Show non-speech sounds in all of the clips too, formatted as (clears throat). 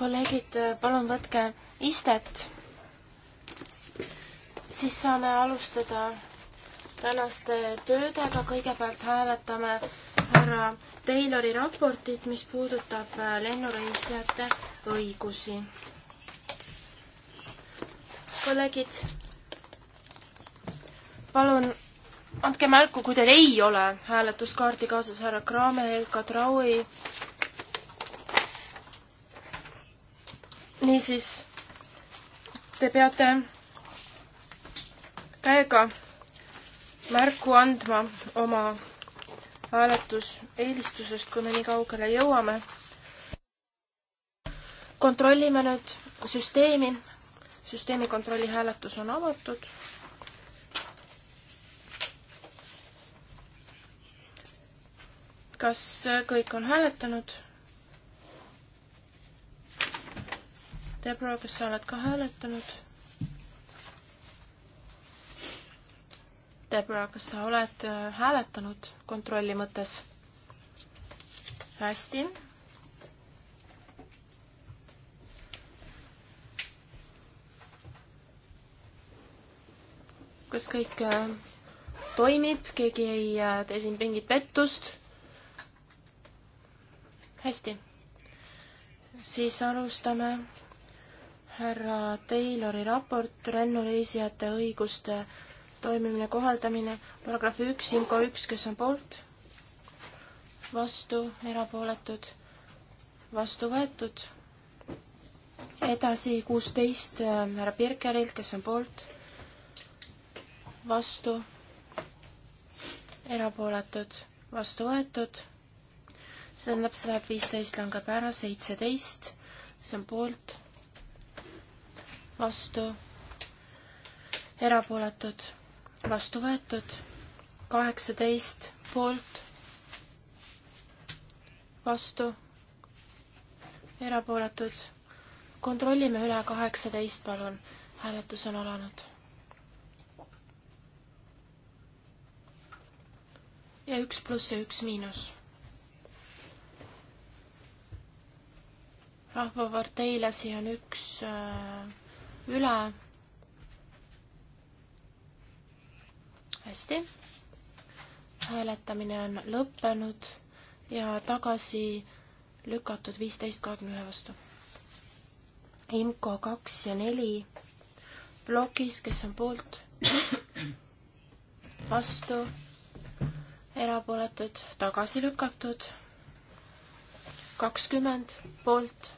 kolleegid, palun võtke istet. siis saame alustada tänaste töödega. kõigepealt hääletame härra Taylori raportit, mis puudutab lennureisijate õigusi. kolleegid, palun andke märku, kui teil ei ole hääletuskaardi kaasas härra Kraamel, Kadraui niisiis, te peate käega märku andma oma hääletuseelistusest, kui me nii kaugele jõuame. kontrollime nüüd süsteemi. süsteemi kontrolli hääletus on avatud. kas kõik on hääletanud? Debra, kas sa oled ka hääletanud? Debra, kas sa oled äh, hääletanud kontrolli mõttes? hästi. kas kõik äh, toimib, keegi ei äh, tee siin mingit pettust? hästi, siis alustame härra Taylori raport lennureisijate õiguste toimimine, kohaldamine, paragrahv üks, info üks, kes on poolt, vastu, erapooletud, vastu võetud. edasi kuusteist äh, härra Birkerilt, kes on poolt, vastu, erapooletud, vastu võetud. see tähendab, see läheb viisteist langeb ära, seitseteist, see on poolt vastu, erapooletud, vastu võetud, kaheksateist poolt, vastu, erapooletud. kontrollime üle kaheksateist, palun. hääletus on alanud. ja üks pluss ja üks miinus rahvaparteilasi on üks äh, üle. hästi. hääletamine on lõppenud ja tagasi lükatud viisteist kahekümne ühe vastu. IMCO kaks ja neli plokis, kes on poolt, vastu, erapooletud, tagasi lükatud, kakskümmend poolt,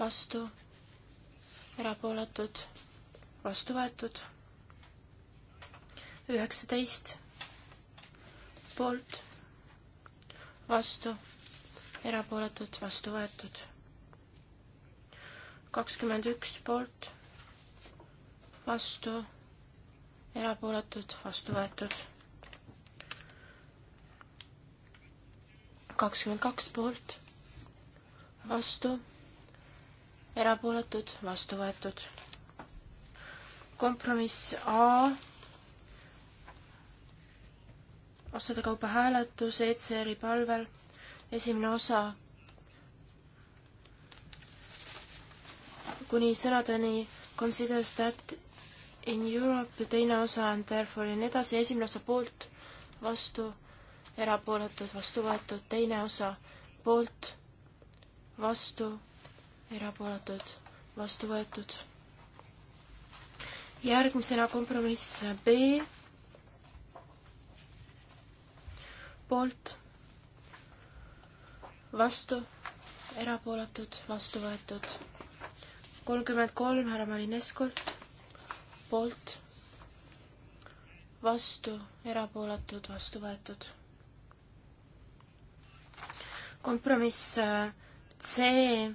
vastu erapooletud, vastu võetud. üheksateist poolt, vastu, erapooletud, vastu võetud. kakskümmend üks poolt, vastu, erapooletud, vastu võetud. kakskümmend kaks poolt, vastu erapooletud, vastu võetud. kompromiss A, osade kaupa hääletus ECR-i palvel, esimene osa kuni sõnadeni Considers that in Europe, teine osa on therefore ja nii edasi, esimene osa poolt, vastu, erapooletud, vastu võetud, teine osa poolt, vastu erapooletud, vastu võetud. järgmisena kompromiss B. poolt, vastu, erapooletud, vastu võetud. kolmkümmend kolm härra Malineskult, poolt, vastu, erapooletud, vastu võetud. kompromiss C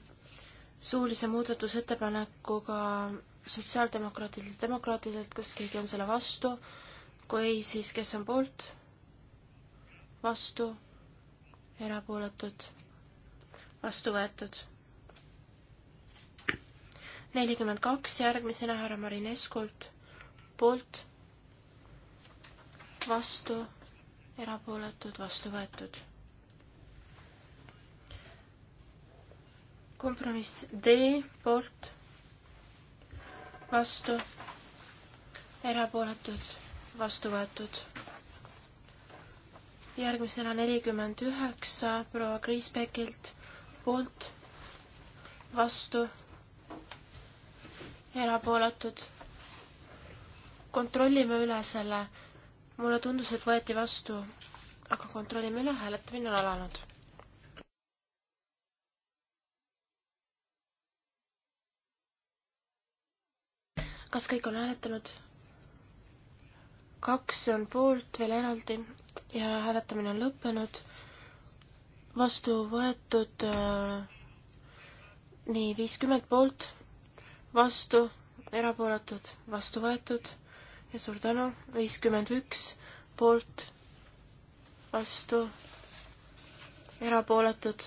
suulise muudatusettepanekuga sotsiaaldemokraatidelt, demokraatidelt, kas keegi on selle vastu? kui ei, siis kes on poolt? vastu, erapooletud, vastu võetud. nelikümmend kaks järgmisena härra Marineskult, poolt, vastu, erapooletud, vastu võetud kompromiss D poolt, vastu, erapooletud, vastu võetud. järgmisena nelikümmend üheksa proua Kriisbekilt poolt, vastu, erapooletud. kontrollime üle selle. mulle tundus, et võeti vastu, aga kontrollime üle, hääletamine on alanud kas kõik on hääletanud? kaks on poolt veel eraldi ja hääletamine on lõppenud. vastu võetud äh, nii viiskümmend poolt, vastu, erapooletud, vastu võetud ja suur tänu, viiskümmend üks poolt, vastu, erapooletud.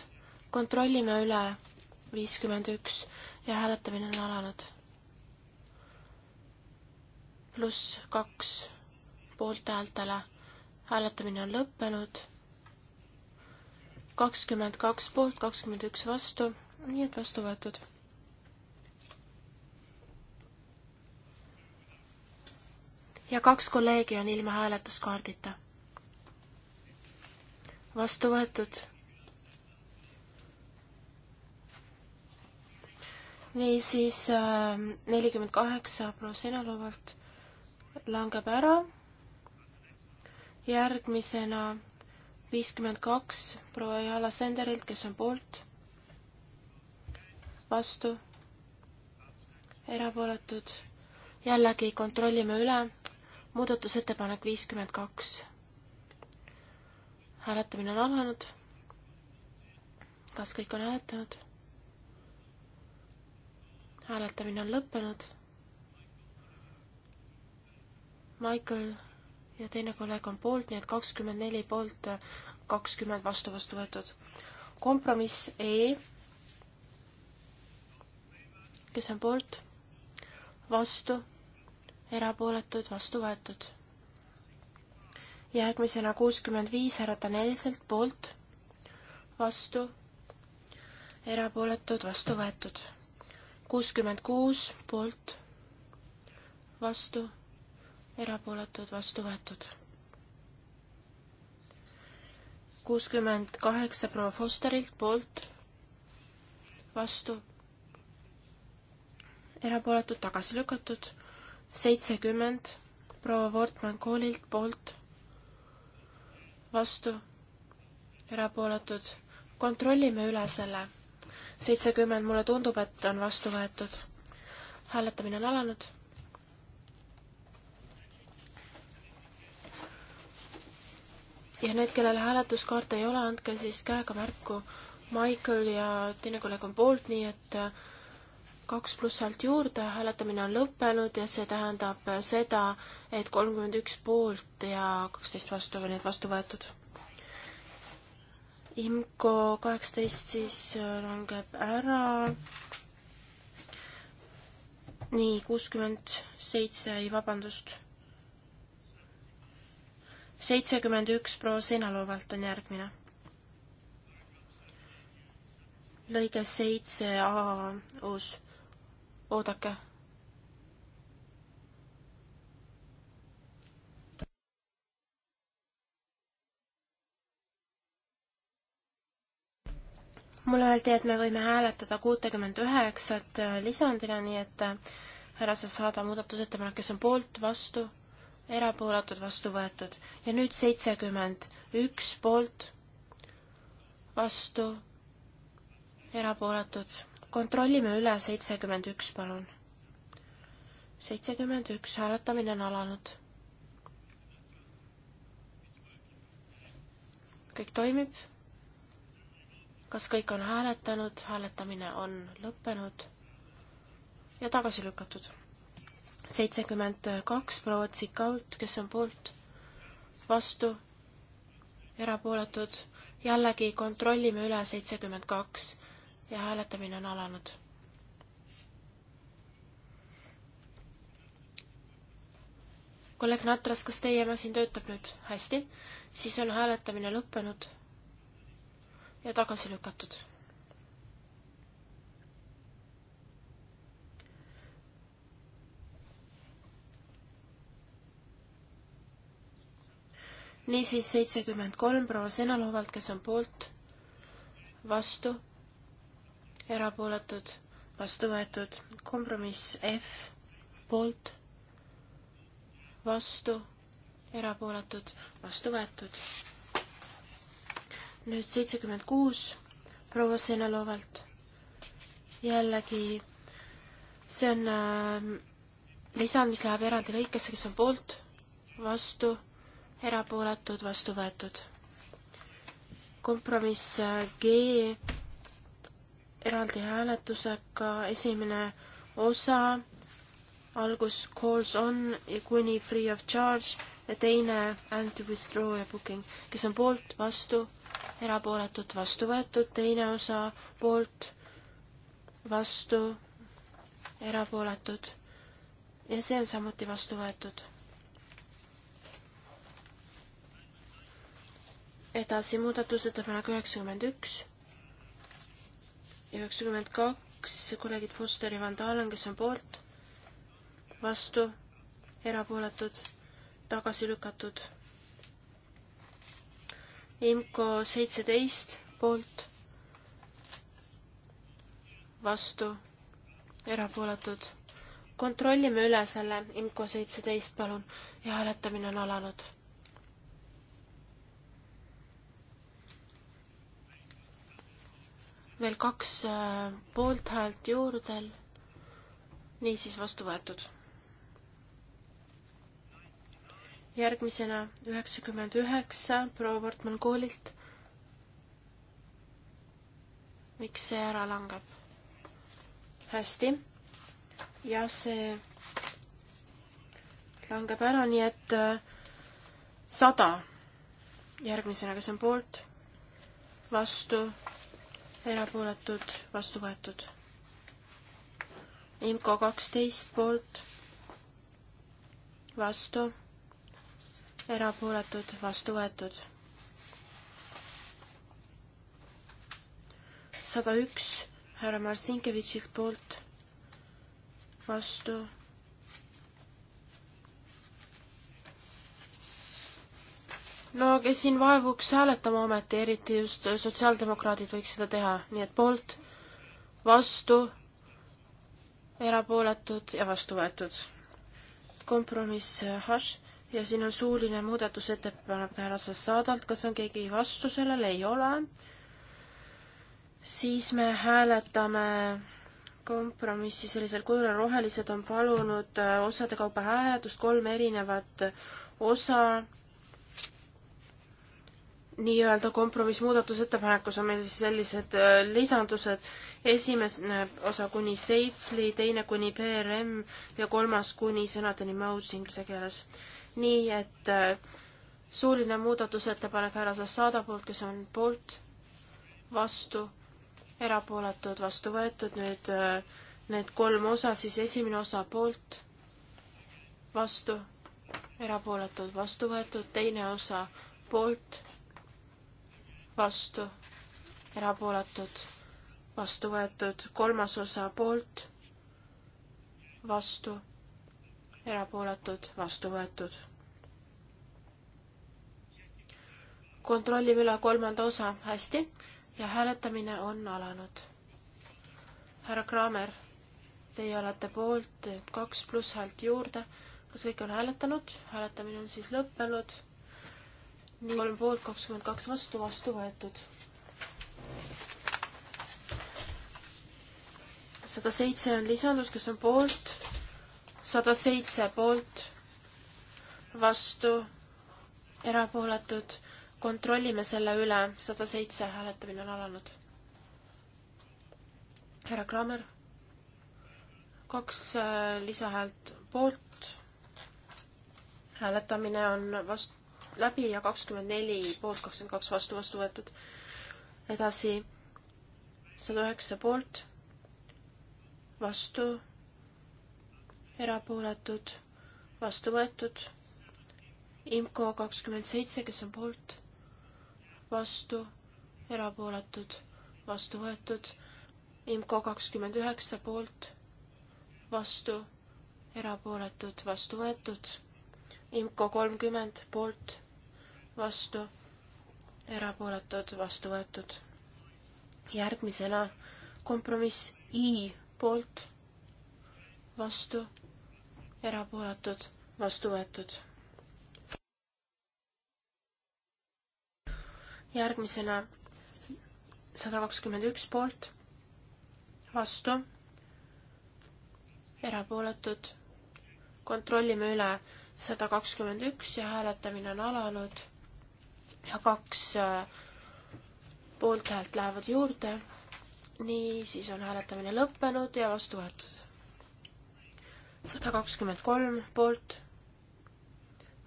kontrollime üle viiskümmend üks ja hääletamine on alanud pluss kaks poolthäältele. hääletamine on lõppenud. kakskümmend kaks poolt, kakskümmend üks vastu, nii et vastu võetud. ja kaks kolleegi on ilma hääletuskaardita. vastu võetud niisiis äh, nelikümmend kaheksa proua Senalovalt, langeb ära. järgmisena viiskümmend kaks proua Jala Senderilt, kes on poolt, vastu, erapooletud. jällegi kontrollime üle. muudatusettepanek viiskümmend kaks. hääletamine on alanud. kas kõik on hääletanud? hääletamine on lõppenud Michael ja teine kolleeg on poolt, nii et kakskümmend neli poolt, kakskümmend vastu vastu võetud. kompromiss E. kes on poolt? vastu, erapooletud, vastu võetud. järgmisena kuuskümmend viis härra Tanelselt poolt, vastu, erapooletud, vastu võetud. kuuskümmend kuus poolt, vastu erapooletud, vastu võetud. kuuskümmend kaheksa proua Fosterilt poolt, vastu, erapooletud, tagasi lükatud, seitsekümmend proua Wortmann koolilt poolt, vastu, erapooletud, kontrollime üle selle. seitsekümmend, mulle tundub, et on vastu võetud. hääletamine on alanud ja need, kellel hääletuskaarte ei ole, andke siis käega märku. Michael ja teine kolleeg on poolt, nii et äh, kaks pluss alt juurde, hääletamine on lõppenud ja see tähendab seda, et kolmkümmend üks poolt ja kaksteist vastu või need vastu võetud. IMCO kaheksateist siis äh, langeb ära nii, kuuskümmend seitse, ei vabandust seitsekümmend üks proua Sinalovalt on järgmine. lõige seitse A uus, oodake. mulle öeldi, et me võime hääletada kuutekümmend üheksat lisandina, nii et äh, härra Sassada muudatusettepanek, kes on poolt, vastu erapooletud, vastu võetud. ja nüüd seitsekümmend üks poolt, vastu, erapooletud. kontrollime üle, seitsekümmend üks, palun. seitsekümmend üks, hääletamine on alanud. kõik toimib? kas kõik on hääletanud, hääletamine on lõppenud ja tagasi lükatud seitsekümmend kaks proua Tsikaut, kes on poolt, vastu, erapooletud. jällegi kontrollime üle seitsekümmend kaks ja hääletamine on alanud. kolleeg Natras, kas teie masin töötab nüüd hästi? siis on hääletamine lõppenud ja tagasi lükatud niisiis seitsekümmend kolm proua Senalovalt, kes on poolt, vastu, erapooletud, vastu võetud, kompromiss F, poolt, vastu, erapooletud, vastu võetud. nüüd seitsekümmend kuus proua Senalovalt. jällegi, see on äh, lisand, mis läheb eraldi lõikesse, kes on poolt, vastu erapooletud, vastu võetud. kompromiss G eraldi hääletusega esimene osa, algus calls on ja kuni free of charge ja teine anti-withdraw ja booking, kes on poolt, vastu, erapooletult vastu võetud, teine osa poolt, vastu, erapooletud ja see on samuti vastu võetud edasi muudatusettepanek üheksakümmend üks ja üheksakümmend kaks, kolleegid Foster ja Van Dalen, kes on poolt, vastu, erapooletud, tagasi lükatud. IMCO seitseteist poolt, vastu, erapooletud. kontrollime üle selle IMCO seitseteist, palun, ja hääletamine on alanud veel kaks äh, poolthäält juurde. niisiis vastu võetud. järgmisena üheksakümmend üheksa proua Portman koolilt. miks see ära langeb? hästi. ja see langeb ära, nii et äh, sada järgmisena, kes on poolt, vastu erapooletud, vastu võetud. IMCO kaksteist poolt, vastu, erapooletud, vastu võetud. sada üks härra Marsinkevitšilt poolt, vastu no kes siin vaevuks hääletama ometi, eriti just sotsiaaldemokraadid võiks seda teha, nii et poolt, vastu, erapooletud ja vastu võetud. kompromiss äh, hašš ja siin on suuline muudatusettepanek härra Sassadalt, kas on keegi vastu sellele, ei ole. siis me hääletame kompromissi sellisel kujul, rohelised on palunud äh, osade kaupa hääletust, kolm erinevat osa nii-öelda kompromissmuudatusettepanekus on meil siis sellised äh, lisandused. esimene osa kuni safely, teine kuni PRM ja kolmas kuni sõnadeni modes inglise keeles. nii et äh, suuline muudatusettepanek härra Sassada poolt, kes on poolt, vastu, erapooletud, vastu võetud, nüüd äh, need kolm osa, siis esimene osa poolt, vastu, erapooletud, vastu võetud, teine osa poolt vastu, erapooletud, vastu võetud, kolmas osa poolt, vastu, erapooletud, vastu võetud. kontrollime üle kolmanda osa, hästi, ja hääletamine on alanud. härra Kraamer, teie olete poolt, kaks pluss häält juurde, kas kõik on hääletanud, hääletamine on siis lõppenud kolm poolt, kakskümmend kaks vastu, vastu võetud. sada seitse on lisandus, kes on poolt, sada seitse poolt, vastu, erapooletud, kontrollime selle üle, sada seitse hääletamine on alanud. härra Klammer, kaks äh, lisahäält poolt, hääletamine on vastu, läbi ja kakskümmend neli poolt, kakskümmend kaks vastu, vastu võetud. edasi sada üheksa poolt, vastu, erapooletud, vastu võetud. IMCO kakskümmend seitse, kes on poolt, vastu, erapooletud, vastu võetud. IMCO kakskümmend üheksa poolt, vastu, erapooletud, vastu võetud IMCO kolmkümmend poolt, vastu, erapooletud, vastu võetud. järgmisena kompromiss I poolt, vastu, erapooletud, vastu võetud. järgmisena sada kakskümmend üks poolt, vastu, erapooletud. kontrollime üle sada kakskümmend üks ja hääletamine on alanud ja kaks äh, poolthäält lähevad juurde. nii, siis on hääletamine lõppenud ja vastu võetud. sada kakskümmend kolm poolt,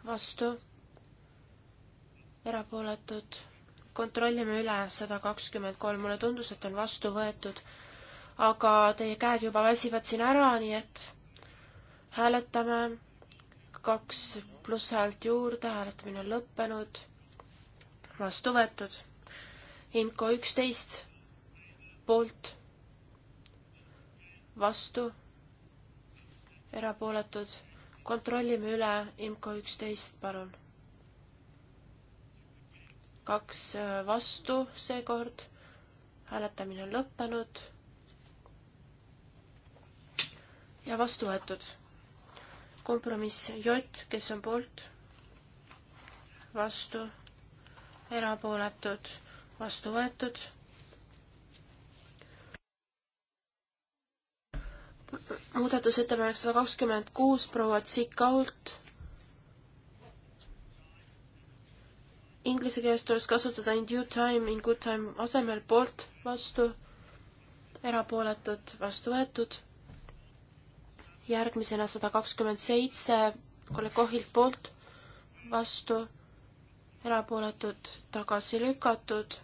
vastu, erapooletud. kontrollime üle sada kakskümmend kolm, mulle tundus, et on vastu võetud, aga teie käed juba väsivad siin ära, nii et hääletame kaks plusshäält juurde, hääletamine on lõppenud, vastu võetud. IMCO üksteist, poolt, vastu, erapooletud. kontrollime üle, IMCO üksteist, palun. kaks äh, vastu seekord, hääletamine on lõppenud ja vastu võetud kompromiss J, kes on poolt, vastu, erapooletud, vastu võetud. muudatusettepanek sada kakskümmend kuus proua Tsikault. Inglise keeles tuleks kasutada in due time, in good time asemel poolt, vastu, erapooletud, vastu võetud järgmisena sada kakskümmend seitse kolleeg Kohilt poolt, vastu, erapooletud, tagasi lükatud,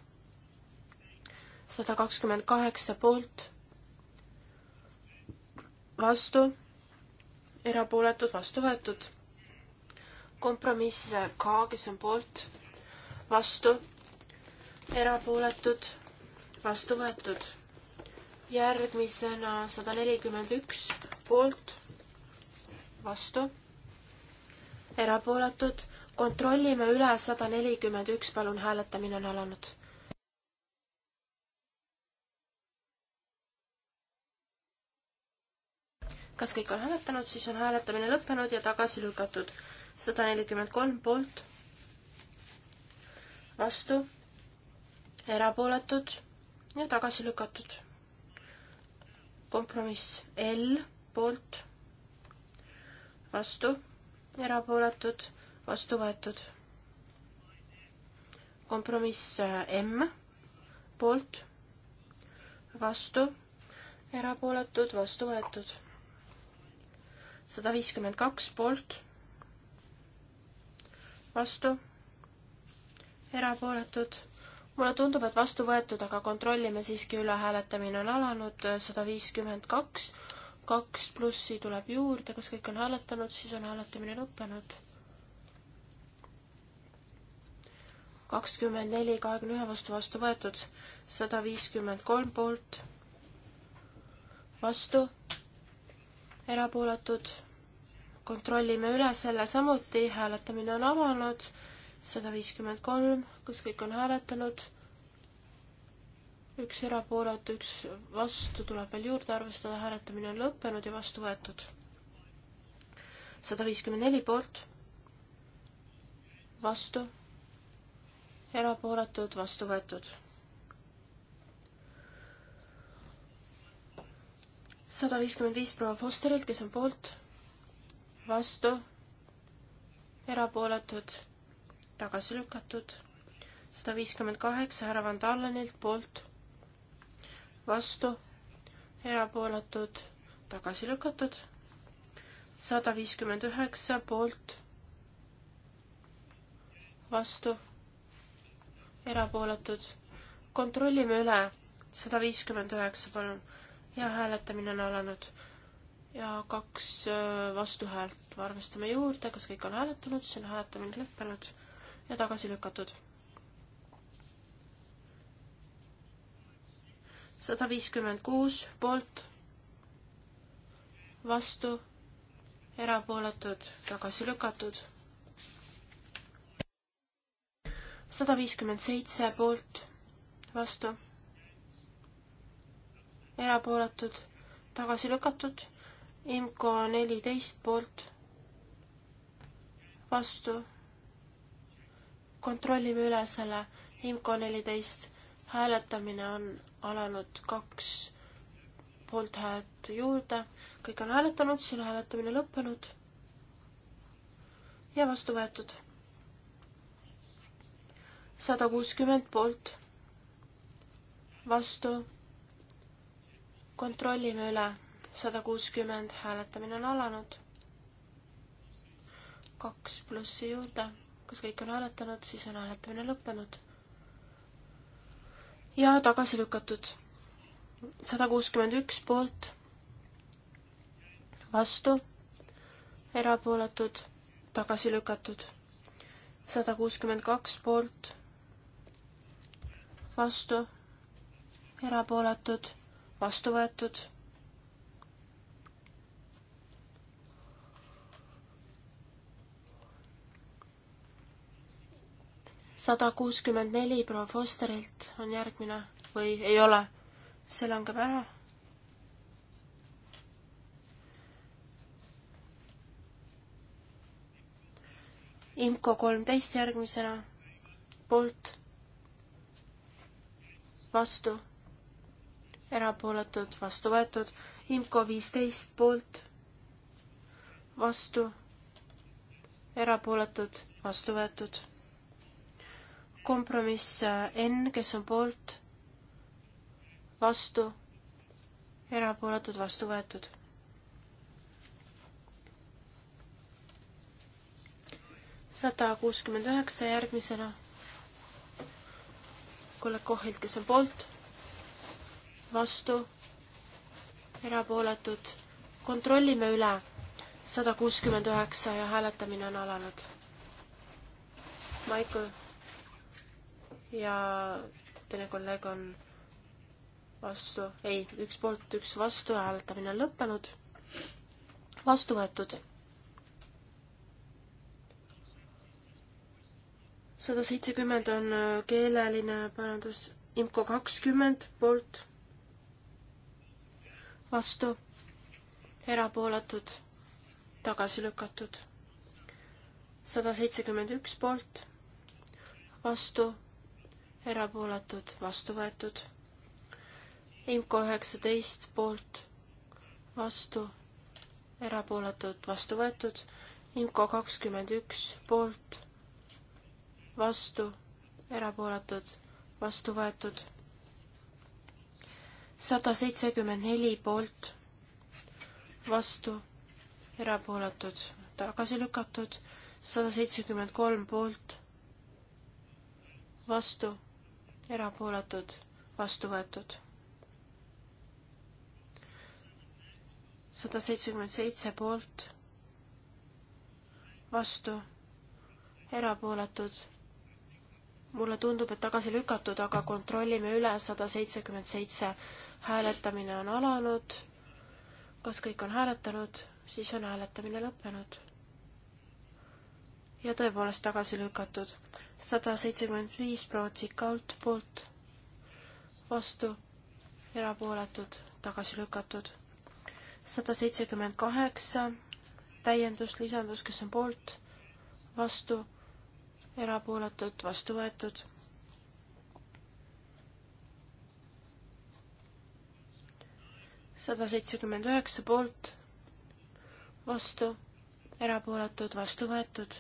sada kakskümmend kaheksa poolt, vastu, erapooletud, vastu võetud, kompromiss K, kes on poolt, vastu, erapooletud, vastu võetud järgmisena sada nelikümmend üks poolt, vastu, erapooletud. kontrollime üle sada nelikümmend üks, palun, hääletamine on alanud. kas kõik on hääletanud, siis on hääletamine lõppenud ja tagasi lükatud. sada nelikümmend kolm poolt, vastu, erapooletud ja tagasi lükatud kompromiss L poolt, vastu, erapooletud, vastu võetud. kompromiss äh, M poolt, vastu, erapooletud, vastu võetud. sada viiskümmend kaks poolt, vastu, erapooletud mulle tundub, et vastu võetud, aga kontrollime siiski üle, hääletamine on alanud, sada viiskümmend kaks, kaks plussi tuleb juurde, kas kõik on hääletanud, siis on hääletamine lõppenud. kakskümmend neli, kahekümne ühe vastu vastu võetud, sada viiskümmend kolm poolt, vastu, erapooletud, kontrollime üle selle samuti, hääletamine on avanud sada viiskümmend kolm, kas kõik on hääletanud? üks erapooletu, üks vastu tuleb veel juurde arvestada, hääletamine on lõppenud ja vastu võetud. sada viiskümmend neli poolt, vastu, erapooletud, vastu võetud. sada viiskümmend viis proua Fosterilt, kes on poolt, vastu, erapooletud tagasi lükatud. sada viiskümmend kaheksa härra Van Dallenilt poolt, vastu, erapooletud, tagasi lükatud. sada viiskümmend üheksa poolt, vastu, erapooletud. kontrollime üle, sada viiskümmend üheksa, palun. ja hääletamine on alanud ja kaks äh, vastuhäält arvestame juurde, kas kõik on hääletanud, siis on hääletamine lõppenud ja tagasi lükatud. sada viiskümmend kuus poolt, vastu, erapooletud, tagasi lükatud. sada viiskümmend seitse poolt, vastu, erapooletud, tagasi lükatud. IMCO neliteist poolt, vastu kontrollime üle selle IMCO neliteist, hääletamine on alanud kaks poolthäält juurde, kõik on hääletanud, siis on hääletamine lõppenud ja vastu võetud. sada kuuskümmend poolt, vastu, kontrollime üle, sada kuuskümmend, hääletamine on alanud, kaks plussi juurde kas kõik on hääletanud, siis on hääletamine lõppenud. ja tagasi lükatud. sada kuuskümmend üks poolt, vastu, erapooletud, tagasi lükatud. sada kuuskümmend kaks poolt, vastu, erapooletud, vastu võetud sada kuuskümmend neli proua Fosterilt on järgmine või ei ole? see langeb ära. IMCO kolmteist järgmisena, poolt, vastu, erapooletud, vastu võetud, IMCO viisteist poolt, vastu, erapooletud, vastu võetud kompromiss äh, N, kes on poolt, vastu, erapooletud, vastu võetud. sada kuuskümmend üheksa järgmisena. kolleeg Kohvilt, kes on poolt, vastu, erapooletud, kontrollime üle. sada kuuskümmend üheksa ja hääletamine on alanud. Michael ja teine kolleeg on vastu, ei, üks poolt, üks vastu, hääletamine on lõppenud, vastu võetud. sada seitsekümmend on äh, keeleline parandus, IMCO kakskümmend poolt, vastu, erapooletud, tagasi lükatud sada seitsekümmend üks poolt, vastu, erapooletud, vastu võetud. IMCO üheksateist poolt, vastu, erapooletud, vastu võetud. IMCO kakskümmend üks poolt, vastu, erapooletud, vastu võetud. sada seitsekümmend neli poolt, vastu, erapooletud, tagasi lükatud. sada seitsekümmend kolm poolt, vastu erapooletud, vastu võetud. sada seitsekümmend seitse poolt, vastu, erapooletud. mulle tundub, et tagasi lükatud, aga kontrollime üle, sada seitsekümmend seitse. hääletamine on alanud. kas kõik on hääletanud, siis on hääletamine lõppenud ja tõepoolest tagasi lükatud. sada seitsekümmend viis proua Tsikalt poolt, vastu, erapooletud, tagasi lükatud. sada seitsekümmend kaheksa, täiendus, lisandus, kes on poolt, vastu, erapooletud, vastu võetud. sada seitsekümmend üheksa poolt, vastu, erapooletud, vastu võetud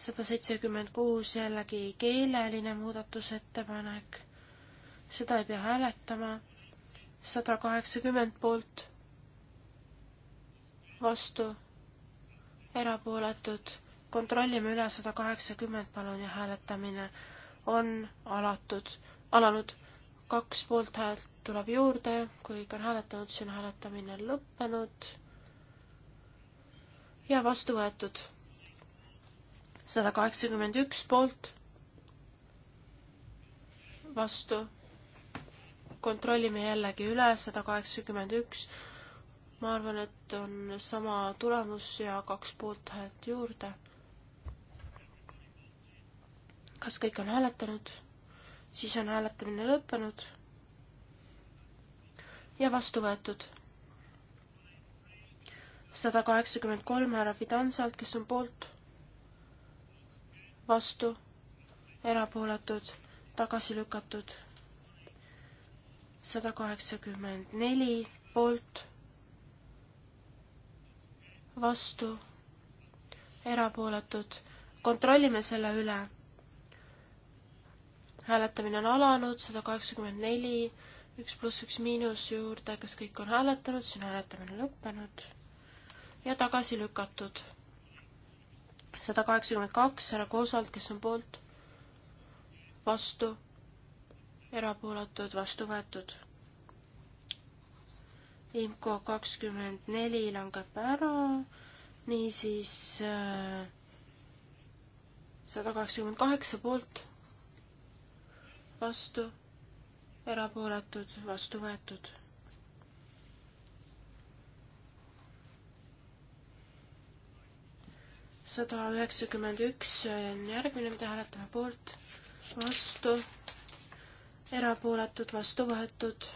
sada seitsekümmend kuus jällegi keeleline muudatusettepanek, seda ei pea hääletama, sada kaheksakümmend poolt, vastu, erapooletud, kontrollime üle sada kaheksakümmend, palun, ja hääletamine on alatud, alanud. kaks poolthäält tuleb juurde, kui kõik on hääletanud, siis on hääletamine lõppenud ja vastu võetud sada kaheksakümmend üks poolt, vastu. kontrollime jällegi üle, sada kaheksakümmend üks. ma arvan, et on sama tulemus ja kaks poolthäält juurde. kas kõik on hääletanud? siis on hääletamine lõppenud ja vastu võetud. sada kaheksakümmend kolm härra Fidansalt, kes on poolt vastu, erapooletud, tagasi lükatud. sada kaheksakümmend neli poolt, vastu, erapooletud. kontrollime selle üle. hääletamine on alanud, sada kaheksakümmend neli, üks pluss üks miinus juurde, kas kõik on hääletanud, siis on hääletamine lõppenud ja tagasi lükatud sada kaheksakümmend kaks härra Koosalt, kes on poolt, vastu, erapooletud, vastu võetud. IMCO kakskümmend neli langeb ära, niisiis äh, sada kaheksakümmend kaheksa poolt, vastu, erapooletud, vastu võetud sada üheksakümmend üks on järgmine, mida hääletame poolt, vastu, erapooletud, vastu võetud,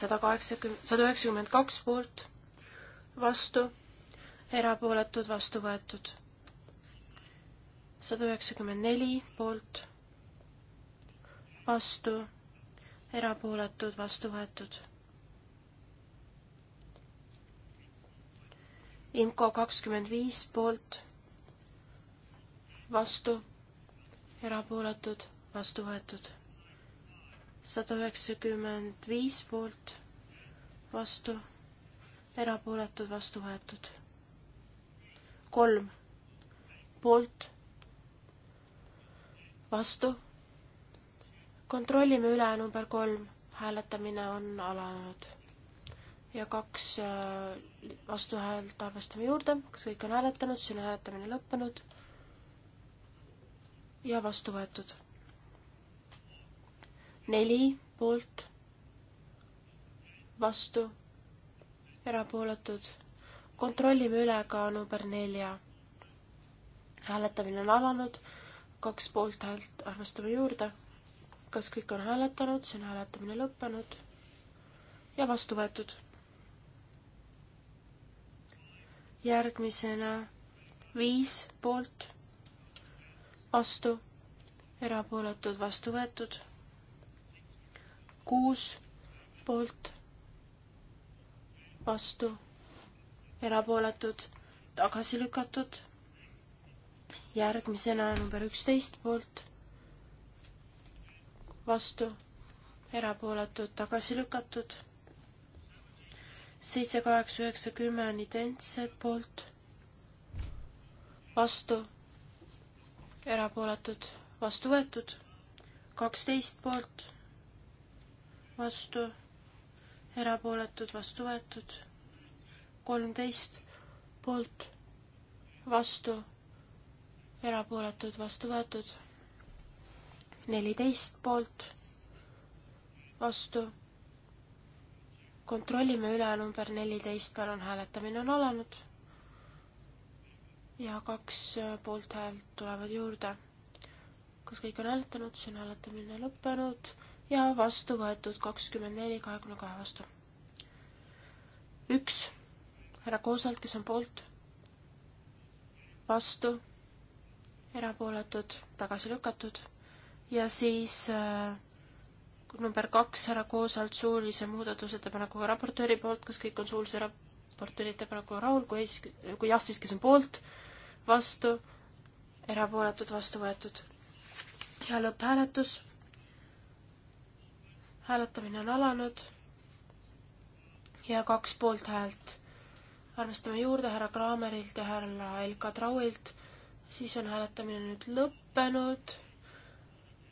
sada kaheksakümmend, sada üheksakümmend kaks poolt, vastu, erapooletud, vastu võetud, sada üheksakümmend neli poolt, vastu, erapooletud, vastu võetud IMCO kakskümmend viis poolt, vastu, erapooletud, vastu võetud. sada üheksakümmend viis poolt, vastu, erapooletud, vastu võetud. kolm poolt, vastu. kontrollime üle number kolm, hääletamine on alanud ja kaks äh, vastuhäält arvestame juurde, kas kõik on hääletanud, siis on hääletamine lõppenud ja vastu võetud. neli poolt, vastu, erapooletud. kontrollime üle ka number nelja. hääletamine on alanud, kaks poolthäält arvestame juurde. kas kõik on hääletanud, siis on hääletamine lõppenud ja vastu võetud järgmisena viis poolt, vastu, erapooletud, vastu võetud, kuus poolt, vastu, erapooletud, tagasi lükatud, järgmisena number üksteist poolt, vastu, erapooletud, tagasi lükatud seitse, kaheksa, üheksa, kümme on identsed poolt, vastu, erapooletud, vastu võetud, kaksteist poolt, vastu, erapooletud, vastu võetud, kolmteist poolt, vastu, erapooletud, vastu võetud, neliteist poolt, vastu kontrollime üle number neliteist, palun, hääletamine on alanud. ja kaks äh, poolthäält tulevad juurde. kas kõik on hääletanud, siis on hääletamine lõppenud ja vastu võetud kakskümmend neli, kahekümne kahe vastu. üks härra Koosalt, kes on poolt, vastu, erapooletud, tagasi lükatud ja siis äh, number kaks härra Koosalt suulise muudatusettepanekuga raportööri poolt, kas kõik on suulise raportööri ettepanekuga rahul, kui ei, kui jah, siis kes on poolt, vastu, erapooletud, vastu võetud. ja lõpphääletus. hääletamine on alanud ja kaks poolthäält. arvestame juurde härra Kraamerilt ja härra Elka Trauilt, siis on hääletamine nüüd lõppenud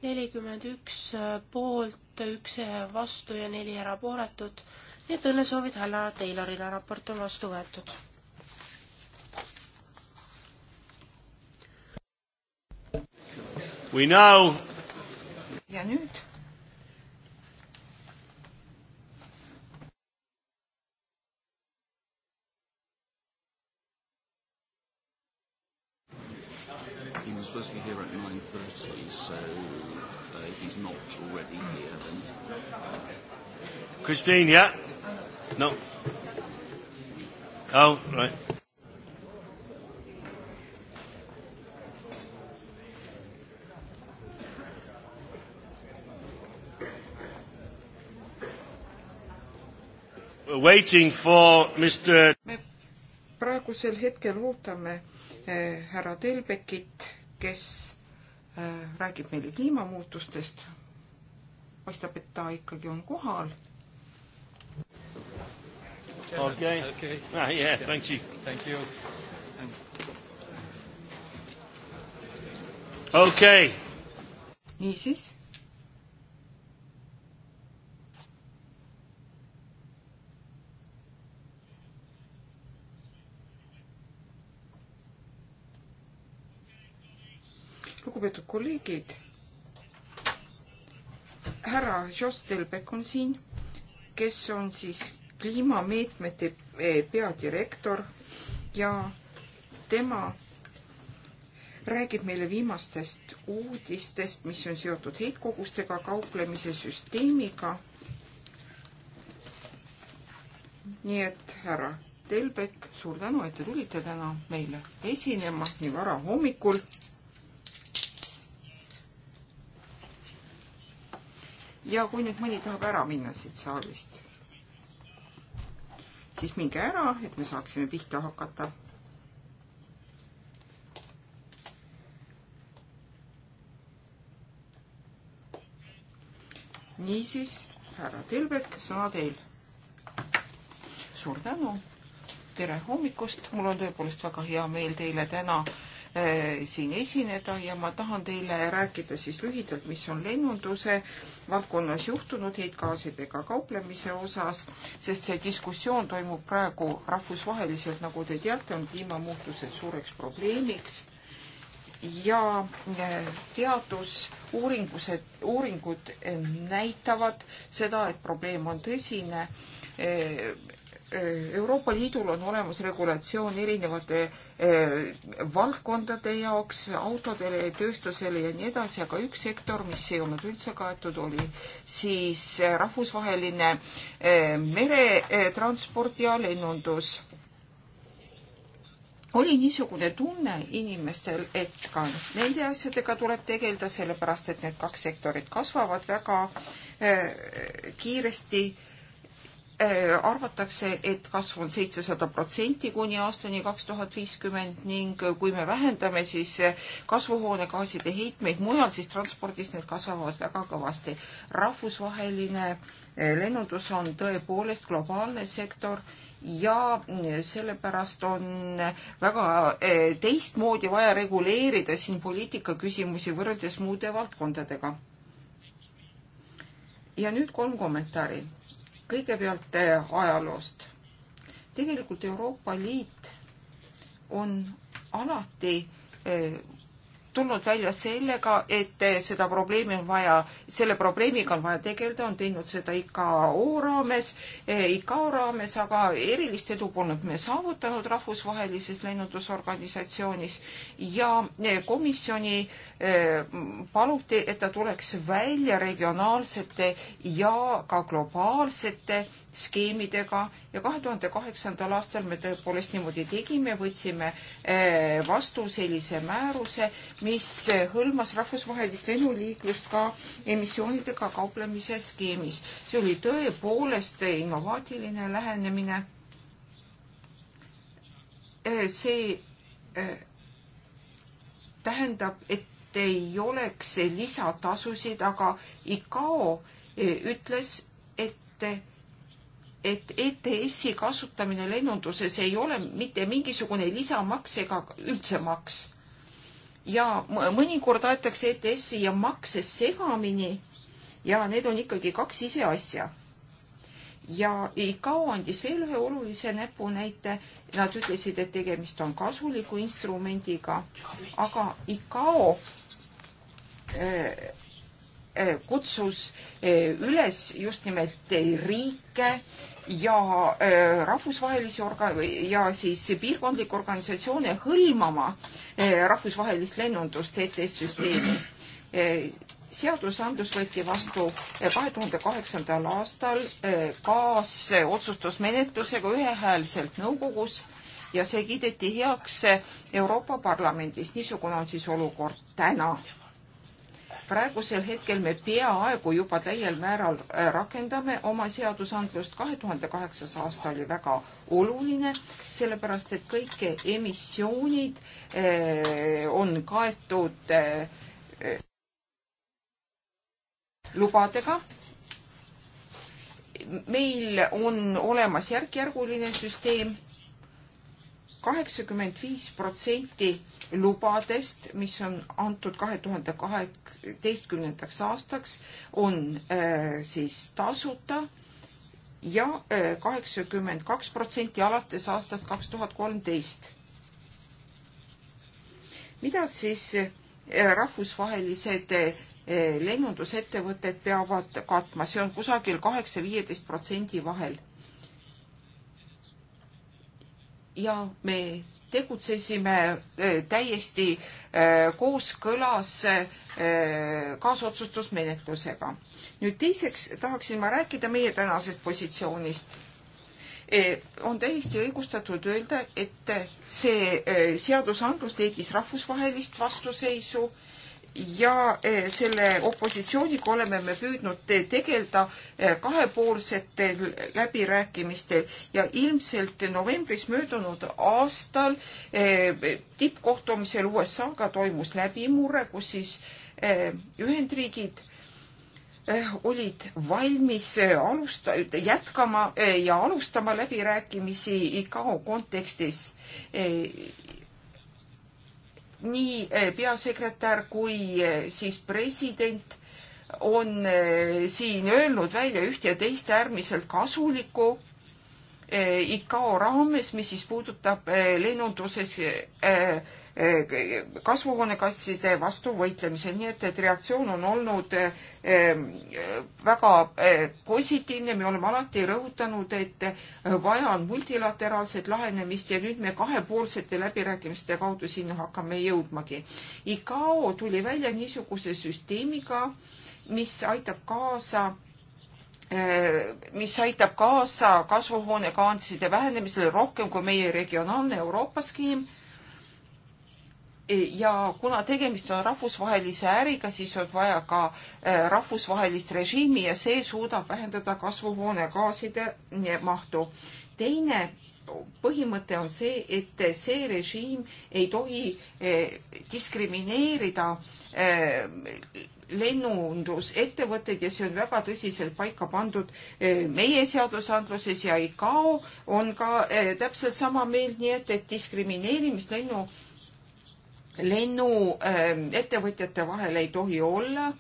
nelikümmend üks äh, poolt, üks äh, vastu ja neli erapooletut. nii et õnnesoovid härra Taylorile, raport on vastu võetud. We now ja nüüd supposed to be here at 9.30, so uh, if he's not already here, then... Uh, Christine, yeah? No. Oh, right. We're waiting for Mr. me praegusel hetkel ootame äh, härra Telbekit kes äh, räägib meile kliimamuutustest. paistab, et ta ikkagi on kohal. okei, jah, thank you. Thank you. okei okay.. niisiis lugupeetud kolleegid, härra Jos Telbek on siin, kes on siis kliimameetmete eh, peadirektor ja tema räägib meile viimastest uudistest, mis on seotud heitkogustega kauplemise süsteemiga. nii et härra Telbek, suur tänu, et te tulite täna meile esinema nii vara hommikul ja kui nüüd mõni tahab ära minna siit saalist, siis minge ära, et me saaksime pihta hakata. niisiis, härra Tilbek, sõna teil. suur tänu, tere hommikust, mul on tõepoolest väga hea meel teile täna äh, Eh, siin esineda ja ma tahan teile rääkida siis lühidalt, mis on lennunduse valdkonnas juhtunud heitgaasidega kauplemise osas, sest see diskussioon toimub praegu rahvusvaheliselt, nagu te teate, on kliimamuutused suureks probleemiks ja eh, teadusuuringused, uuringud eh, näitavad seda, et probleem on tõsine Äh, Euroopa Liidul on olemas regulatsioon erinevate äh, valdkondade jaoks, autodele, tööstusele ja nii edasi, aga üks sektor, mis ei olnud üldse kaetud, oli siis äh, rahvusvaheline meretransport ja lennundus. oli niisugune tunne inimestel, et ka nende asjadega tuleb tegeleda, sellepärast et need kaks sektorit kasvavad väga kiiresti Äh, arvatakse, et kasv on seitsesada protsenti kuni aastani kaks tuhat viiskümmend ning äh, kui me vähendame siis äh, kasvuhoonegaaside heitmeid mujal, siis transpordis need kasvavad väga kõvasti. rahvusvaheline lennundus on tõepoolest globaalne sektor ja sellepärast on väga teistmoodi vaja reguleerida siin poliitika küsimusi võrreldes muude valdkondadega. ja nüüd kolm kommentaari kõigepealt eh, ajaloost. tegelikult Euroopa Liit on alati eh, tulnud välja sellega, et seda probleemi on vaja, selle probleemiga on vaja tegeleda, on teinud seda IKO raames, eh, IKO raames, aga erilist edu polnud me saavutanud rahvusvahelises lennundusorganisatsioonis ja eh, komisjoni eh, paluti, et ta tuleks välja regionaalsete ja ka globaalsete skeemidega ja kahe tuhande kaheksandal aastal me tõepoolest niimoodi tegime, võtsime eh, vastu sellise määruse, mis hõlmas rahvusvahelist lennuliiklust ka emissioonidega kauplemise skeemis. see oli tõepoolest innovaatiline lähenemine. Eh, see eh, tähendab, et ei oleks lisatasusid, aga ICAO ütles, et et ETS-i kasutamine lennunduses ei ole mitte mingisugune lisamaks ega üldse maks. ja mõnikord aetakse ETS-i ja makse segamini ja need on ikkagi kaks ise asja. ja ICAO andis veel ühe olulise näpunäite, nad ütlesid, et tegemist on kasuliku instrumendiga, aga ICAO äh, Eh, kutsus eh, üles just nimelt eh, riike ja rahvusvahelisi orga- ja siis piirkondlikke organisatsioone hõlmama rahvusvahelist lennundust ETS süsteemi seadusandlus võeti vastu kahe tuhande kaheksandal aastal kaasotsustusmenetlusega ühehäälselt nõukogus ja see kiideti heaks Euroopa Parlamendis. niisugune on siis olukord täna praegusel hetkel me peaaegu juba täiel määral äh, rakendame oma seadusandlust. kahe tuhande kaheksas aasta oli väga oluline, sellepärast et kõik emissioonid äh, on kaetud äh, lubadega meil on olemas järkjärguline süsteem kaheksakümmend viis protsenti lubadest, mis on antud kahe tuhande kaheteistkümnendaks aastaks, on äh, siis tasuta ja äh, kaheksakümmend kaks protsenti alates aastast kaks tuhat kolmteist. mida siis äh, rahvusvahelised äh, lennundusettevõtted peavad katma, see on kusagil kaheksa-viieteist protsendi vahel ja me tegutsesime eh, täiesti eh, kooskõlas eh, kaasotsustusmenetlusega. nüüd teiseks tahaksin ma rääkida meie tänasest positsioonist. on täiesti õigustatud öelda, et see seadusandlus leidis rahvusvahelist vastuseisu ja eh, selle opositsiooniga oleme me püüdnud eh, tegeleda eh, kahepoolsetel läbirääkimistel ja ilmselt novembris möödunud aastal tippkohtumisel USA-ga toimus läbimurre, kus siis Ühendriigid olid valmis alusta-, jätkama ja alustama läbirääkimisi ICAO kontekstis nii eh, peasekretär kui eh, siis president on eh, siin öelnud välja üht ja teist äärmiselt kasulikku Eh, ICAO raames, mis siis puudutab eh, lennunduses eh, kasvuhoonegasside vastu võitlemisel, nii et, et reaktsioon on olnud väga positiivne, me oleme alati rõhutanud, et vaja on multilateraalset lahenemist ja nüüd me kahepoolsete läbirääkimiste kaudu sinna hakkame jõudmagi. ICAO tuli välja niisuguse süsteemiga, mis aitab kaasa Äh, mis aitab kaasa kasvuhoonegaaside vähenemisele rohkem kui meie regionaalne Euroopa skeem. ja kuna tegemist on rahvusvahelise äriga, siis on vaja ka äh, rahvusvahelist režiimi ja see suudab vähendada kasvuhoonegaaside mahtu. teine põhimõte on see, et see režiim ei tohi äh, diskrimineerida lennundusettevõtteid ja see on väga tõsiselt paika pandud eh, meie seadusandluses ja ICAO on ka eh, täpselt sama meelt, nii et, et diskrimineerimist lennu, lennuettevõtjate eh, vahel ei tohi olla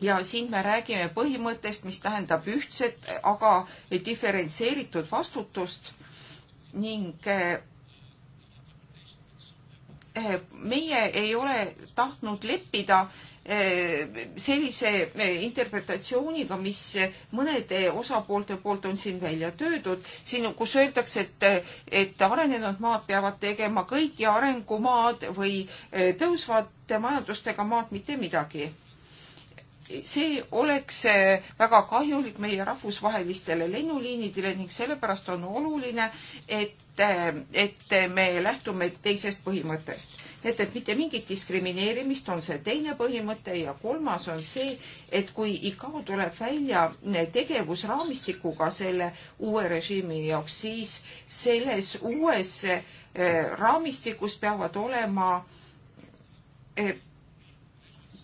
ja siin me räägime põhimõttest, mis tähendab ühtset, aga diferentseeritud vastutust ning Eh, meie ei ole tahtnud leppida eh, sellise eh, interpretatsiooniga, mis mõnede osapoolte poolt on siin välja töödud, siin, kus öeldakse, et, et arenenud maad peavad tegema kõik ja arengumaad või tõusvate majandustega maad mitte midagi see oleks väga kahjulik meie rahvusvahelistele lennuliinidele ning sellepärast on oluline, et et, et me lähtume teisest põhimõttest. et, et mitte mingit diskrimineerimist, on see teine põhimõte ja kolmas on see, et kui ICAO tuleb välja tegevusraamistikuga selle uue režiimi jaoks, siis selles uues eh, raamistikus peavad olema eh,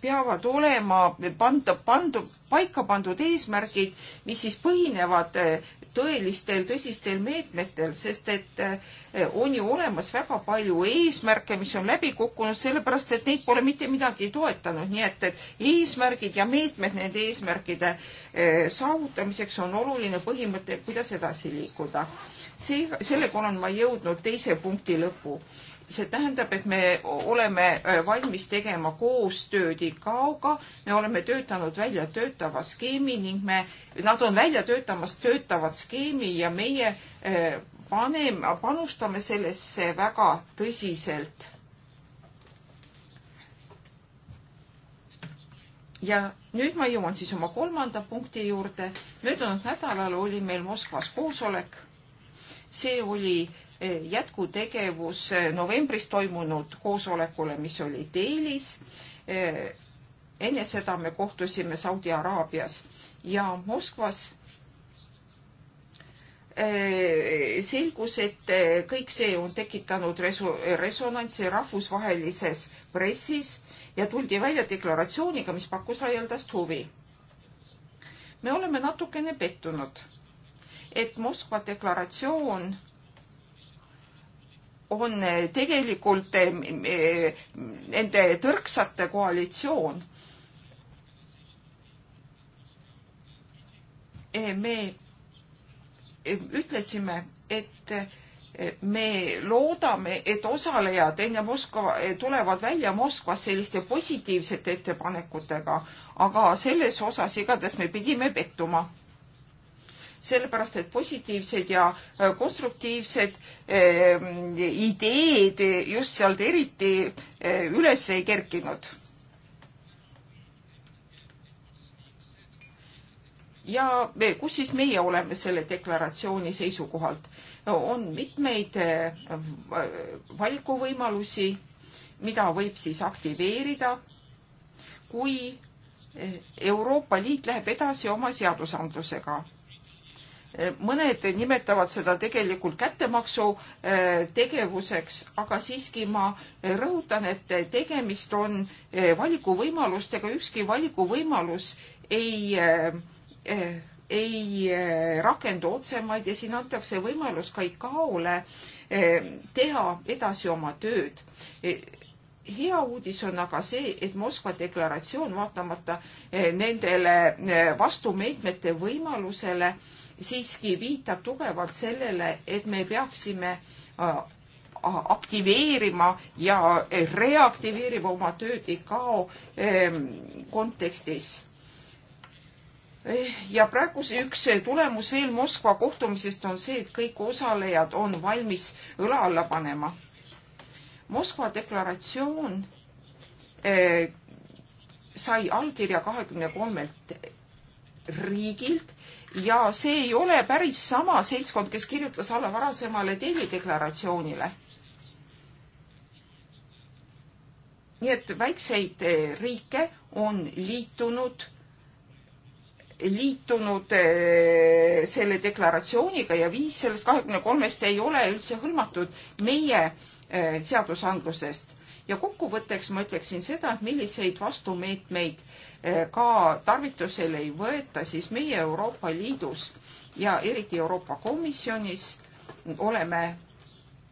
peavad olema pandud, pandud, paika pandud eesmärgid, mis siis põhinevad eh, tõelistel tõsistel meetmetel, sest et eh, on ju olemas väga palju eesmärke, mis on läbi kukkunud, sellepärast et neid pole mitte midagi toetanud, nii et, et eesmärgid ja meetmed nende eesmärkide eh, saavutamiseks on oluline põhimõte, kuidas edasi liikuda. seega, sellega olen ma jõudnud teise punkti lõppu see tähendab, et me oleme äh, valmis tegema koostööd ICAO-ga, me oleme töötanud välja töötava skeemi ning me, nad on välja töötamas töötavat skeemi ja meie äh, paneme, panustame sellesse väga tõsiselt. ja nüüd ma jõuan siis oma kolmanda punkti juurde. möödunud nädalal oli meil Moskvas koosolek. see oli jätkutegevus novembris toimunud koosolekule, mis oli Delis. enne seda me kohtusime Saudi Araabias ja Moskvas selgus, et kõik see on tekitanud resu-, resonantsi rahvusvahelises pressis ja tuldi välja deklaratsiooniga, mis pakkus laialdast huvi. me oleme natukene pettunud, et Moskva deklaratsioon on tegelikult eh, eh, nende tõrksate koalitsioon. Eh, me ütlesime, et me loodame, et osalejad enne Moskva, tulevad välja Moskvas selliste positiivsete ettepanekutega, aga selles osas igatahes me pidime pettuma sellepärast et positiivsed ja äh, konstruktiivsed äh, ideed just sealt eriti äh, üles ei kerkinud. ja kus siis meie oleme selle deklaratsiooni seisukohalt no,? on mitmeid valikuvõimalusi, mida võib siis aktiveerida, kui Euroopa Liit läheb edasi oma seadusandlusega Eh, mõned nimetavad seda tegelikult kättemaksu eh, tegevuseks, aga siiski ma eh, rõhutan, et tegemist on valikuvõimalustega, ükski valikuvõimalus ei ei rakendu otsemaid ja siin antakse võimalus ka ICAO-le teha edasi oma tööd. hea uudis on aga see, et Moskva deklaratsioon vaatamata nendele vastumeetmete võimalusele äh, siiski viitab tugevalt sellele, et me peaksime äh, ah, aktiveerima ja eh, reaktiveerima oma tööd ICAO ehm, kontekstis. Eh, ja praeguse üks tulemus veel Moskva kohtumisest on see, et kõik osalejad on valmis õla alla panema. Moskva deklaratsioon eh, sai allkirja kahekümne kolmelt riigilt ja see ei ole päris sama seltskond, kes kirjutas alla varasemale Delhi deklaratsioonile. nii et väikseid eh, riike on liitunud, liitunud eh, selle deklaratsiooniga ja viis sellest kahekümne kolmest ei ole üldse hõlmatud meie eh, seadusandlusest ja kokkuvõtteks ma ütleksin seda, et milliseid vastumeetmeid eh, ka tarvitusele ei võeta, siis meie Euroopa Liidus ja eriti Euroopa Komisjonis oleme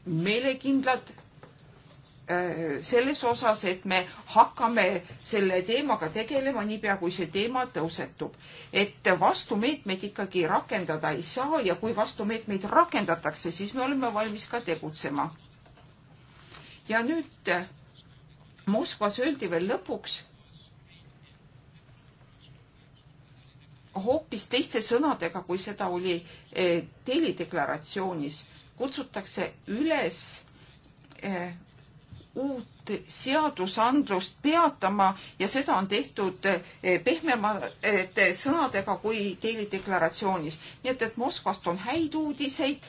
meelekindlad eh, selles osas, et me hakkame selle teemaga tegelema niipea, kui see teema tõusetub. et vastumeetmeid ikkagi rakendada ei saa ja kui vastumeetmeid rakendatakse, siis me oleme valmis ka tegutsema. ja nüüd Moskvas öeldi veel lõpuks hoopis teiste sõnadega, kui seda oli eh, Teli deklaratsioonis, kutsutakse üles eh, uut seadusandlust peatama ja seda on tehtud eh, pehmemate sõnadega kui Teli deklaratsioonis. nii et, et Moskvast on häid uudiseid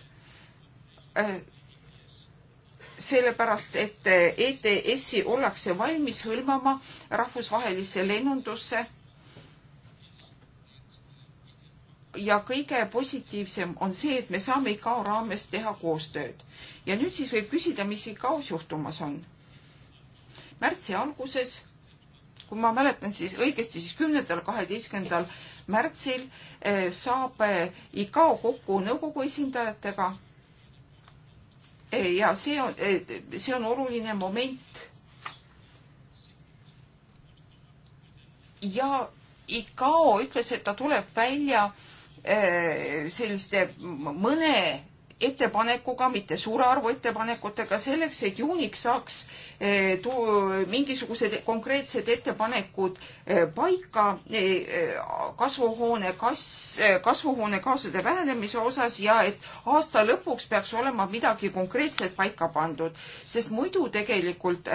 sellepärast, et ETS-i ollakse valmis hõlmama rahvusvahelisse lennundusse. ja kõige positiivsem on see, et me saame ICAO raames teha koostööd. ja nüüd siis võib küsida, mis ICAO-s juhtumas on. märtsi alguses kui ma mäletan siis õigesti, siis kümnendal, kaheteistkümnendal märtsil eh, saab eh, ICAO kokku nõukogu esindajatega Eh, ja see on, eh, see on oluline moment. ja ICAO ütles, et ta tuleb välja eh, selliste mõne ettepanekuga, mitte suure arvu ettepanekutega, selleks et juuniks saaks eh, tuu, mingisugused konkreetsed ettepanekud eh, paika eh, kasvuhoone kas-, kasvuhoonegaaside vähenemise osas ja et aasta lõpuks peaks olema midagi konkreetset paika pandud, sest muidu tegelikult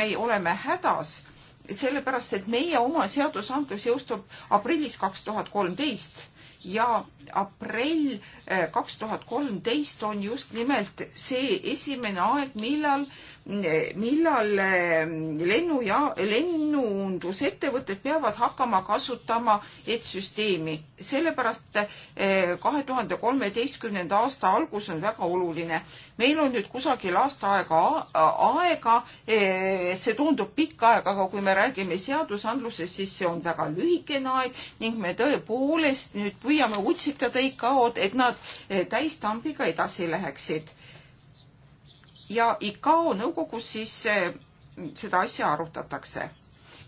me oleme hädas sellepärast, et meie oma seadusandlus jõustub aprillis kaks tuhat kolmteist ja aprill eh, kaks tuhat kolmteist on just nimelt see esimene aeg, millal millal eh, lennu ja lennundusettevõtted peavad hakkama kasutama ETS-süsteemi, sellepärast eh, kahe tuhande kolmeteistkümnenda aasta algus on väga oluline. meil on nüüd kusagil aasta aega aega, eh, see tundub pikk aeg, aga kui me räägime seadusandlusest, siis see on väga lühikene aeg ning me tõepoolest nüüd püüame utsitada ICAO-d, et nad täistambiga edasi läheksid ja ICAO nõukogus siis eh, seda asja arutatakse.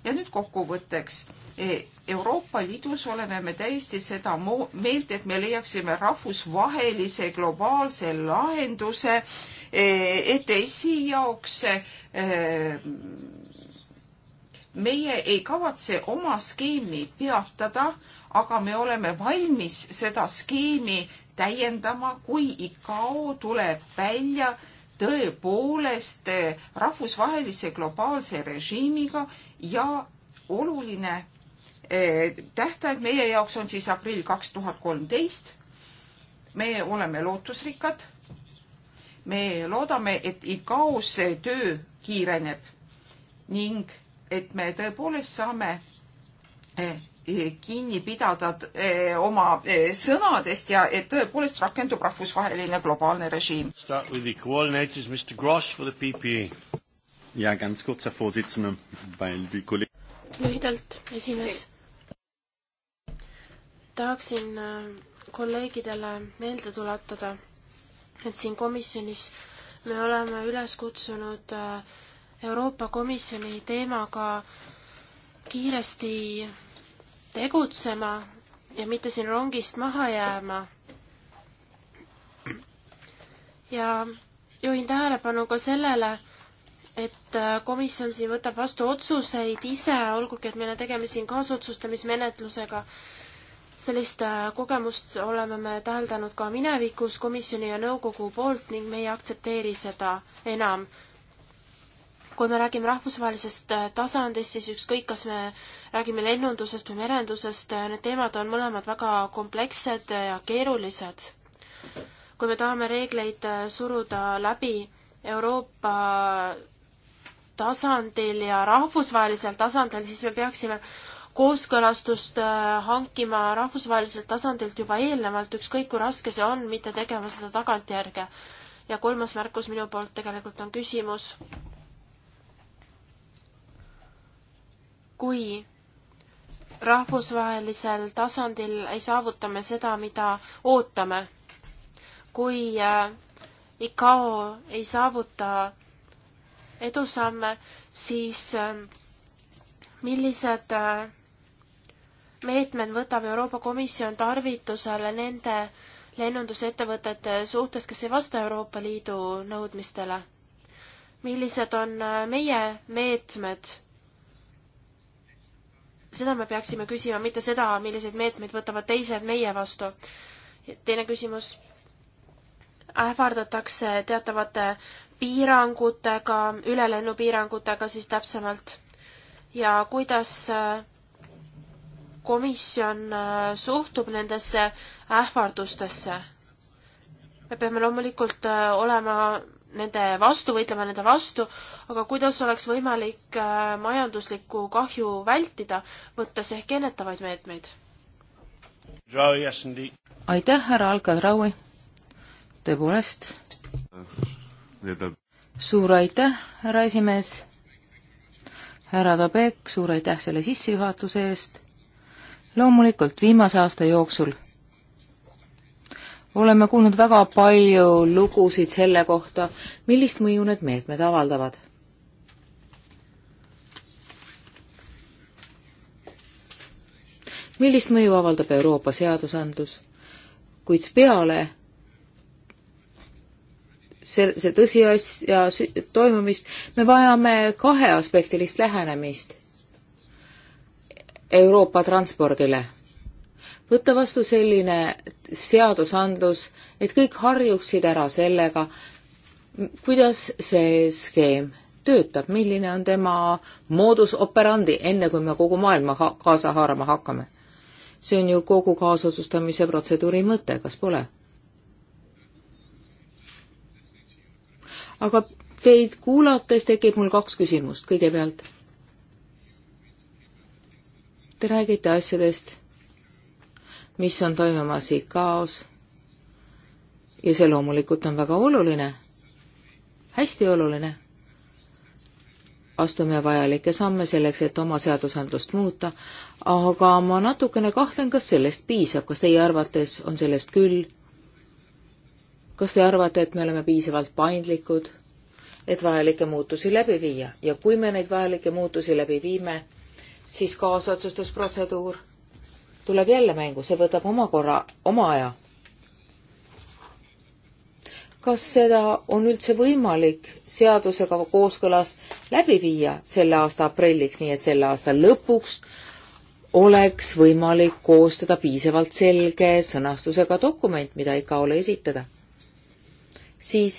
ja nüüd kokkuvõtteks. E, Euroopa Liidus oleme me täiesti seda meelt, et me leiaksime rahvusvahelise globaalse lahenduse e, ETS-i jaoks e, meie ei kavatse oma skeemi peatada, aga me oleme valmis seda skeemi täiendama, kui ICAO tuleb välja tõepoolest rahvusvahelise globaalse režiimiga ja oluline eh, tähtaeg meie jaoks on siis aprill kaks tuhat kolmteist. me oleme lootusrikkad. me loodame, et ICAO-s see töö kiireneb ning et me tõepoolest saame eh, Eh, kinni pidada eh, oma eh, sõnadest ja et tõepoolest rakendub rahvusvaheline globaalne režiim. E. lühidalt, esimees. tahaksin äh, kolleegidele meelde tuletada, et siin komisjonis me oleme üles kutsunud äh, Euroopa Komisjoni teemaga kiiresti tegutsema ja mitte siin rongist maha jääma. ja juhin tähelepanu ka sellele, et äh, komisjon siin võtab vastu otsuseid ise, olgugi et meil on tegemist siin kaasotsustamismenetlusega. sellist äh, kogemust oleme me täheldanud ka minevikus komisjoni ja nõukogu poolt ning me ei aktsepteeri seda enam kui me räägime rahvusvahelisest äh, tasandist, siis ükskõik, kas me räägime lennundusest või merendusest, äh, need teemad on mõlemad väga komplekssed äh, ja keerulised. kui me tahame reegleid suruda läbi Euroopa tasandil ja rahvusvahelisel tasandil, siis me peaksime kooskõlastust hankima rahvusvaheliselt tasandilt juba eelnevalt, ükskõik kui raske see on, mitte tegema seda tagantjärge. ja kolmas märkus minu poolt tegelikult on küsimus kui rahvusvahelisel tasandil ei saavuta me seda, mida ootame, kui äh, ICAO ei saavuta edusamme, siis äh, millised äh, meetmed võtab Euroopa Komisjon tarvitusele nende lennundusettevõtete suhtes, kes ei vasta Euroopa Liidu nõudmistele? millised on meie meetmed seda me peaksime küsima, mitte seda, milliseid meetmeid võtavad teised meie vastu. teine küsimus. ähvardatakse teatavate piirangutega, ülelennupiirangutega siis täpsemalt ja kuidas äh, komisjon äh, suhtub nendesse ähvardustesse? me peame loomulikult äh, olema nende vastu, võitlema nende vastu, aga kuidas oleks võimalik äh, majanduslikku kahju vältida, võttes ehk ennetavaid meetmeid? aitäh, härra Alka-Traui! tõepoolest. suur aitäh, härra esimees! härra Tabek, suur aitäh selle sissejuhatuse eest! loomulikult viimase aasta jooksul oleme kuulnud väga palju lugusid selle kohta, millist mõju need meetmed avaldavad. millist mõju avaldab Euroopa seadusandlus, kuid peale see, see tõsiasja toimumist me vajame kaheaspektilist lähenemist Euroopa transpordile võtta vastu selline seadusandlus, et kõik harjuksid ära sellega, kuidas see skeem töötab, milline on tema moodus operandi, enne kui me kogu maailma ha kaasa haarama hakkame. see on ju kogu kaasotsustamise protseduuri mõte, kas pole? aga teid kuulates tekib mul kaks küsimust kõigepealt. Te räägite asjadest mis on toimumas ICAO-s ja see loomulikult on väga oluline, hästi oluline. astume vajalikke samme selleks, et oma seadusandlust muuta, aga ma natukene kahtlen, kas sellest piisab, kas teie arvates on sellest küll? kas te arvate, et me oleme piisavalt paindlikud, et vajalikke muutusi läbi viia ja kui me neid vajalikke muutusi läbi viime, siis kaasotsustusprotseduur tuleb jälle mängu, see võtab oma korra, oma aja. kas seda on üldse võimalik seadusega kooskõlas läbi viia selle aasta aprilliks, nii et selle aasta lõpuks oleks võimalik koostada piisavalt selge sõnastusega dokument, mida ICAO-le esitada? siis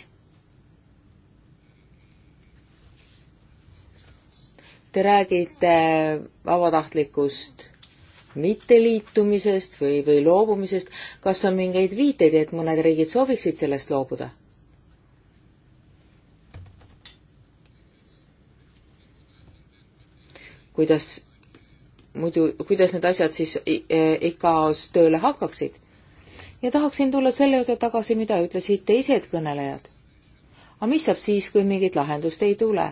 te räägite vabatahtlikust mitteliitumisest või, või loobumisest, kas on mingeid viiteid, et mõned riigid sooviksid sellest loobuda? kuidas muidu, kuidas need asjad siis e, ICAO-s tööle hakkaksid? ja tahaksin tulla selle juurde tagasi, mida ütlesid teised kõnelejad. aga mis saab siis, kui mingit lahendust ei tule?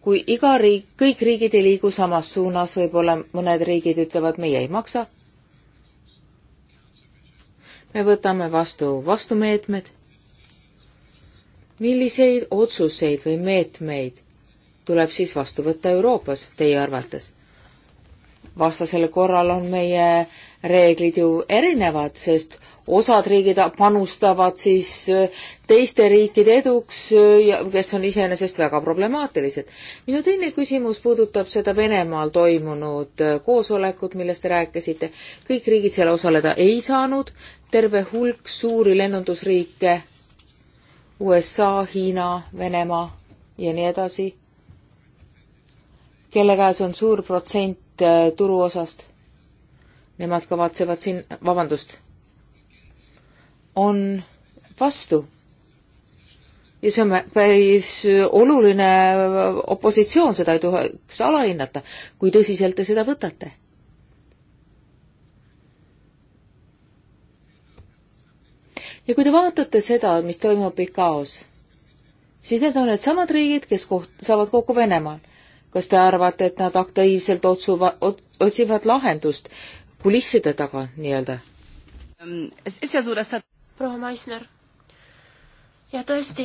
kui iga riik, kõik riigid ei liigu samas suunas, võib-olla mõned riigid ütlevad, meie ei maksa. me võtame vastu vastumeetmed. milliseid otsuseid või meetmeid tuleb siis vastu võtta Euroopas, teie arvates? vastasel korral on meie reeglid ju erinevad, sest osad riigid panustavad siis äh, teiste riikide eduks äh, ja kes on iseenesest väga problemaatilised. minu teine küsimus puudutab seda Venemaal toimunud äh, koosolekut, millest te rääkisite. kõik riigid seal osaleda ei saanud, terve hulk suuri lennundusriike, USA, Hiina, Venemaa ja nii edasi, kelle käes on suur protsent turuosast. Nemad kavatsevad siin, vabandust on vastu. ja see on päris oluline opositsioon, seda ei tohiks alahinnata, kui tõsiselt te seda võtate. ja kui te vaatate seda, mis toimub ICAO-s, siis need on needsamad riigid, kes koht-, saavad kokku Venemaal. kas te arvate, et nad aktiivselt otsuva-, otsivad lahendust kulisside taga nii-öelda? Ähm, proua Maisner. ja tõesti,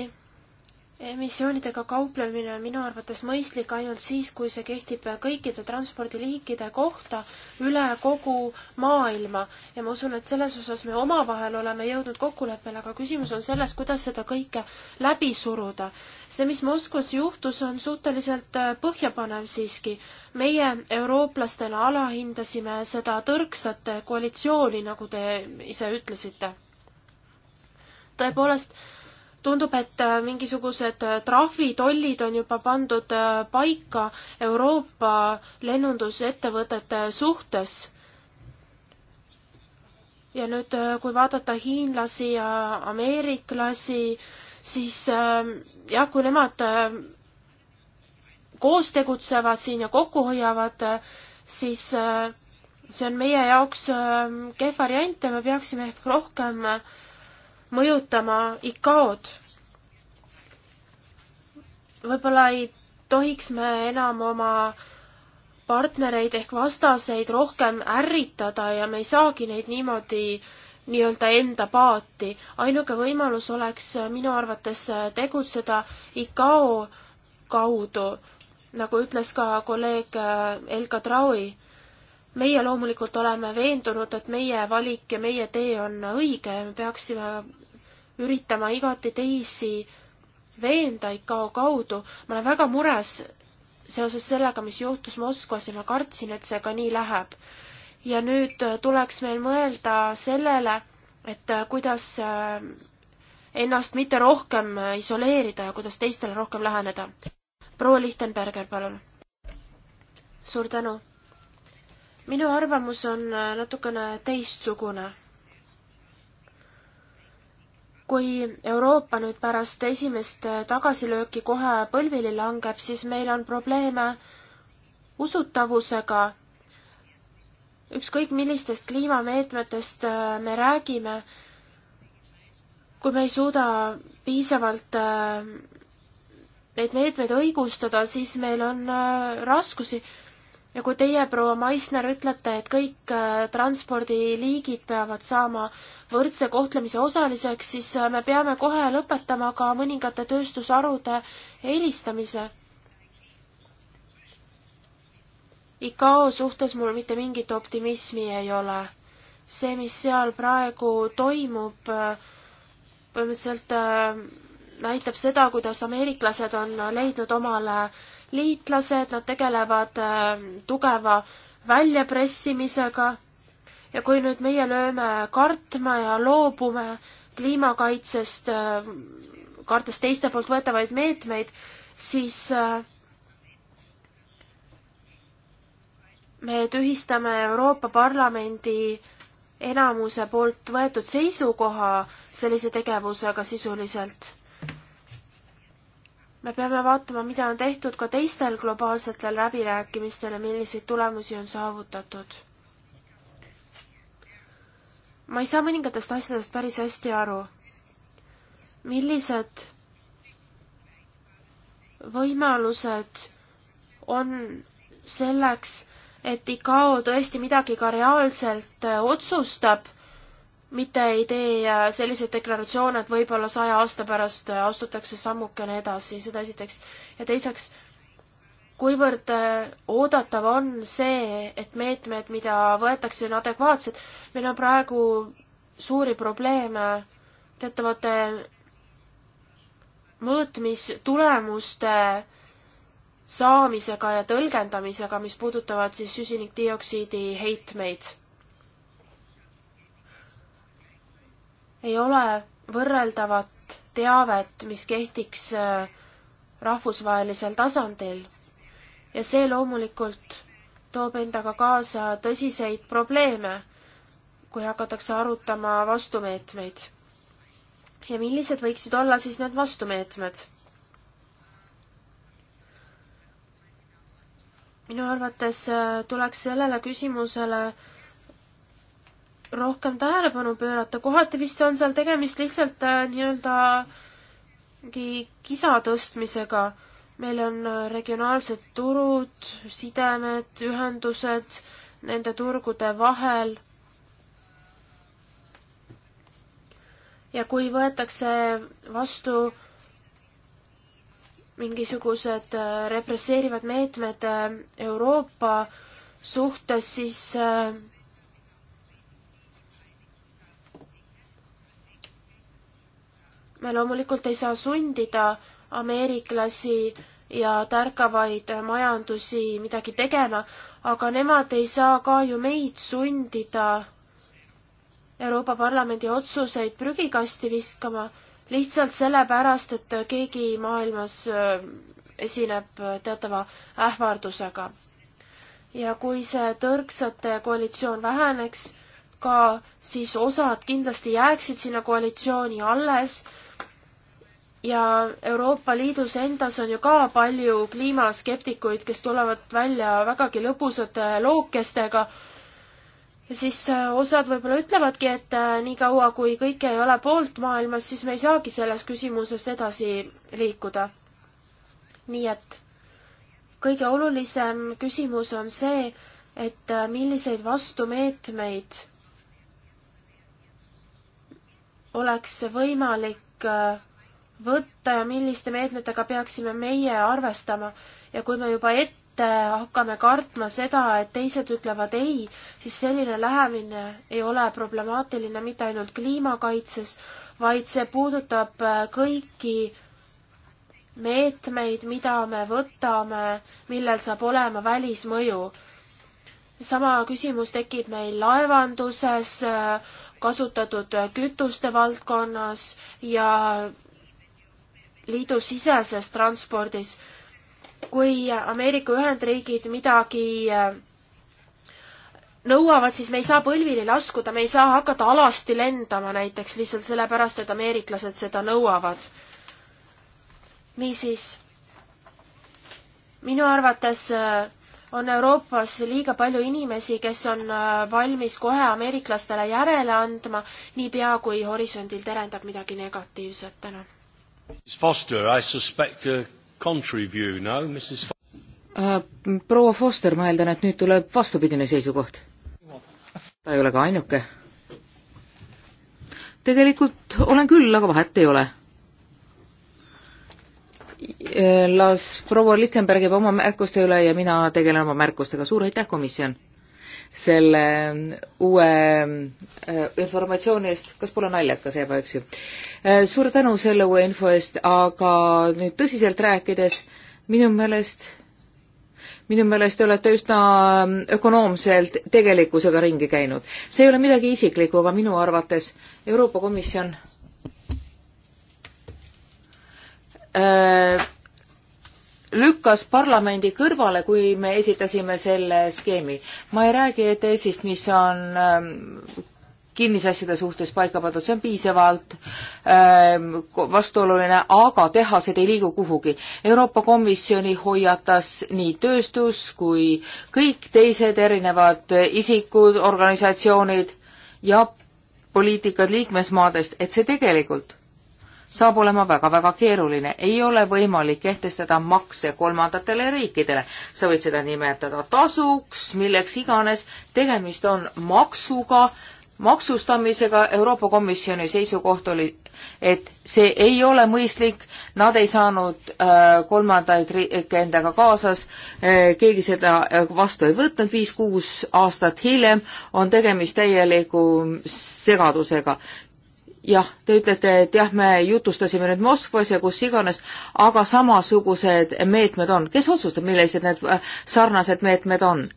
emissioonidega kauplemine on minu arvates mõistlik ainult siis, kui see kehtib kõikide transpordiliikide kohta üle kogu maailma ja ma usun, et selles osas me omavahel oleme jõudnud kokkuleppele, aga küsimus on selles, kuidas seda kõike läbi suruda. see, mis Moskvas juhtus, on suhteliselt äh, põhjapanev siiski. meie eurooplastena alahindasime seda tõrksat koalitsiooni, nagu te ise ütlesite tõepoolest tundub, et äh, mingisugused äh, trahvid, tollid on juba pandud äh, paika Euroopa lennundusettevõtete suhtes. ja nüüd, kui vaadata hiinlasi ja ameeriklasi, siis ähm, jah, kui nemad ähm, koos tegutsevad siin ja kokku hoiavad, siis see on meie jaoks ähm, kehv variant ja me peaksime ehk rohkem äh, mõjutama ICAO-d. võib-olla ei tohiks me enam oma partnereid ehk vastaseid rohkem ärritada ja me ei saagi neid niimoodi nii-öelda enda paati. ainuke võimalus oleks minu arvates tegutseda ICAO kaudu, nagu ütles ka kolleeg Elka Traui meie loomulikult oleme veendunud, et meie valik ja meie tee on õige ja me peaksime üritama igati teisi veenda ICAO kaudu. ma olen väga mures seoses sellega, mis juhtus Moskvas ja ma kartsin, et see ka nii läheb. ja nüüd äh, tuleks meil mõelda sellele, et äh, kuidas äh, ennast mitte rohkem isoleerida ja kuidas teistele rohkem läheneda. proua Lichtenberger, palun. suur tänu minu arvamus on äh, natukene teistsugune. kui Euroopa nüüd pärast esimest äh, tagasilööki kohe põlvili langeb, siis meil on probleeme usutavusega. ükskõik millistest kliimameetmetest äh, me räägime, kui me ei suuda piisavalt neid meetmeid õigustada, siis meil on raskusi ja kui teie, proua Maisner, ütlete, et kõik äh, transpordiliigid peavad saama võrdse kohtlemise osaliseks, siis äh, me peame kohe lõpetama ka mõningate tööstusharude eelistamise. ICAO suhtes mul mitte mingit optimismi ei ole. see, mis seal praegu toimub, äh, põhimõtteliselt näitab seda, kuidas ameeriklased on leidnud omale äh, liitlased, nad tegelevad äh, tugeva väljapressimisega ja kui nüüd meie lööme kartma ja loobume kliimakaitsest, äh, kartes teiste poolt võetavaid meetmeid, siis äh, me tühistame Euroopa Parlamendi enamuse poolt võetud seisukoha sellise tegevusega sisuliselt me peame vaatama, mida on tehtud ka teistel globaalsetel läbirääkimistel ja milliseid tulemusi on saavutatud. ma ei saa mõningatest asjadest päris hästi aru. millised võimalused on selleks, et ICAO tõesti midagi ka reaalselt otsustab mitte ei tee selliseid deklaratsioone, et võib-olla saja aasta pärast äh, astutakse sammukene edasi, seda esiteks. ja teiseks, kuivõrd äh, oodatav on see, et meetmed, mida võetakse, on adekvaatsed. meil on praegu suuri probleeme teatavate mõõtmistulemuste saamisega ja tõlgendamisega, mis puudutavad siis süsinikdioksiidi heitmeid ei ole võrreldavat teavet, mis kehtiks äh, rahvusvahelisel tasandil. ja see loomulikult toob endaga kaasa tõsiseid probleeme, kui hakatakse arutama vastumeetmeid. ja millised võiksid olla siis need vastumeetmed? minu arvates äh, tuleks sellele küsimusele rohkem tähelepanu pöörata, kohati vist on seal tegemist lihtsalt äh, nii-öelda mingi kisa tõstmisega. meil on äh, regionaalsed turud, sidemed, ühendused nende turgude vahel. ja kui võetakse vastu mingisugused äh, represseerivad meetmed Euroopa suhtes, siis me loomulikult ei saa sundida ameeriklasi ja tärkavaid majandusi midagi tegema, aga nemad ei saa ka ju meid sundida Euroopa Parlamendi otsuseid prügikasti viskama lihtsalt sellepärast, et keegi maailmas äh, esineb teatava ähvardusega. ja kui see tõrksate koalitsioon väheneks ka, siis osad kindlasti jääksid sinna koalitsiooni alles ja Euroopa Liidus endas on ju ka palju kliimaskeptikuid, kes tulevad välja vägagi lõbusate lookestega. ja siis äh, osad võib-olla ütlevadki, et äh, niikaua, kui kõike ei ole poolt maailmas, siis me ei saagi selles küsimuses edasi liikuda. nii et kõige olulisem küsimus on see, et äh, milliseid vastumeetmeid oleks võimalik võtta ja milliste meetmetega peaksime meie arvestama ja kui me juba ette hakkame kartma seda, et teised ütlevad ei, siis selline lähemine ei ole problemaatiline mitte ainult kliimakaitses, vaid see puudutab äh, kõiki meetmeid, mida me võtame, millel saab olema välismõju. sama küsimus tekib meil laevanduses, äh, kasutatud kütuste valdkonnas ja Liidu siseses transpordis. kui Ameerika Ühendriigid midagi äh, nõuavad, siis me ei saa põlvili laskuda, me ei saa hakata alasti lendama näiteks lihtsalt sellepärast, et ameeriklased seda nõuavad. niisiis, minu arvates äh, on Euroopas liiga palju inimesi, kes on äh, valmis kohe ameeriklastele järele andma, niipea kui horisondil terendab midagi negatiivset. tänan. Foster, I suspect a contrary view, no, Mrs uh,? Äh, proua Foster, ma eeldan, et nüüd tuleb vastupidine seisukoht. ta ei ole ka ainuke. tegelikult olen küll, aga vahet ei ole. Äh, las proua Littenberg jääb oma märkuste üle ja mina tegelen oma märkustega, suur aitäh, komisjon! selle äh, uue äh, informatsiooni eest, kas pole naljakas juba, eks ju. Äh, suur tänu selle uue info eest, aga nüüd tõsiselt rääkides, minu meelest minu meelest te olete üsna ähm, ökonoomselt tegelikkusega ringi käinud. see ei ole midagi isiklikku, aga minu arvates Euroopa Komisjon äh, lükkas parlamendi kõrvale, kui me esitasime selle skeemi. ma ei räägi ETS-ist, mis on ähm, kinnisasjade suhtes paika pandud, see on piisavalt ähm, vastuoluline, aga tehased ei liigu kuhugi. Euroopa Komisjoni hoiatas nii tööstus kui kõik teised erinevad isikud, organisatsioonid ja poliitikad liikmesmaadest, et see tegelikult saab olema väga-väga keeruline. ei ole võimalik kehtestada makse kolmandatele riikidele. sa võid seda nimetada tasuks, milleks iganes. tegemist on maksuga, maksustamisega. Euroopa Komisjoni seisukoht oli, et see ei ole mõistlik, nad ei saanud äh, kolmandaid riike endaga kaasas äh,, keegi seda vastu ei võtnud, viis-kuus aastat hiljem on tegemist täieliku segadusega jah, te ütlete, et jah, me jutustasime nüüd Moskvas ja kus iganes, aga samasugused meetmed on. kes otsustab, millised need äh, sarnased meetmed on?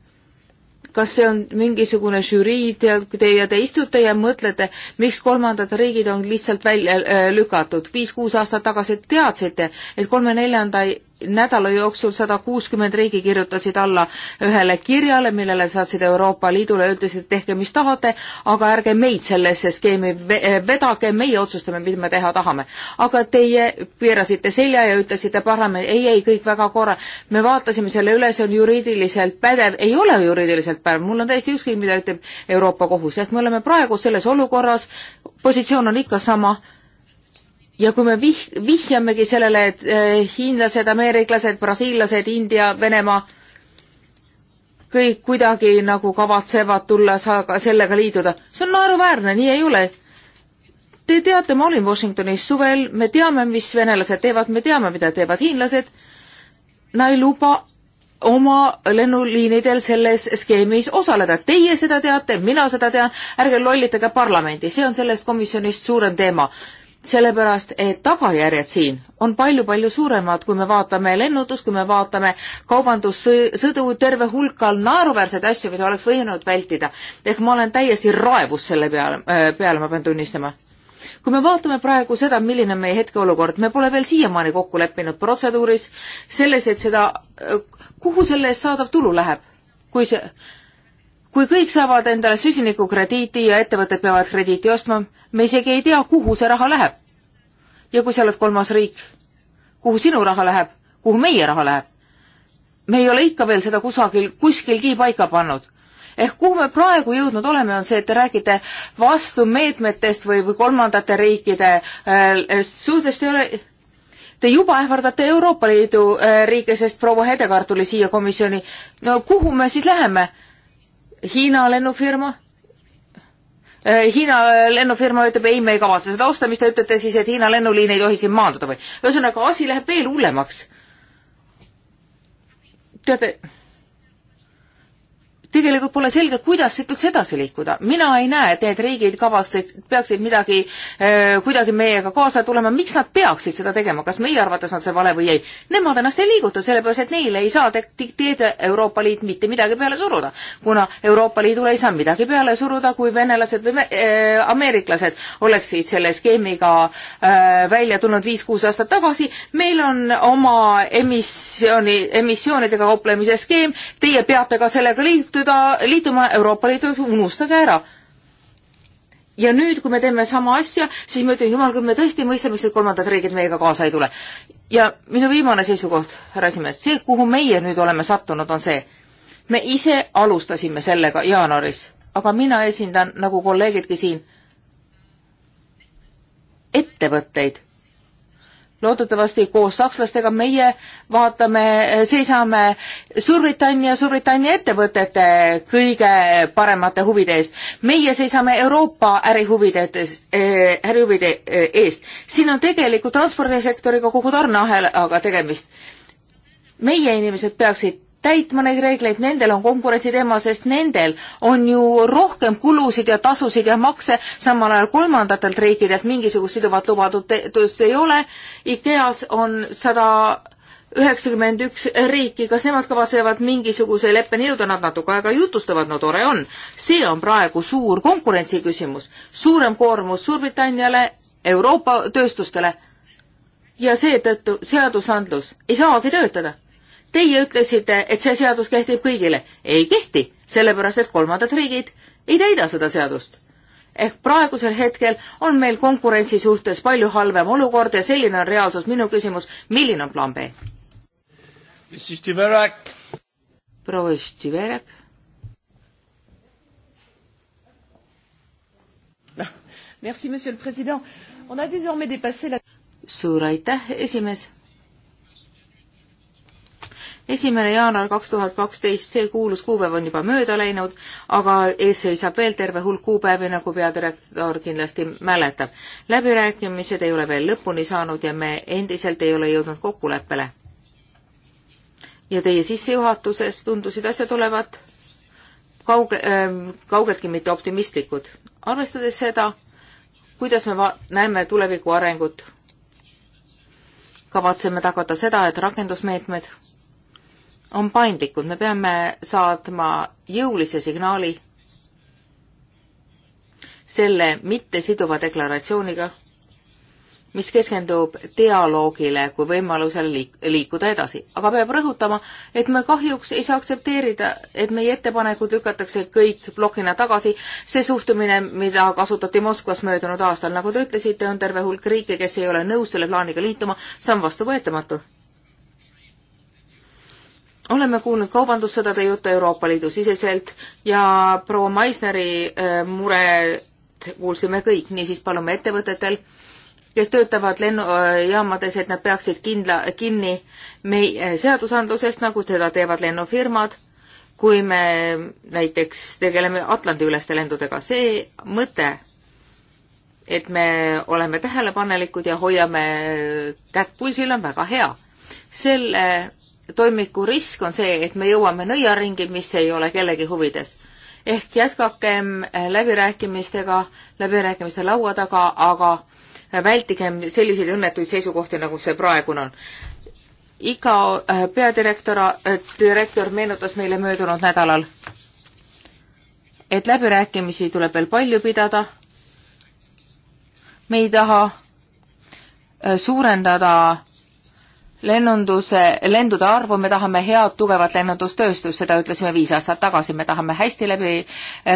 kas see on mingisugune žürii, te ja te istute ja mõtlete, miks kolmandad riigid on lihtsalt välja äh, lükatud? viis-kuus aastat tagasi teadsite, et kolme neljanda nädala jooksul sada kuuskümmend riigi kirjutasid alla ühele kirjale, millele saatsid Euroopa Liidule, ütlesid, et tehke, mis tahate, aga ärge meid sellesse skeemi vedage, meie otsustame, mida me teha tahame. aga teie piirasite selja ja ütlesite parlamendi, ei, ei, kõik väga korra. me vaatasime selle üle, see on juriidiliselt pädev, ei ole juriidiliselt pädev, mul on täiesti ükskõik, mida ütleb Euroopa Kohus, ehk me oleme praegu selles olukorras, positsioon on ikka sama ja kui me vih-, vihjamegi sellele, et eh, hiinlased, ameeriklased, brasiillased, India, Venemaa, kõik kuidagi nagu kavatsevad tulla sa-, sellega liituda, see on naeruväärne, nii ei ole. Te teate, ma olin Washingtonis suvel, me teame, mis venelased teevad, me teame, mida teevad hiinlased, nad ei luba oma lennuliinidel selles skeemis osaleda. Teie seda teate, mina seda tean, ärge lollitage parlamendi, see on sellest komisjonist suurem teema sellepärast et tagajärjed siin on palju-palju suuremad, kui me vaatame lennundust, kui me vaatame kaubandussõdu, terve hulka naeruväärseid asju, mida oleks võinud vältida. ehk ma olen täiesti raevus selle peale, äh, peale ma pean tunnistama. kui me vaatame praegu seda, milline on meie hetkeolukord, me pole veel siiamaani kokku leppinud protseduuris selles, et seda, äh, kuhu selle eest saadav tulu läheb, kui see kui kõik saavad endale süsinikukrediiti ja ettevõtted peavad krediiti ostma, me isegi ei tea, kuhu see raha läheb. ja kui sa oled kolmas riik, kuhu sinu raha läheb, kuhu meie raha läheb? me ei ole ikka veel seda kusagil, kuskilgi paika pannud. ehk kuhu me praegu jõudnud oleme, on see, et te räägite vastumeetmetest või, või kolmandate riikide äh, suhtest ei ole Te juba ähvardate Euroopa Liidu äh, riike, sest proua Hedegaard tuli siia komisjoni. no kuhu me siis läheme äh,? Hiina lennufirma äh, Hiina lennufirma ütleb ei, me ei kavatse seda osta, mis te ütlete siis, et Hiina lennuliin ei tohi siin maanduda või? ühesõnaga, asi läheb veel hullemaks. teate, tegelikult pole selge, kuidas siit üldse edasi liikuda. mina ei näe, et need riigid kavatseks, peaksid midagi eh,, kuidagi meiega kaasa tulema, miks nad peaksid seda tegema, kas meie arvates on see vale või ei. Nemad ennast ei liiguta, sellepärast et neile ei saa dikteerida Euroopa Liit mitte midagi peale suruda. kuna Euroopa Liidule ei saa midagi peale suruda, kui venelased või eh, ameeriklased oleksid selle skeemiga eh, välja tulnud viis-kuus aastat tagasi, meil on oma emissiooni, emissioonidega kauplemise skeem, teie peate ka sellega liituda, hakata liituma Euroopa Liidus, unustage ära ja nüüd, kui me teeme sama asja, siis ma ütlen, jumal, kui me tõesti mõistame, miks need kolmandad riigid meiega kaasa ei tule. ja minu viimane seisukoht, härra esimees, see, kuhu meie nüüd oleme sattunud, on see, me ise alustasime sellega jaanuaris, aga mina esindan, nagu kolleegidki siin, ettevõtteid loodetavasti koos sakslastega meie vaatame, seisame Suurbritannia, Suurbritannia ettevõtete kõige paremate huvide eest. meie seisame Euroopa ärihuvide eest, eh, ärihuvide eh, eest. siin on tegelikult transpordisektoriga kogu tarneahelaga tegemist. meie inimesed peaksid täitma neid reegleid, nendel on konkurentsi teema, sest nendel on ju rohkem kulusid ja tasusid ja makse, samal ajal kolmandatelt riikidelt mingisugust siduvat lubadust ei ole. IKEA-s on sada üheksakümmend üks riiki, kas nemad kavatsevad mingisuguse leppeni jõuda, nad natuke aega jutustavad, no tore on. see on praegu suur konkurentsi küsimus, suurem koormus Suurbritanniale, Euroopa tööstustele ja seetõttu seadusandlus ei saagi töötada Teie ütlesite, et see seadus kehtib kõigile. ei kehti, sellepärast et kolmandad riigid ei täida seda seadust. ehk praegusel hetkel on meil konkurentsi suhtes palju halvem olukord ja selline on reaalsus. minu küsimus, milline on plaan B? proua Stiverek. Merci, monsieur le président. On a désormais dépassé la... suur aitäh, esimees esimene jaanuar kaks tuhat kaksteist, see kuulus kuupäev on juba mööda läinud, aga ees seisab veel terve hulk kuupäevi, nagu peadirektor kindlasti mäletab. läbirääkimised ei ole veel lõpuni saanud ja me endiselt ei ole jõudnud kokkuleppele. ja teie sissejuhatuses tundusid asjad olevat kauge äh,, kaugeltki mitte optimistlikud. arvestades seda, kuidas me näeme tuleviku arengut, kavatseme tagada seda, et rakendusmeetmed on paindlikud, me peame saatma jõulise signaali selle mittesiduva deklaratsiooniga, mis keskendub dialoogile kui võimalusele liik-, liikuda edasi. aga peab rõhutama, et me kahjuks ei saa aktsepteerida, et meie ettepanekud lükatakse kõik plokina tagasi. see suhtumine, mida kasutati Moskvas möödunud aastal, nagu te ütlesite, on terve hulk riike, kes ei ole nõus selle plaaniga liituma, see on vastuvõetamatu oleme kuulnud kaubandussõdade juttu Euroopa Liidu siseselt ja proua Maisneri äh, muret kuulsime kõik, niisiis palume ettevõtetel, kes töötavad lennujaamades, äh, et nad peaksid kindla, kinni meie äh, seadusandlusest, nagu seda teevad lennufirmad, kui me näiteks tegeleme Atlandi-üleste lendudega, see mõte, et me oleme tähelepanelikud ja hoiame kätt pulsil, on väga hea. selle toimiku risk on see, et me jõuame nõiaringi, mis ei ole kellegi huvides. ehk jätkakem läbirääkimistega, läbirääkimiste laua taga, aga vältigem selliseid õnnetuid seisukohti, nagu see praegune on. iga äh, peadirektor, äh, direktor meenutas meile möödunud nädalal, et läbirääkimisi tuleb veel palju pidada, me ei taha äh, suurendada lennunduse, lendude arvu, me tahame head tugevat lennundustööstust, seda ütlesime viis aastat tagasi, me tahame hästi läbi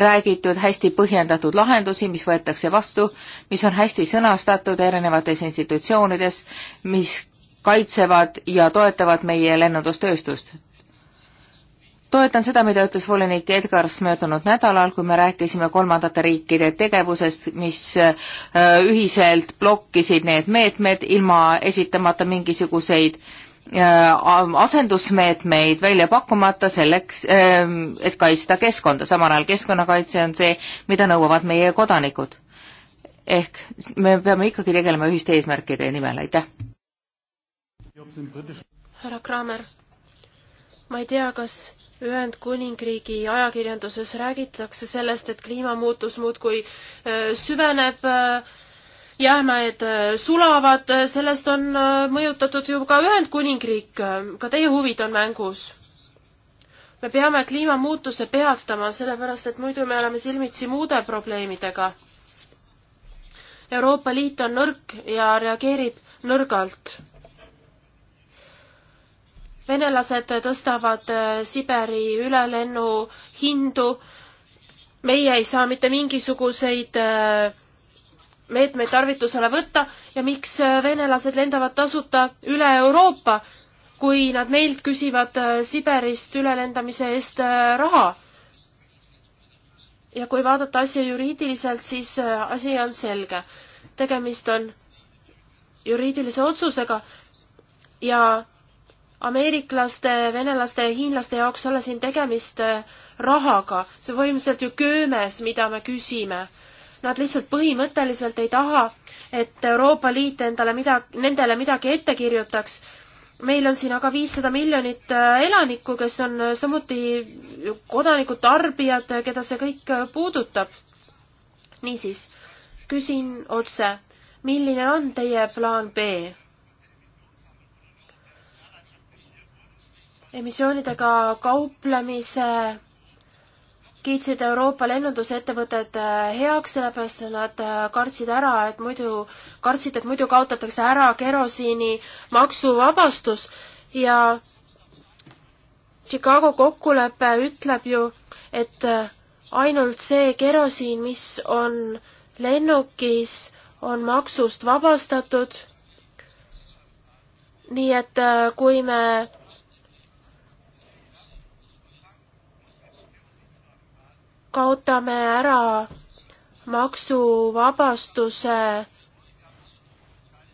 räägitud, hästi põhjendatud lahendusi, mis võetakse vastu, mis on hästi sõnastatud erinevates institutsioonides, mis kaitsevad ja toetavad meie lennundustööstust toetan seda, mida ütles volinik Edgars möödunud nädalal, kui me rääkisime kolmandate riikide tegevusest, mis äh, ühiselt blokkisid need meetmed ilma esitamata mingisuguseid äh, asendusmeetmeid välja pakkumata selleks, ähm, et kaitsta keskkonda, samal ajal keskkonnakaitse on see, mida nõuavad meie kodanikud. ehk me peame ikkagi tegelema ühiste eesmärkide nimel, aitäh! härra Kramer, ma ei tea, kas Ühendkuningriigi ajakirjanduses räägitakse sellest, et kliimamuutus muudkui äh, süveneb, äh, jäämäed äh, sulavad, sellest on mõjutatud ju ka Ühendkuningriik, ka teie huvid on mängus. me peame kliimamuutuse peatama, sellepärast et muidu me oleme silmitsi muude probleemidega. Euroopa Liit on nõrk ja reageerib nõrgalt venelased tõstavad äh, Siberi ülelennu hindu, meie ei saa mitte mingisuguseid äh, meetmeid tarvitusele võtta ja miks äh, venelased lendavad tasuta üle Euroopa, kui nad meilt küsivad Siberist ülelendamise eest raha? ja kui vaadata asja juriidiliselt, siis asi on selge. tegemist on juriidilise otsusega ja ameeriklaste, venelaste ja hiinlaste jaoks olla siin tegemist äh, rahaga, see on põhimõtteliselt ju köömes, mida me küsime. Nad lihtsalt põhimõtteliselt ei taha, et Euroopa Liit endale mida, nendele midagi ette kirjutaks. meil on siin aga viissada miljonit äh, elanikku, kes on äh, samuti kodanikud, tarbijad, keda see kõik puudutab. niisiis, küsin otse, milline on teie plaan B? emissioonidega kauplemise kiitsid Euroopa lennundusettevõtted äh, heaks, sellepärast et nad äh, kartsid ära, et muidu, kartsid, et muidu kaotatakse ära kerosiini maksuvabastus ja Chicago kokkulepe ütleb ju, et äh, ainult see kerosiin, mis on lennukis, on maksust vabastatud. nii et kui me kaotame ära maksuvabastuse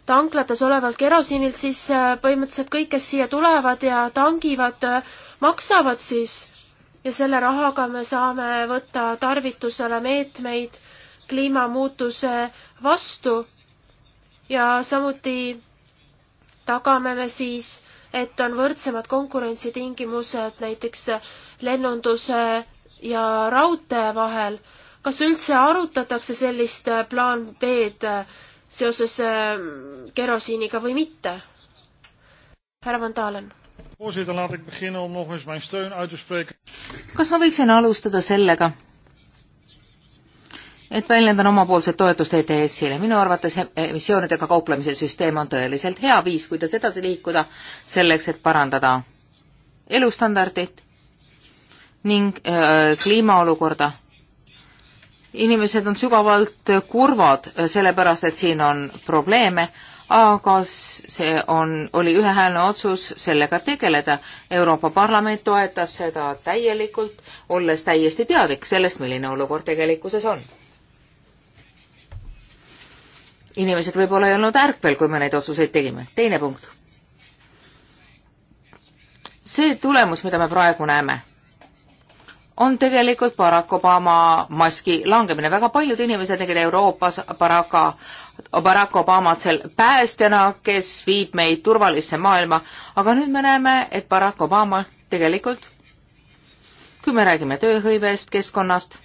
tanklates olevalt kerosiinilt, siis äh, põhimõtteliselt kõik, kes siia tulevad ja tangivad, äh, maksavad siis. ja selle rahaga me saame võtta tarvitusele meetmeid kliimamuutuse vastu. ja samuti tagame me siis, et on võrdsemad konkurentsitingimused näiteks lennunduse ja raudtee vahel, kas üldse arutatakse sellist äh, plaan B-d äh, seoses äh, kerosiiniga või mitte? härra Van Dalen. Voorzitter, laat ik beginnen om nog eens mijn steun uit te spreken. Kas ma võiksin alustada sellega, et väljendan omapoolset toetust ETS-ile. minu arvates emissioonidega kauplemise süsteem on tõeliselt hea viis, kuidas edasi liikuda selleks, et parandada elustandardit ning äh, kliimaolukorda. inimesed on sügavalt kurvad, äh, sellepärast et siin on probleeme, aga see on, oli ühehäälne otsus sellega tegeleda. Euroopa Parlament toetas seda täielikult, olles täiesti teadlik sellest, milline olukord tegelikkuses on. inimesed võib-olla ei olnud ärkvel, kui me neid otsuseid tegime. teine punkt. see tulemus, mida me praegu näeme on tegelikult Barack Obama maski langemine. väga paljud inimesed nägid Euroopas Baracka, Barack Obamat seal päästjana, kes viib meid turvalisse maailma, aga nüüd me näeme, et Barack Obama tegelikult, kui me räägime tööhõivest, keskkonnast,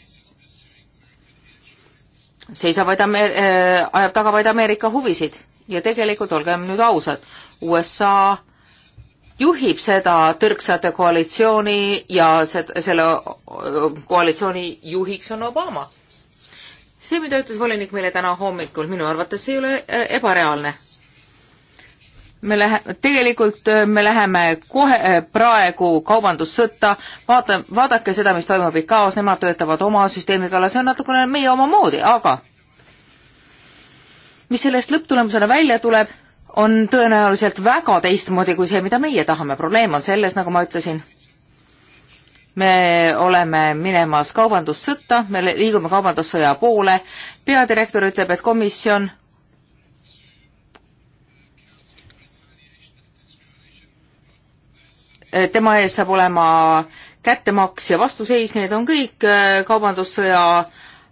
seisab vaid Ameer-, äh, ajab taga vaid Ameerika huvisid ja tegelikult olgem nüüd ausad, USA juhib seda tõrksate koalitsiooni ja selle koalitsiooni juhiks on Obama. see, mida ütles volinik meile täna hommikul, minu arvates ei ole ebareaalne. me lähe-, tegelikult me läheme kohe praegu kaubandussõtta, vaata, vaadake seda, mis toimub ICAO-s, nemad töötavad oma süsteemi kallal, see on natukene meie omamoodi, aga mis sellest lõpptulemusena välja tuleb on tõenäoliselt väga teistmoodi kui see, mida meie tahame. probleem on selles, nagu ma ütlesin, me oleme minemas kaubandussõtta, me liigume kaubandussõja poole, peadirektor ütleb, et komisjon eh, tema ees saab olema kättemaks ja vastuseis, need on kõik eh, kaubandussõja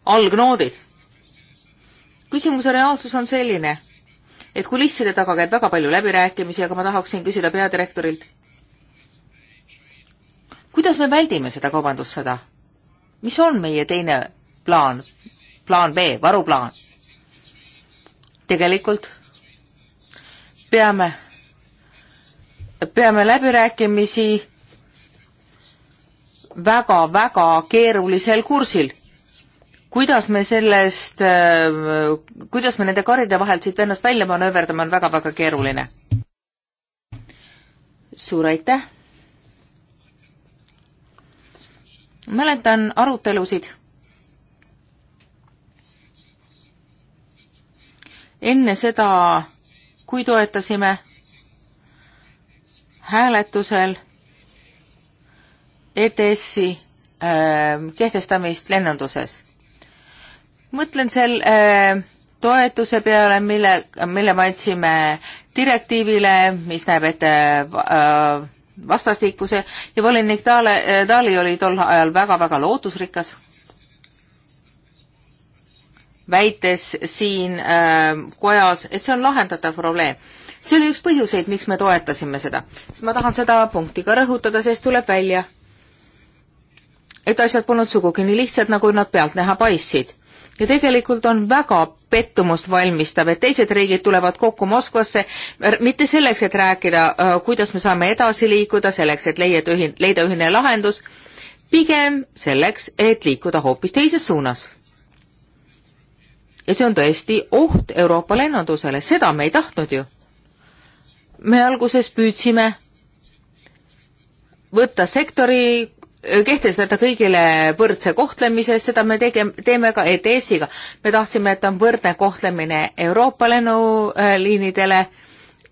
algnoodid. küsimuse reaalsus on selline et kulisside taga käib väga palju läbirääkimisi, aga ma tahaksin küsida peadirektorilt, kuidas me väldime seda kaubandussõda? mis on meie teine plaan, plaan B, varuplaan? tegelikult peame, peame läbirääkimisi väga-väga keerulisel kursil kuidas me sellest, äh, kuidas me nende karide vahelt siit ennast välja manööverdame, on väga-väga keeruline. suur aitäh! mäletan arutelusid enne seda, kui toetasime hääletusel ETS-i äh, kehtestamist lennunduses mõtlen sel äh, toetuse peale, mille, mille me andsime direktiivile, mis näeb ette äh, vastastikuse ja volinik Taale, Taali äh, oli tol ajal väga-väga lootusrikas, väites siin äh, kojas, et see on lahendatav probleem. see oli üks põhjuseid, miks me toetasime seda. ma tahan seda punkti ka rõhutada, sest tuleb välja, et asjad polnud sugugi nii lihtsad, nagu nad pealtnäha paistsid ja tegelikult on väga pettumust valmistav, et teised riigid tulevad kokku Moskvasse mitte selleks, et rääkida, äh, kuidas me saame edasi liikuda, selleks, et leida ühine, leida ühine lahendus, pigem selleks, et liikuda hoopis teises suunas. ja see on tõesti oht Euroopa lennundusele, seda me ei tahtnud ju. me alguses püüdsime võtta sektori kehtestada kõigile võrdse kohtlemise, seda me tege-, teeme ka ETS-iga. me tahtsime, et on võrdne kohtlemine Euroopa lennuliinidele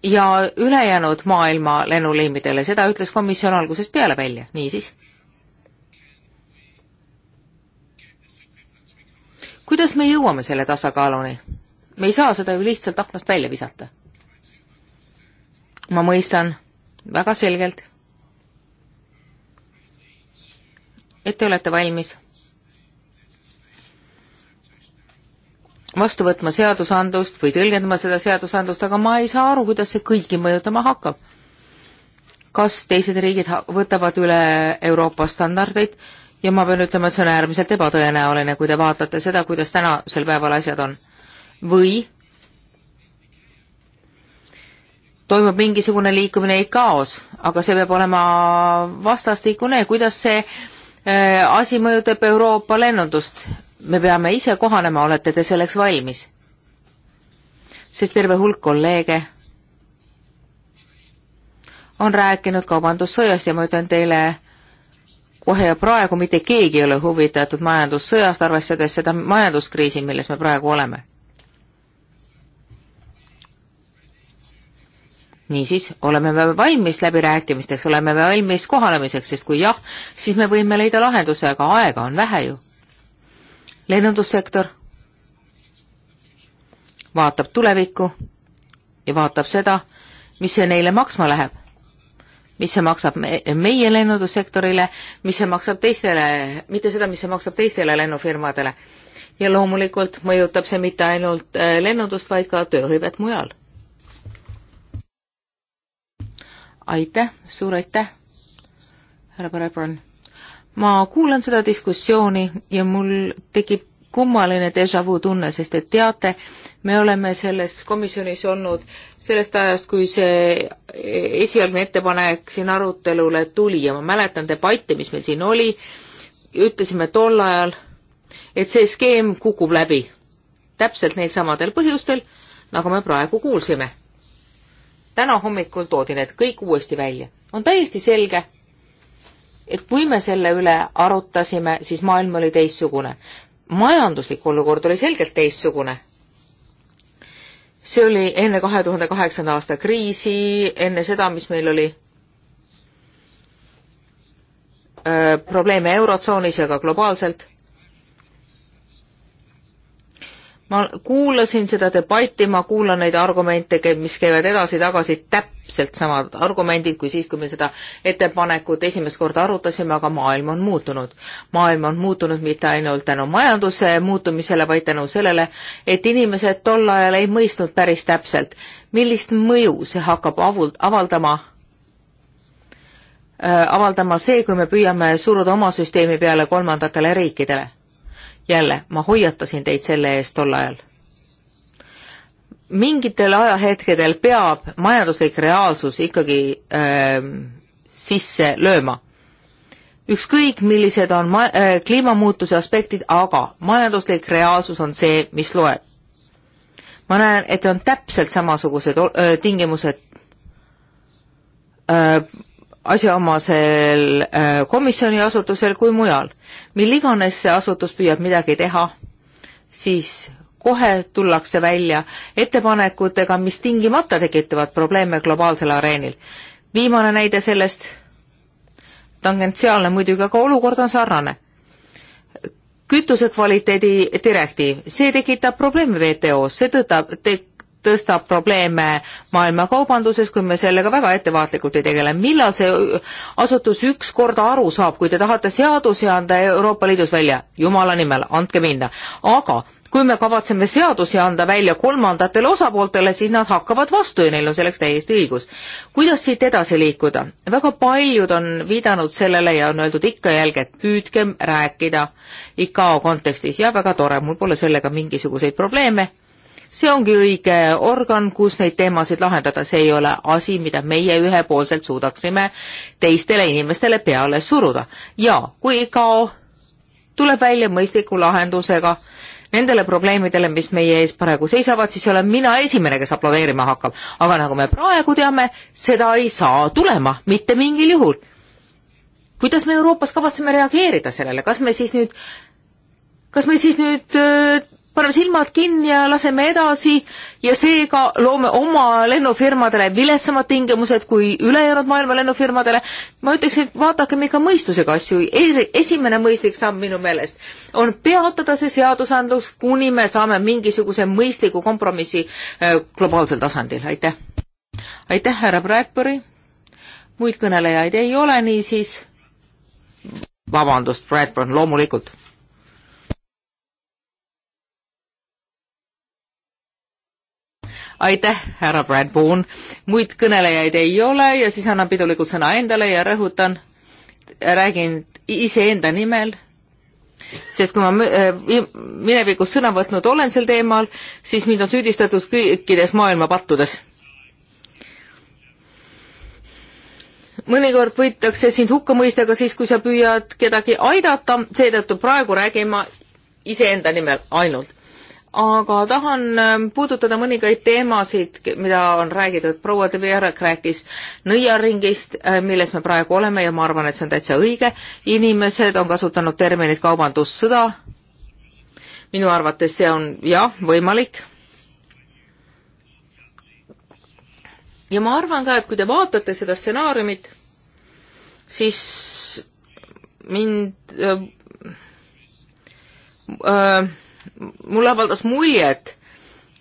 ja ülejäänud maailma lennuliimidele, seda ütles komisjon algusest peale välja, niisiis. kuidas me jõuame selle tasakaaluni? me ei saa seda ju lihtsalt aknast välja visata. ma mõistan väga selgelt et te olete valmis vastu võtma seadusandlust või tõlgendama seda seadusandlust, aga ma ei saa aru, kuidas see kõiki mõjutama hakkab. kas teised riigid võtavad üle Euroopa standardeid ja ma pean ütlema, et see on äärmiselt ebatõenäoline, kui te vaatate seda, kuidas tänasel päeval asjad on. või toimub mingisugune liikumine ICAO-s, aga see peab olema vastastikune, kuidas see äh, Äh, asi mõjutab Euroopa lennundust. me peame ise kohanema, olete te selleks valmis? sest terve hulk kolleege on rääkinud kaubandussõjast ja ma ütlen teile kohe ja praegu mitte keegi ei ole huvitatud majandussõjast, arvestades seda majanduskriisi, milles me praegu oleme niisiis, oleme me valmis läbirääkimisteks, oleme me valmis kohanemiseks, sest kui jah, siis me võime leida lahenduse, aga aega on vähe ju. lennundussektor vaatab tulevikku ja vaatab seda, mis see neile maksma läheb. mis see maksab meie lennundussektorile, mis see maksab teistele, mitte seda, mis see maksab teistele lennufirmadele. ja loomulikult mõjutab see mitte ainult äh, lennundust, vaid ka tööhõivet mujal. aitäh, suur aitäh, härra Parebon. ma kuulan seda diskussiooni ja mul tekib kummaline déjà vu tunne, sest te teate, me oleme selles komisjonis olnud sellest ajast, kui see esialgne ettepanek siin arutelule tuli ja ma mäletan debatti, mis meil siin oli, ütlesime tol ajal, et see skeem kukub läbi. täpselt neil samadel põhjustel, nagu me praegu kuulsime täna hommikul toodi need kõik uuesti välja. on täiesti selge, et kui me selle üle arutasime, siis maailm oli teistsugune. majanduslik olukord oli selgelt teistsugune. see oli enne kahe tuhande kaheksanda aasta kriisi, enne seda, mis meil oli öö, äh, probleeme Eurotsoonis ja ka globaalselt ma kuulasin seda debatti, ma kuulan neid argumente, mis käivad edasi-tagasi, täpselt samad argumendid kui siis, kui me seda ettepanekut esimest korda arutasime, aga maailm on muutunud. maailm on muutunud mitte ainult tänu majanduse muutumisele, vaid tänu sellele, et inimesed tol ajal ei mõistnud päris täpselt, millist mõju see hakkab avul-, avaldama äh, avaldama see, kui me püüame suruda oma süsteemi peale kolmandatele riikidele jälle, ma hoiatasin teid selle eest tol ajal. mingitel ajahetkedel peab majanduslik reaalsus ikkagi äh, sisse lööma. ükskõik, millised on ma- äh,, kliimamuutuse aspektid, aga majanduslik reaalsus on see, mis loeb. ma näen, et on täpselt samasugused äh, tingimused äh, asjaomasel äh, komisjoni asutusel kui mujal. mil iganes see asutus püüab midagi teha, siis kohe tullakse välja ettepanekutega, mis tingimata tekitavad probleeme globaalsel areenil. viimane näide sellest, tangentsiaalne muidugi, aga olukord on sarnane. kütuse kvaliteedi direktiiv, see tekitab probleeme WTO-s, see tõtab, te-, tõstab probleeme maailmakaubanduses, kui me sellega väga ettevaatlikult ei tegele. millal see asutus ükskord aru saab, kui te tahate seadusi anda Euroopa Liidus välja? jumala nimel, andke minna. aga kui me kavatseme seadusi anda välja kolmandatele osapooltele, siis nad hakkavad vastu ja neil on selleks täiesti õigus. kuidas siit edasi liikuda? väga paljud on viidanud sellele ja on öeldud ikka jälgi, et püüdkem rääkida ICAO kontekstis ja väga tore, mul pole sellega mingisuguseid probleeme see ongi õige organ, kus neid teemasid lahendada, see ei ole asi, mida meie ühepoolselt suudaksime teistele inimestele peale suruda. ja kui ICAO tuleb välja mõistliku lahendusega nendele probleemidele, mis meie ees praegu seisavad, siis olen mina esimene, kes aplodeerima hakkab. aga nagu me praegu teame, seda ei saa tulema mitte mingil juhul. kuidas me Euroopas kavatseme reageerida sellele, kas me siis nüüd kas me siis nüüd öö, äh, paneme silmad kinni ja laseme edasi ja seega loome oma lennufirmadele viletsamad tingimused kui ülejäänud maailma lennufirmadele. ma ütleksin, et vaadakem ikka mõistusega asju. esimene mõistlik samm minu meelest on peatada see seadusandlus, kuni me saame mingisuguse mõistliku kompromissi äh, globaalsel tasandil. aitäh. aitäh, härra Bradbury. muid kõnelejaid ei ole, niisiis vabandust, Bradburn, loomulikult aitäh, härra Bradbourne. muid kõnelejaid ei ole ja siis annan pidulikult sõna endale ja rõhutan, räägin iseenda nimel, sest kui ma äh, minevikus sõna võtnud olen sel teemal, siis mind on süüdistatud kõikides maailma pattudes. mõnikord võidakse sind hukka mõista ka siis, kui sa püüad kedagi aidata, seetõttu praegu räägin ma iseenda nimel ainult aga tahan ähm, puudutada mõningaid teemasid, mida on räägitud. proua De Veerak rääkis nõiaringist, äh, milles me praegu oleme ja ma arvan, et see on täitsa õige. inimesed on kasutanud terminit kaubandussõda. minu arvates see on jah, võimalik. ja ma arvan ka, et kui te vaatate seda stsenaariumit, siis mind öö, äh, öö, äh, mulle avaldas muljet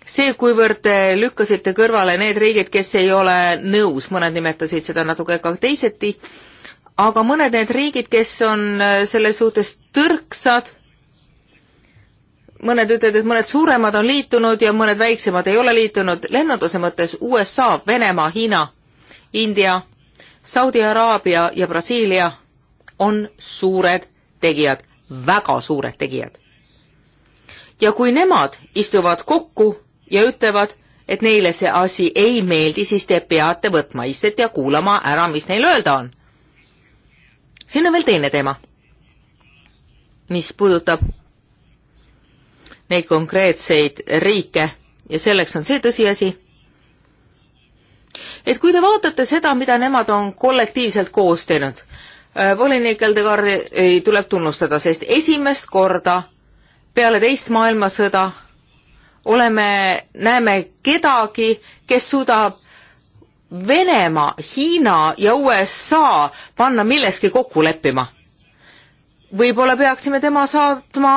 see, kuivõrd te lükkasite kõrvale need riigid, kes ei ole nõus, mõned nimetasid seda natuke ka teiseti, aga mõned need riigid, kes on äh, selles suhtes tõrksad, mõned ütlevad, et mõned suuremad on liitunud ja mõned väiksemad ei ole liitunud, lennunduse mõttes USA, Venemaa, Hiina, India, Saudi Araabia ja Brasiilia on suured tegijad, väga suured tegijad ja kui nemad istuvad kokku ja ütlevad, et neile see asi ei meeldi, siis te peate võtma istet ja kuulama ära, mis neil öelda on. siin on veel teine teema, mis puudutab neid konkreetseid riike ja selleks on see tõsiasi, et kui te vaatate seda, mida nemad on kollektiivselt koos teinud, äh, volinik Eldegardi tuleb tunnustada, sest esimest korda peale teist maailmasõda oleme, näeme kedagi, kes suudab Venemaa, Hiina ja USA panna milleski kokku leppima. võib-olla peaksime tema saatma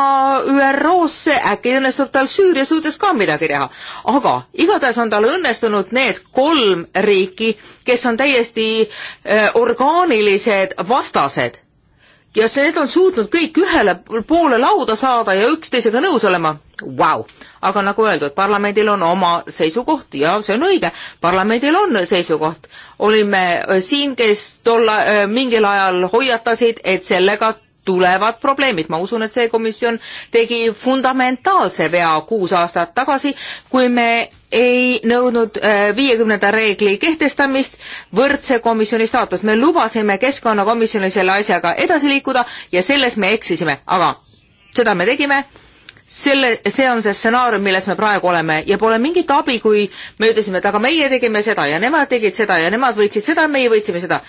ÜRO-sse, äkki õnnestub tal Süüria suhtes ka midagi teha. aga igatahes on tal õnnestunud need kolm riiki, kes on täiesti äh, orgaanilised vastased ja see, need on suutnud kõik ühele poole lauda saada ja üksteisega nõus olema. Vau! aga nagu öeldud, parlamendil on oma seisukoht ja see on õige, parlamendil on seisukoht. olime äh, siin, kes tol äh, mingil ajal hoiatasid, et sellega tulevad probleemid, ma usun, et see komisjon tegi fundamentaalse vea kuus aastat tagasi, kui me ei nõudnud äh, viiekümnenda reegli kehtestamist, võrdse komisjoni staatust. me lubasime keskkonnakomisjonil selle asjaga edasi liikuda ja selles me eksisime, aga seda me tegime selle, see on see stsenaarium, milles me praegu oleme ja pole mingit abi, kui me ütlesime, et aga meie tegime seda ja nemad tegid seda ja nemad võitsid seda, meie võitsime seda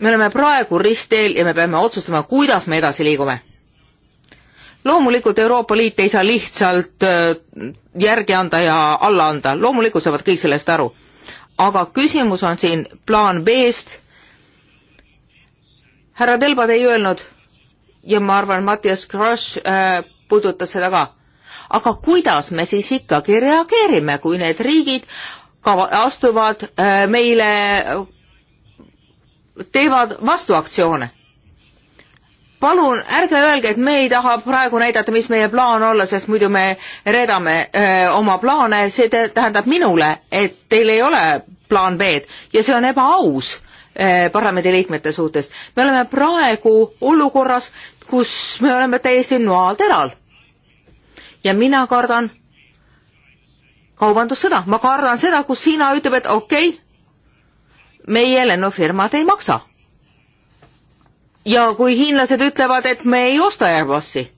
me oleme praegu ristteel ja me peame otsustama, kuidas me edasi liigume. loomulikult Euroopa Liit ei saa lihtsalt äh, järgi anda ja alla anda, loomulikult saavad kõik sellest aru. aga küsimus on siin plaan B-st. härra Delba, te ei öelnud ja ma arvan, Mattias Kross äh, puudutas seda ka. aga kuidas me siis ikkagi reageerime, kui need riigid ka astuvad äh, meile teevad vastuaktsioone. palun ärge öelge, et me ei taha praegu näidata, mis meie plaan olla, sest muidu me reedame öö, oma plaane, see tähendab minule, et teil ei ole plaan B-d ja see on ebaaus parlamendiliikmete suhtes. me oleme praegu olukorras, kus me oleme täiesti noateral. ja mina kardan kaubandussõda, ma kardan seda, kus Hiina ütleb, et okei okay,, meie lennufirmad ei maksa. ja kui hiinlased ütlevad, et me ei osta Airbusi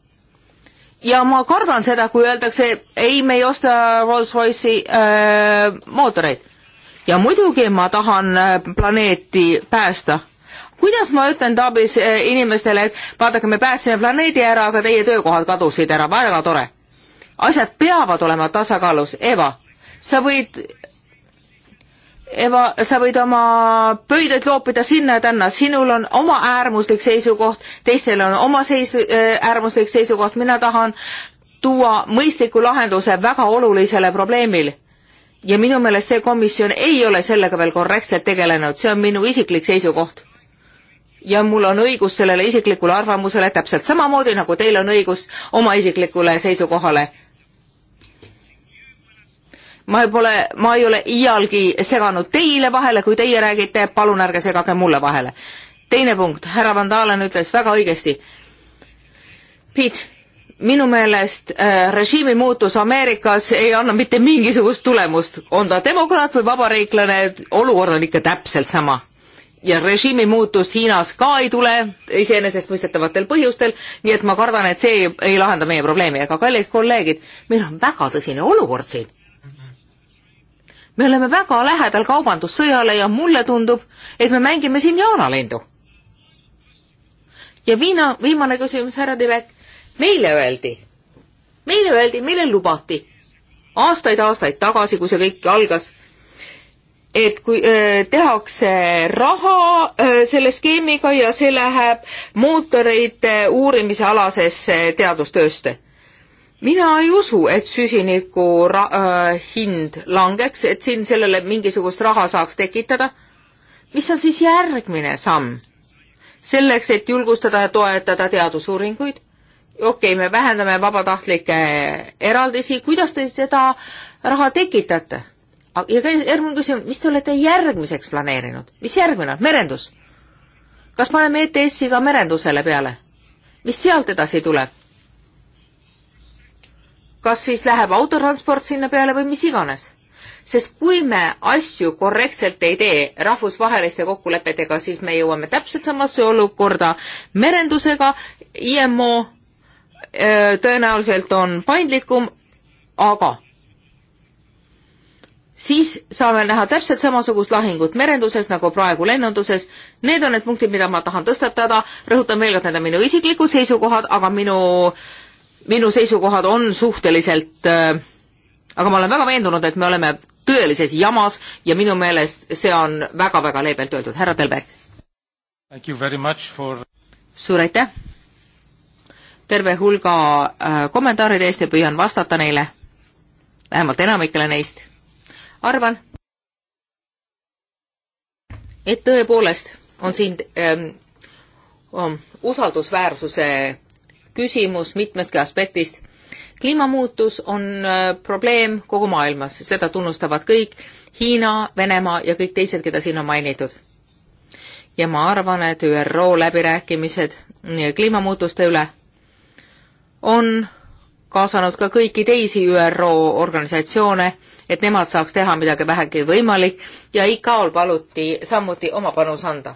ja ma kardan seda, kui öeldakse, ei, me ei osta Rolls-Royce'i äh, mootoreid. ja muidugi ma tahan äh, planeeti päästa. kuidas ma ütlen Taabis äh, inimestele, et vaadake, me päästsime planeedi ära, aga teie töökohad kadusid ära, väga tore. asjad peavad olema tasakaalus, Eva, sa võid Eva, sa võid oma pöidlaid loopida sinna ja tänna, sinul on oma äärmuslik seisukoht, teistel on oma seis-, äh, äärmuslik seisukoht, mina tahan tuua mõistliku lahenduse väga olulisele probleemile. ja minu meelest see komisjon ei ole sellega veel korrektselt tegelenud, see on minu isiklik seisukoht. ja mul on õigus sellele isiklikule arvamusele täpselt samamoodi, nagu teil on õigus oma isiklikule seisukohale ma pole, ma ei ole iialgi seganud teile vahele, kui teie räägite, palun ärge segage mulle vahele. teine punkt, härra Van Dalen ütles väga õigesti. Pete, minu meelest äh, režiimi muutus Ameerikas ei anna mitte mingisugust tulemust, on ta demokraat või vabariiklane, olukord on ikka täpselt sama ja režiimi muutust Hiinas ka ei tule iseenesestmõistetavatel põhjustel, nii et ma kardan, et see ei, ei lahenda meie probleemi, aga kallid kolleegid, meil on väga tõsine olukord siin me oleme väga lähedal kaubandussõjale ja mulle tundub, et me mängime siin jaanalendu. ja viina, viimane küsimus, härra Tibek. meile öeldi, meile öeldi, meile lubati aastaid-aastaid tagasi, kui see kõik algas, et kui öö, äh, tehakse raha öö, äh, selle skeemiga ja see läheb mootoreid uurimise alasesse teadustöösse mina ei usu, et süsiniku ra- äh,, hind langeks, et siin sellele mingisugust raha saaks tekitada. mis on siis järgmine samm? selleks, et julgustada ja toetada teadusuuringuid, okei okay,, me vähendame vabatahtlikke eraldisi, kuidas te seda raha tekitate? ja ka järgmine küsimus, mis te olete järgmiseks planeerinud, mis järgmine, merendus? kas paneme ETS-i ka merendusele peale? mis sealt edasi tuleb? kas siis läheb autotransport sinna peale või mis iganes. sest kui me asju korrektselt ei tee rahvusvaheliste kokkulepetega, siis me jõuame täpselt samasse olukorda merendusega, IMO äh, tõenäoliselt on paindlikum, aga siis saame näha täpselt samasugust lahingut merenduses nagu praegu lennunduses. Need on need punktid, mida ma tahan tõstatada, rõhutan veel kord, need on minu isiklikud seisukohad, aga minu äh, minu seisukohad on suhteliselt äh,, aga ma olen väga veendunud, et me oleme tõelises jamas ja minu meelest see on väga-väga leebelt öeldud. härra Telbek. For... suur aitäh terve hulga äh, kommentaaride eest ja püüan vastata neile, vähemalt enamikele neist. arvan, et tõepoolest on siin ähm, um, usaldusväärsuse küsimus mitmestki aspektist. kliimamuutus on äh, probleem kogu maailmas, seda tunnustavad kõik, Hiina, Venemaa ja kõik teised, keda siin on mainitud. ja ma arvan, et ÜRO läbirääkimised äh, kliimamuutuste üle on kaasanud ka kõiki teisi ÜRO organisatsioone, et nemad saaks teha midagi vähegi võimalik ja ICAO-l paluti samuti oma panus anda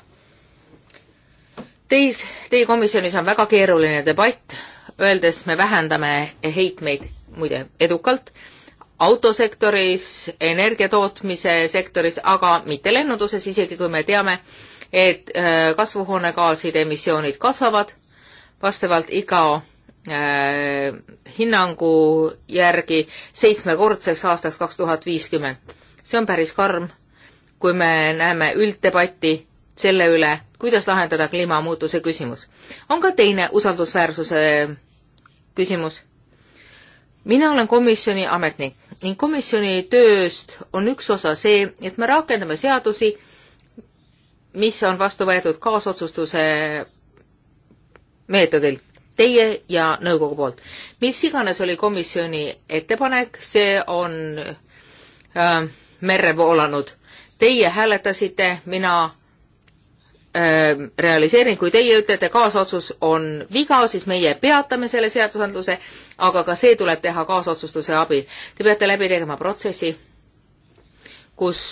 Teis, teie komisjonis on väga keeruline debatt, öeldes me vähendame heitmeid muide edukalt autosektoris, energiatootmise sektoris, aga mitte lennunduses, isegi kui me teame, et äh, kasvuhoonegaaside emissioonid kasvavad vastavalt iga äh, hinnangu järgi seitsmekordseks aastaks kaks tuhat viiskümmend. see on päris karm, kui me näeme ülddebatti selle üle, kuidas lahendada kliimamuutuse küsimus. on ka teine usaldusväärsuse küsimus. mina olen komisjoni ametnik ning komisjoni tööst on üks osa see, et me rakendame seadusi, mis on vastu võetud kaasotsustuse meetodil teie ja nõukogu poolt. mis iganes oli komisjoni ettepanek, see on äh, merre voolanud. Teie hääletasite, mina Ähm, realiseering, kui teie ütlete, kaasotsus on viga, siis meie peatame selle seadusandluse, aga ka see tuleb teha kaasotsustuse abil. Te peate läbi tegema protsessi, kus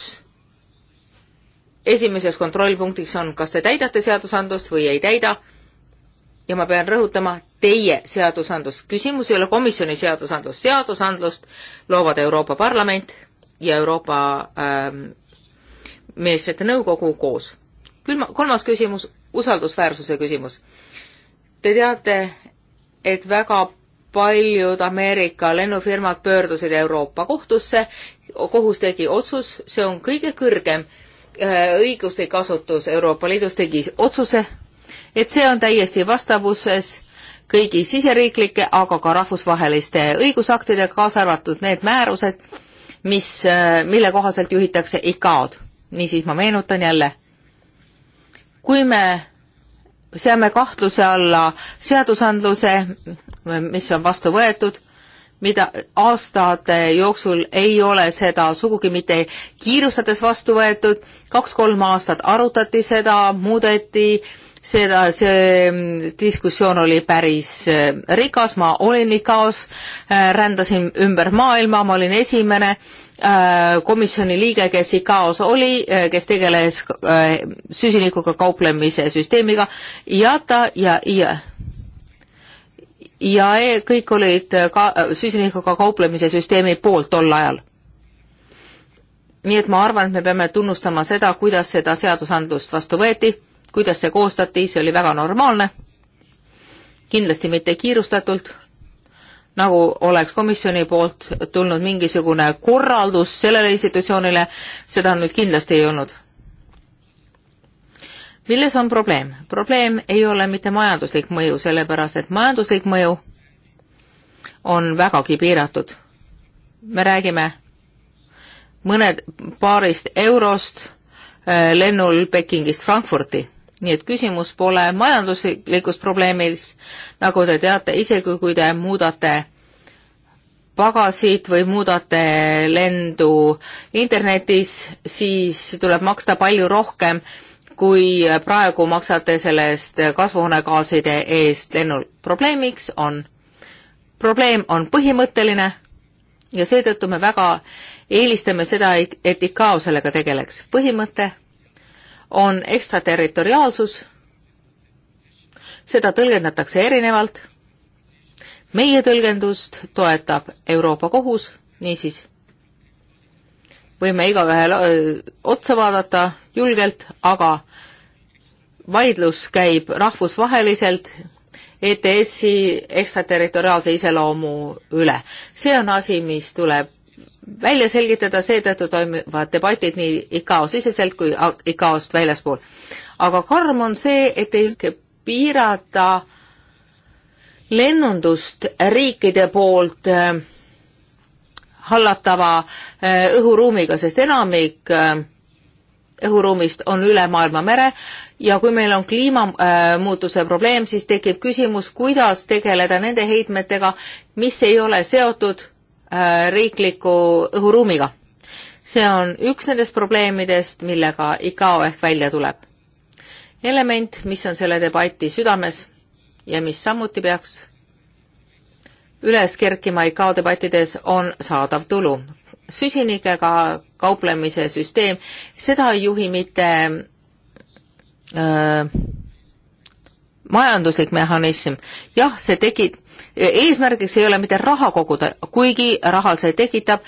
esimeses kontrollpunktiks on, kas te täidate seadusandlust või ei täida ja ma pean rõhutama teie seadusandlust. küsimus ei ole komisjoni seadusandlust, seadusandlust loovad Euroopa Parlament ja Euroopa ähm, ministrite nõukogu koos külma, kolmas küsimus, usaldusväärsuse küsimus. Te teate, et väga paljud Ameerika lennufirmad pöördusid Euroopa kohtusse, kohus tegi otsus, see on kõige kõrgem äh, õiguslik asutus Euroopa Liidus tegi otsuse, et see on täiesti vastavuses kõigi siseriiklike, aga ka rahvusvaheliste õigusaktidega, kaasa arvatud need määrused, mis, äh, mille kohaselt juhitakse ICAO-d. niisiis ma meenutan jälle kui me seame kahtluse alla seadusandluse, mis on vastu võetud, mida aastate jooksul ei ole seda sugugi mitte kiirustades vastu võetud, kaks-kolm aastat arutati seda, muudeti äh, seda, see mm, diskussioon oli päris äh, rikas, ma olin ICAO-s, äh, rändasin ümber maailma, ma olin esimene äh, komisjoni liige, kes ICAO-s oli, kes tegeles süsinikuga kauplemise süsteemiga, IATA ja IE. ja e, kõik olid ka süsinikuga kauplemise süsteemi poolt tol ajal nii et ma arvan, et me peame tunnustama seda, kuidas seda seadusandlust vastu võeti kuidas see koostati, see oli väga normaalne, kindlasti mitte kiirustatult, nagu oleks komisjoni poolt tulnud mingisugune korraldus sellele institutsioonile, seda nüüd kindlasti ei olnud. milles on probleem? probleem ei ole mitte majanduslik mõju, sellepärast et majanduslik mõju on vägagi piiratud. me räägime mõned paarist eurost äh, lennul Pekingist Frankfurti nii et küsimus pole majanduslikus probleemis, nagu te teate, isegi kui te muudate pagasid või muudate lendu internetis, siis tuleb maksta palju rohkem, kui praegu maksate selle eest kasvuhoonegaaside eest lennul. probleemiks on, probleem on põhimõtteline ja seetõttu me väga eelistame seda, et ICAO sellega tegeleks. põhimõte on ekstraterritoriaalsus, seda tõlgendatakse erinevalt, meie tõlgendust toetab Euroopa Kohus, niisiis võime igaühele otsa vaadata julgelt, aga vaidlus käib rahvusvaheliselt ETS-i ekstraterritoriaalse iseloomu üle. see on asi, mis tuleb välja selgitada, seetõttu toimuvad debatid nii ICAO siseselt kui ICAO-st väljaspool. aga karm on see, et ei piirata lennundust riikide poolt äh, hallatava äh, õhuruumiga, sest enamik äh, õhuruumist on üle maailma mere ja kui meil on kliimamuutuse probleem, siis tekib küsimus, kuidas tegeleda nende heitmetega, mis ei ole seotud Äh, riikliku õhuruumiga. see on üks nendest probleemidest, millega ICAO ehk välja tuleb. element, mis on selle debati südames ja mis samuti peaks üles kerkima ICAO debattides, on saadav tulu. süsinikega kauplemise süsteem, seda ei juhi mitte öö, äh, majanduslik mehhanism, jah, see tegi, eesmärgiks ei ole mitte raha koguda, kuigi raha see tekitab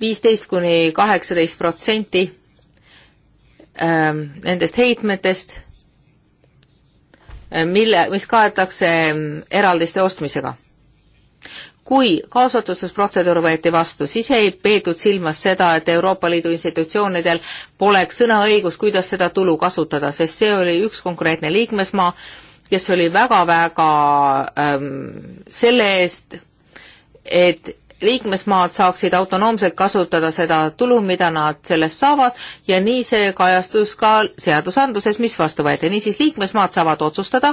viisteist kuni kaheksateist protsenti ähm, nendest heitmetest, äh, mille, mis kaetakse ähm, eraldiste ostmisega. kui kaasotsustusprotseduur võeti vastu, siis ei peetud silmas seda, et Euroopa Liidu institutsioonidel poleks sõnaõigus, kuidas seda tulu kasutada, sest see oli üks konkreetne liikmesmaa, kes oli väga-väga ähm, selle eest, et liikmesmaad saaksid autonoomselt kasutada seda tulu, mida nad sellest saavad ja nii see kajastus ka seadusandluses, mis vastu võeti. niisiis, liikmesmaad saavad otsustada,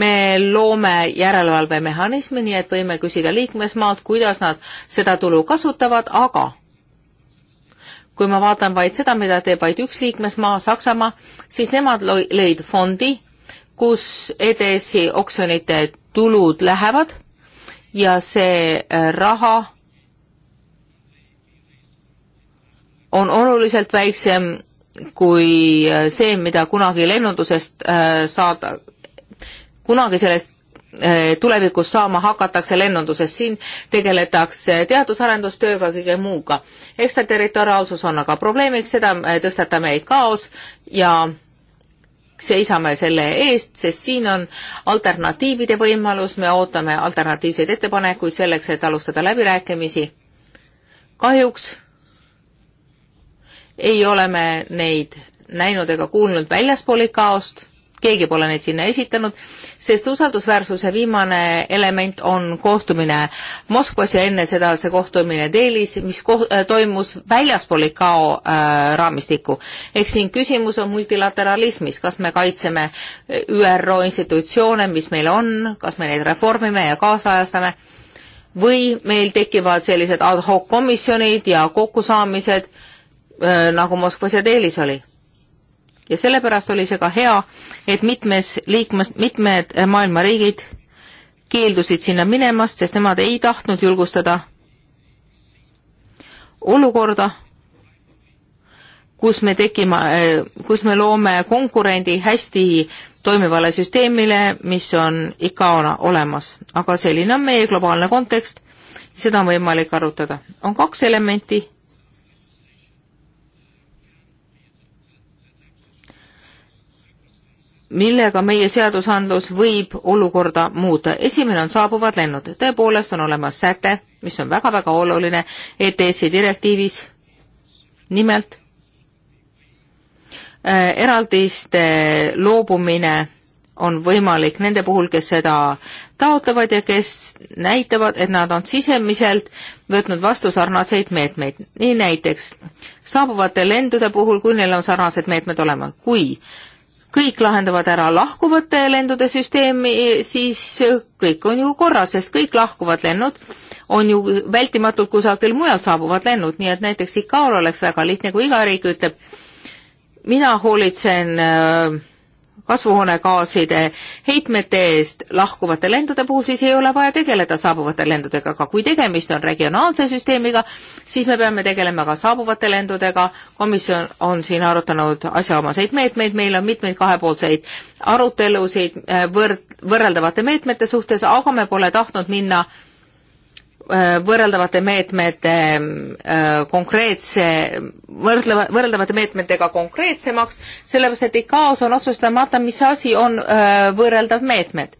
me loome järelevalvemehhanismi, nii et võime küsida liikmesmaalt, kuidas nad seda tulu kasutavad, aga kui ma vaatan vaid seda, mida teeb vaid üks liikmesmaa, Saksamaa, siis nemad lõid fondi, kus EDS-i oksjonite tulud lähevad ja see äh, raha on oluliselt väiksem kui äh, see, mida kunagi lennundusest äh, saada, kunagi sellest tulevikus saama hakatakse lennunduses, siin tegeletakse teadus-arendustööga, kõige muuga. ekstraterritoriaalsus on aga probleemiks, seda tõstatame ICAO-s ja seisame selle eest, sest siin on alternatiivide võimalus, me ootame alternatiivseid ettepanekuid selleks, et alustada läbirääkimisi. kahjuks ei ole me neid näinud ega kuulnud väljaspool ICAO-st, keegi pole neid sinna esitanud sest usaldusväärsuse viimane element on kohtumine Moskvas ja enne seda see kohtumine Delis, mis koht, äh, toimus väljaspool ICAO äh, raamistikku. ehk siin küsimus on multilateralismis, kas me kaitseme äh, ÜRO institutsioone, mis meil on, kas me neid reformime ja kaasajastame, või meil tekivad sellised ad hoc komisjonid ja kokkusaamised äh,, nagu Moskvas ja Delis oli ja sellepärast oli see ka hea, et mitmes liikmes, mitmed maailma riigid keeldusid sinna minemast, sest nemad ei tahtnud julgustada olukorda, kus me tekime, kus me loome konkurendi hästi toimivale süsteemile, mis on ikka olemas, aga selline on meie globaalne kontekst, seda on võimalik arutada. on kaks elementi millega meie seadusandlus võib olukorda muuta. esimene on saabuvad lennud. tõepoolest on olemas säte, mis on väga-väga oluline ETS-i direktiivis. nimelt äh, eraldiste loobumine on võimalik nende puhul, kes seda taotlevad ja kes näitavad, et nad on sisemiselt võtnud vastu sarnaseid meetmeid. nii näiteks saabuvate lendude puhul, kui neil on sarnased meetmed olemas, kui äh, kõik lahendavad ära lahkuvate lendude süsteemi, siis kõik on ju korras, sest kõik lahkuvad lennud on ju vältimatult kusagil mujal saabuvad lennud, nii et näiteks ICAO-l oleks väga lihtne, kui iga riik ütleb, mina hoolitsen äh, kasvuhoonegaaside heitmete eest lahkuvate lendude puhul, siis ei ole vaja tegeleda saabuvate lendudega, aga kui tegemist on regionaalse süsteemiga, siis me peame tegelema ka saabuvate lendudega. komisjon on siin arutanud asjaomaseid meetmeid, meil on mitmeid kahepoolseid arutelusid eh, võrd-, võrreldavate meetmete suhtes, aga me pole tahtnud minna äh, Äh, võrreldavate meetmete äh, konkreetse, võrdleva, võrreldavate meetmetega konkreetsemaks, sellepärast et ICAO-s on otsustamata, mis asi on äh, võrreldav meetmed.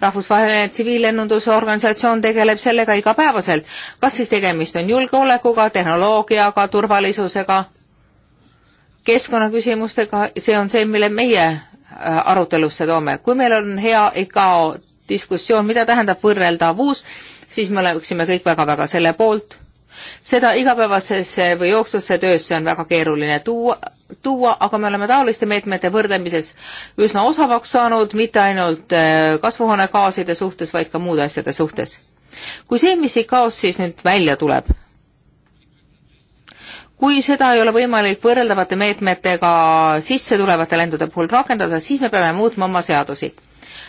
rahvusvaheline tsiviillennunduse organisatsioon tegeleb sellega igapäevaselt, kas siis tegemist on julgeolekuga, tehnoloogiaga, turvalisusega, keskkonnaküsimustega, see on see, mille meie arutelusse toome. kui meil on hea ICAO diskussioon, mida tähendab võrreldavus, siis me oleksime kõik väga-väga selle poolt. seda igapäevasesse või jooksvasse töösse on väga keeruline tuua, tuua, aga me oleme taoliste meetmete võrdlemises üsna osavaks saanud, mitte ainult äh, kasvuhoonegaaside suhtes, vaid ka muude asjade suhtes. kui see, mis ICAO-s siis nüüd välja tuleb, kui seda ei ole võimalik võrreldavate meetmetega sisse tulevate lendude puhul rakendada, siis me peame muutma oma seadusi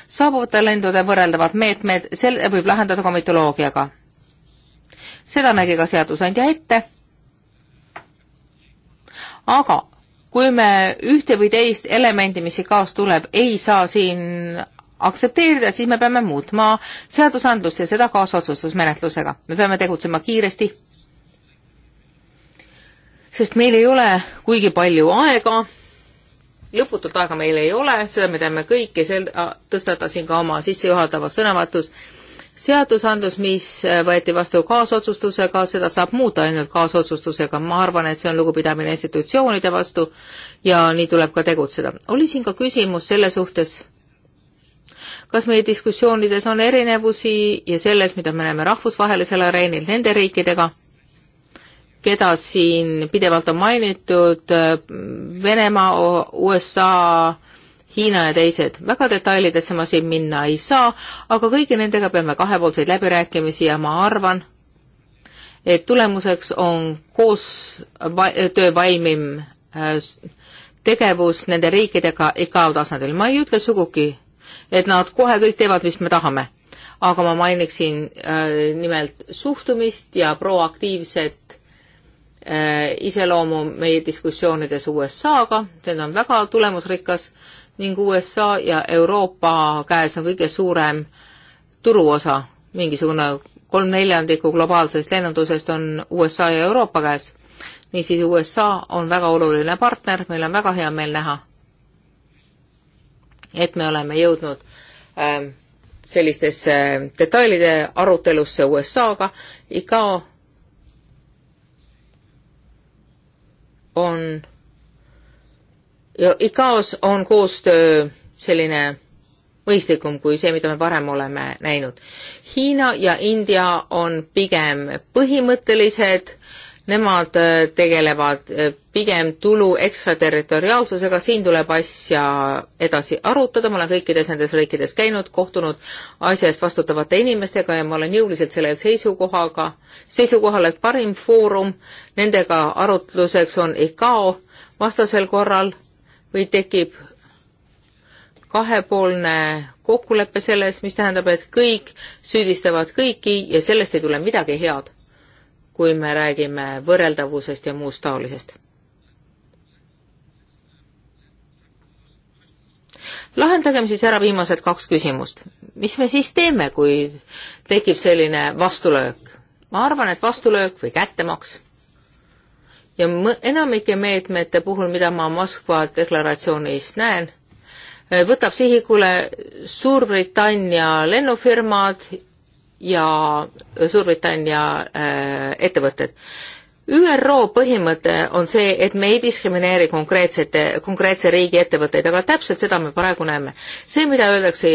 saabuvate lendude võrreldavad meetmed, selle võib lahendada komitoloogiaga. seda nägi ka seadusandja ette. aga kui me ühte või teist elemendi, mis siit kaasa tuleb, ei saa siin aktsepteerida, siis me peame muutma seadusandlust ja seda kaasotsustusmenetlusega. me peame tegutsema kiiresti, sest meil ei ole kuigi palju aega lõputult aega meil ei ole, seda me teame kõik ja sel-, tõstatasin ka oma sissejuhatavas sõnavõtus, seadusandlus, mis äh, võeti vastu kaasotsustusega, seda saab muuta ainult kaasotsustusega, ma arvan, et see on lugupidamine institutsioonide vastu ja nii tuleb ka tegutseda. oli siin ka küsimus selle suhtes, kas meie diskussioonides on erinevusi ja selles, mida me näeme rahvusvahelisel areenil nende riikidega keda siin pidevalt on mainitud, Venemaa, USA, Hiina ja teised. väga detailidesse ma siin minna ei saa, aga kõigi nendega peame kahepoolseid läbirääkimisi ja ma arvan, et tulemuseks on koostöö valmim äh, tegevus nende riikidega ICAO tasandil. ma ei ütle sugugi, et nad kohe kõik teevad, mis me tahame aga ma mainiksin äh, nimelt suhtumist ja proaktiivset Äh, iseloomu meie diskussioonides USA-ga, see on väga tulemusrikas ning USA ja Euroopa käes on kõige suurem turuosa, mingisugune kolm neljandikku globaalsest lennundusest on USA ja Euroopa käes. niisiis USA on väga oluline partner, meil on väga hea meel näha, et me oleme jõudnud ähm, sellistesse äh, detailide arutelusse USA-ga, ICAO on, ICAO-s on koostöö selline mõistlikum kui see, mida me varem oleme näinud. Hiina ja India on pigem põhimõttelised nemad äh, tegelevad äh, pigem tulu ekstraterritoriaalsusega, siin tuleb asja edasi arutada, ma olen kõikides nendes riikides käinud, kohtunud asja eest vastutavate inimestega ja ma olen jõuliselt sellel seisukohaga, seisukohal, et parim foorum nendega arutluseks on ICAO, vastasel korral või tekib kahepoolne kokkulepe selles, mis tähendab, et kõik süüdistavad kõiki ja sellest ei tule midagi head kui me räägime võrreldavusest ja muust taolisest. lahendagem siis ära viimased kaks küsimust. mis me siis teeme, kui tekib selline vastulöök? ma arvan, et vastulöök või kättemaks ja enamike meetmete puhul, mida ma Moskva deklaratsioonis näen, võtab sihikule Suurbritannia lennufirmad ja Suurbritannia äh, ettevõtted. ÜRO põhimõte on see, et me ei diskrimineeri konkreetsete, konkreetse riigi ettevõtteid, aga täpselt seda me praegu näeme. see, mida öeldakse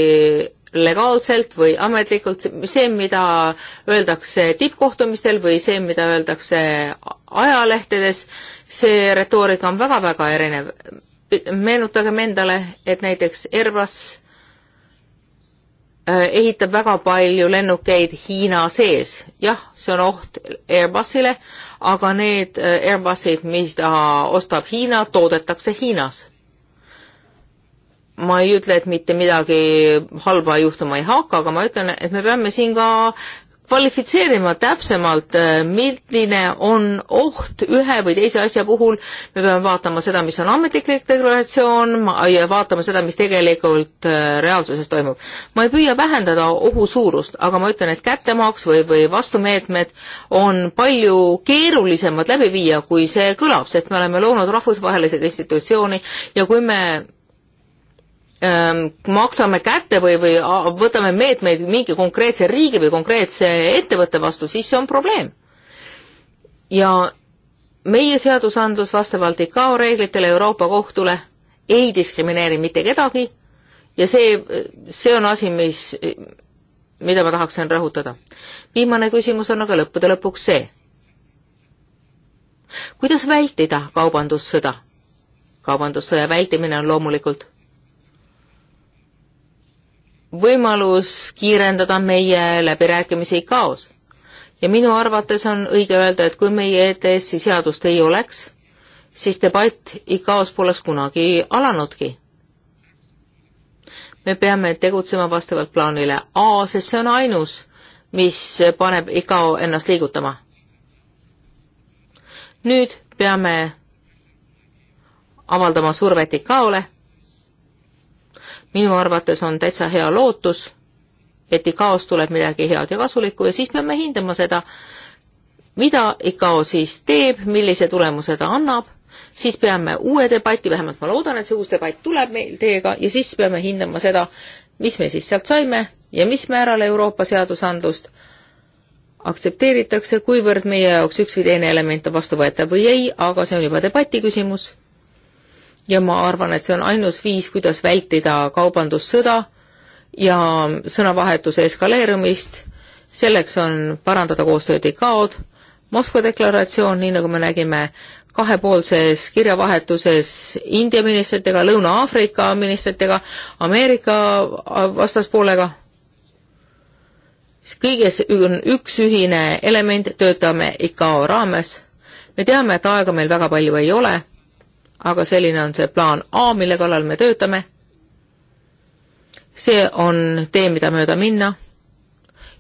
legaalselt või ametlikult, see, mida öeldakse tippkohtumistel või see, mida öeldakse ajalehtedes, see retoorika on väga-väga erinev. meenutagem endale, et näiteks Airbus Äh, ehitab väga palju lennukeid Hiina sees. jah, see on oht Airbusile, aga need äh, Airbusid, mis ta ostab Hiina, toodetakse Hiinas. ma ei ütle, et mitte midagi halba juhtuma ei hakka, aga ma ütlen, et me peame siin ka kvalifitseerima täpsemalt, äh, milline on oht ühe või teise asja puhul. me peame vaatama seda, mis on ametlik deklaratsioon ja vaatama seda, mis tegelikult äh, reaalsuses toimub. ma ei püüa vähendada ohu suurust, aga ma ütlen, et kättemaks või, või vastumeetmed on palju keerulisemad läbi viia, kui see kõlab, sest me oleme loonud rahvusvahelised institutsiooni ja kui me Ehm, maksame kätte või, või võtame meetmeid mingi konkreetse riigi või konkreetse ettevõtte vastu, siis see on probleem. ja meie seadusandlus vastavalt ICAO reeglitele Euroopa Kohtule ei diskrimineeri mitte kedagi ja see, see on asi, mis, mida ma tahaksin rõhutada. viimane küsimus on aga lõppude lõpuks see. kuidas vältida kaubandussõda? kaubandussõja vältimine on loomulikult võimalus kiirendada meie läbirääkimisi ICAO-s. ja minu arvates on õige öelda, et kui meie ETS-i seadust ei oleks, siis debatt ICAO-s poleks kunagi alanudki. me peame tegutsema vastavalt plaanile A, sest see on ainus, mis paneb ICAO ennast liigutama. nüüd peame avaldama survet ICAO-le minu arvates on täitsa hea lootus, et ICAO-st tuleb midagi head ja kasulikku ja siis peame hindama seda, mida ICAO siis teeb, millise tulemuse ta annab, siis peame uue debati, vähemalt ma loodan, et see uus debatt tuleb meil teiega ja siis peame hindama seda, mis me siis sealt saime ja mis määral Euroopa seadusandlust aktsepteeritakse, kuivõrd meie jaoks üks või teine element on vastuvõetav või ei, aga see on juba debati küsimus ja ma arvan, et see on ainus viis, kuidas vältida kaubandussõda ja sõnavahetuse eskaleerumist, selleks on parandada koostööd ICAO-d, Moskva deklaratsioon, nii nagu me nägime, kahepoolses kirjavahetuses India ministritega, Lõuna-Aafrika ministritega, Ameerika vastaspoolega. kõiges on üks ühine element, töötame ICAO raames. me teame, et aega meil väga palju ei ole aga selline on see plaan A, mille kallal me töötame. see on tee, mida mööda minna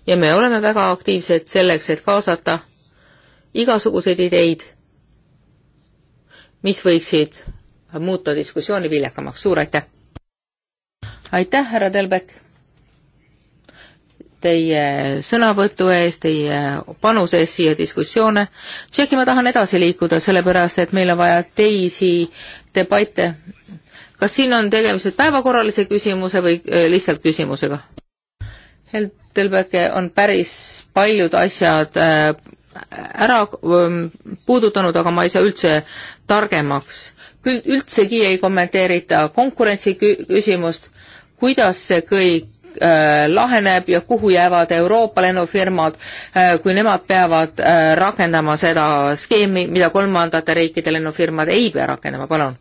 ja me oleme väga aktiivsed selleks, et kaasata igasuguseid ideid, mis võiksid muuta diskussiooni viljakamaks. suur aitäh! aitäh, härra Delbek! teie sõnavõtu eest, teie panuse eest siia diskussioone. Tšehhi ma tahan edasi liikuda, sellepärast et meil on vaja teisi debatte. kas siin on tegemist nüüd päevakorralise küsimuse või eh, lihtsalt küsimusega? Heltelbeke on päris paljud asjad eh, ära ehm, puudutanud, aga ma ei saa üldse targemaks. küll üldsegi ei kommenteerita konkurentsi küsimust, kuidas see kõik Äh, laheneb ja kuhu jäävad Euroopa lennufirmad, äh, kui nemad peavad äh, rakendama seda skeemi, mida kolmandate riikide lennufirmad ei pea rakendama, palun?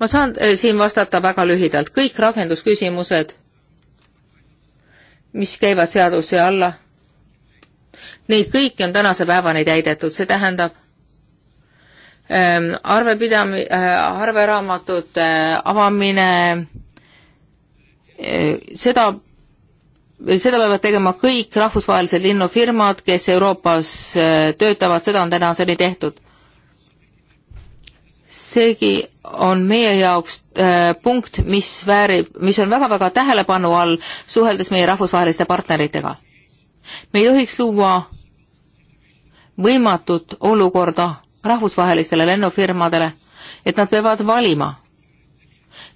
ma saan siin vastata väga lühidalt, kõik rakendusküsimused, mis käivad seaduse alla, neid kõiki on tänase päevani täidetud, see tähendab, ähm, arvepidam-, arveraamatute avamine, Eh, seda, seda peavad tegema kõik rahvusvahelised linnufirmad, kes Euroopas eh, töötavad, seda on tänaseni tehtud. seegi on meie jaoks eh, punkt, mis väärib, mis on väga-väga tähelepanu all, suheldes meie rahvusvaheliste partneritega. me ei tohiks luua võimatut olukorda rahvusvahelistele lennufirmadele, et nad peavad valima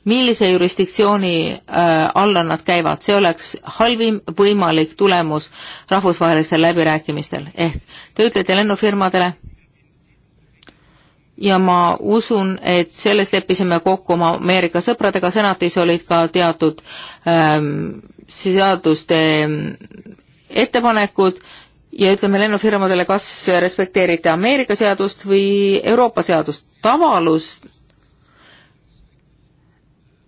millise jurisdiktsiooni äh, alla nad käivad, see oleks halvim võimalik tulemus rahvusvahelistel läbirääkimistel, ehk te ütlete lennufirmadele, ja ma usun, et selles leppisime kokku oma Ameerika sõpradega, senatis olid ka teatud ähm, seaduste ähm, ettepanekud ja ütleme lennufirmadele, kas respekteerite Ameerika seadust või Euroopa seadust. tavalus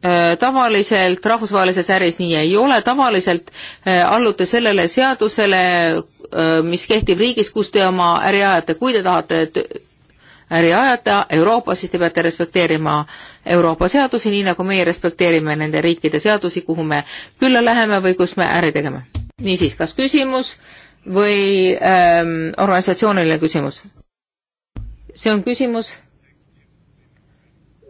Äh, tavaliselt rahvusvahelises äris nii ei ole, tavaliselt äh, allute sellele seadusele, äh, mis kehtib riigis, kus te oma äri ajate, kui te tahate äri ajada Euroopas, siis te peate respekteerima Euroopa seadusi, nii nagu meie respekteerime nende riikide seadusi, kuhu me külla läheme või kus me äri tegeme. niisiis, kas küsimus või ähm, organisatsiooniline küsimus? see on küsimus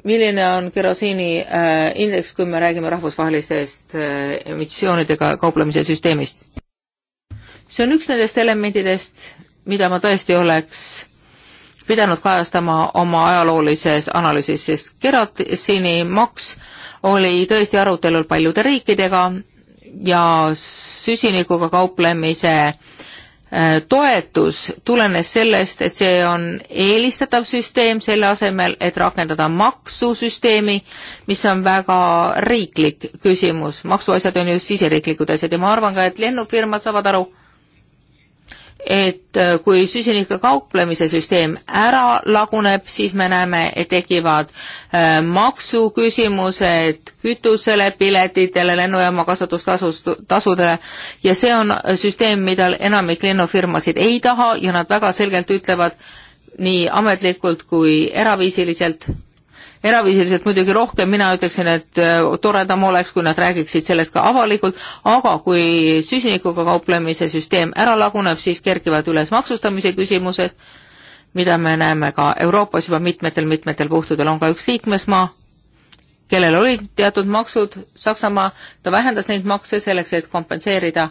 milline on kerosiini äh, indeks, kui me räägime rahvusvahelistest äh, emissioonidega kauplemise süsteemist? see on üks nendest elementidest, mida ma tõesti oleks pidanud kajastama oma ajaloolises analüüsis, sest kerosiini maks oli tõesti arutelul paljude riikidega ja süsinikuga kauplemise äh, Äh, toetus tulenes sellest, et see on eelistatav süsteem selle asemel, et rakendada maksusüsteemi, mis on väga riiklik küsimus. maksuasjad on ju siseriiklikud asjad ja ma arvan ka, et lennufirmad saavad aru, et äh, kui süsinike kauplemise süsteem ära laguneb, siis me näeme, et tekivad äh, maksuküsimused kütusele, piletitele, lennujaama kasutustasudele ja see on äh, süsteem, mida enamik lennufirmasid ei taha ja nad väga selgelt ütlevad nii ametlikult kui eraviisiliselt eraviisiliselt muidugi rohkem, mina ütleksin, et äh, toredam oleks, kui nad räägiksid sellest ka avalikult, aga kui süsinikuga kauplemise süsteem ära laguneb, siis kerkivad üles maksustamise küsimused, mida me näeme ka Euroopas juba mitmetel-mitmetel puhtudel, on ka üks liikmesmaa, kellel olid teatud maksud, Saksamaa, ta vähendas neid makse selleks, et kompenseerida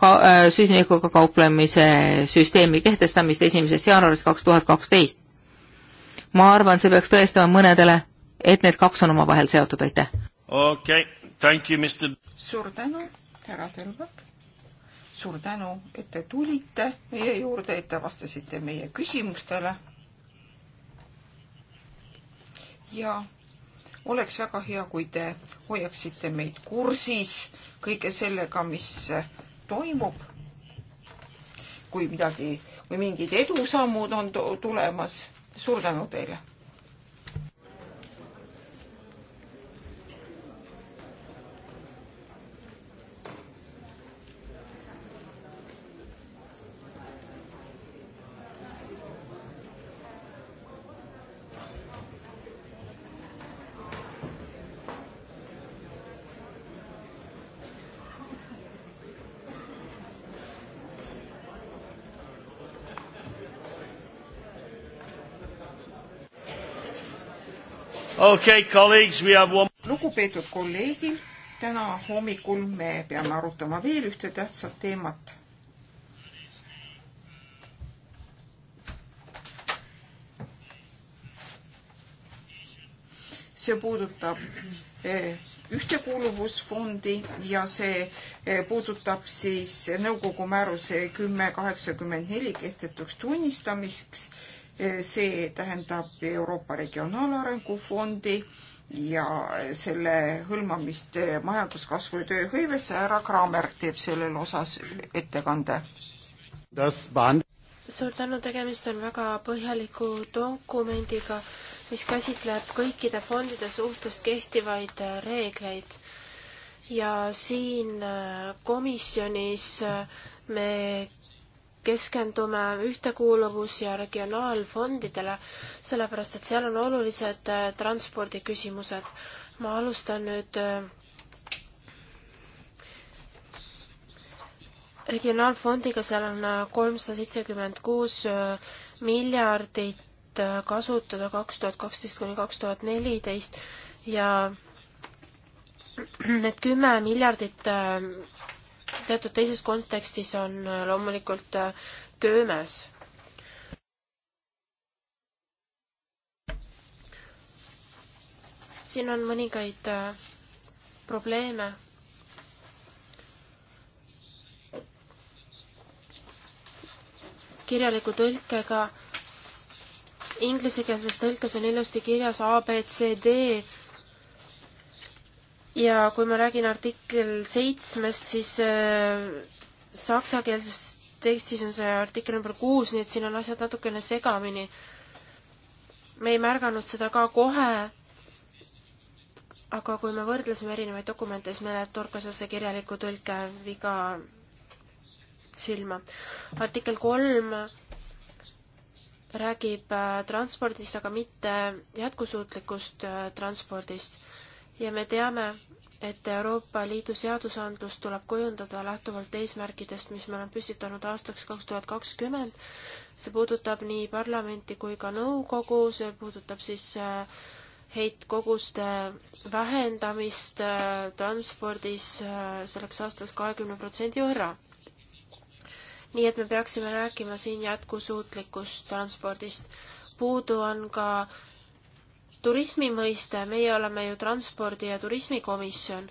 ka, äh, süsinikuga kauplemise süsteemi kehtestamist esimesest jaanuarist kaks tuhat kaksteist ma arvan, see peaks tõestama mõnedele, et need kaks on omavahel seotud, aitäh. okei okay., thank you, Mr. suur tänu, härra Tõlvak. suur tänu, et te tulite meie juurde, et te vastasite meie küsimustele. ja oleks väga hea, kui te hoiaksite meid kursis kõige sellega, mis toimub. kui midagi, kui mingid edusammud on tulemas suur tänu teile! okay, one... lugupeetud kolleegid, täna hommikul me peame arutama veel ühte tähtsat teemat. see puudutab eh, ühtekuuluvusfondi ja see eh, puudutab siis nõukogu määruse kümme kaheksakümmend neli kehtetuks tunnistamiseks see tähendab Euroopa Regionaalarengu Fondi ja selle hõlmamist majanduskasvu ja tööhõivesse. härra Kraamer teeb sellel osas ettekande. suur tänu, tegemist on väga põhjaliku dokumendiga, mis käsitleb kõikide fondide suhtes kehtivaid reegleid. ja siin äh, komisjonis äh, me keskendume ühtekuuluvus- ja regionaalfondidele, sellepärast et seal on olulised äh, transpordiküsimused. ma alustan nüüd äh, regionaalfondiga, seal on äh, kolmsada seitsekümmend kuus miljardit kasutada kaks tuhat kaksteist kuni kaks tuhat neliteist ja (clears throat) need kümme miljardit teatud teises kontekstis on äh, loomulikult äh, köömes. siin on mõningaid äh, probleeme. kirjaliku tõlkega inglisekeelses tõlkes on ilusti kirjas A, B, C, D ja kui ma räägin artikkel seitsmest, siis äh, saksakeelses tekstis on see artikkel number kuus, nii et siin on asjad natukene segamini. me ei märganud seda ka kohe, aga kui me võrdlesime erinevaid dokumente, siis meile torkas see kirjaliku tõlke viga silma. artikkel kolm räägib äh, transpordist, aga mitte jätkusuutlikust äh, transpordist ja me teame, et Euroopa Liidu seadusandlust tuleb kujundada lähtuvalt eesmärkidest, mis me oleme püstitanud aastaks kaks tuhat kakskümmend. see puudutab nii parlamenti kui ka nõukogu, see puudutab siis äh, heitkoguste vähendamist äh, transpordis äh, selleks aastaks kahekümne protsendi võrra. nii et me peaksime rääkima siin jätkusuutlikust transpordist. puudu on ka äh, turismi mõiste, meie oleme ju transpordi- ja turismikomisjon.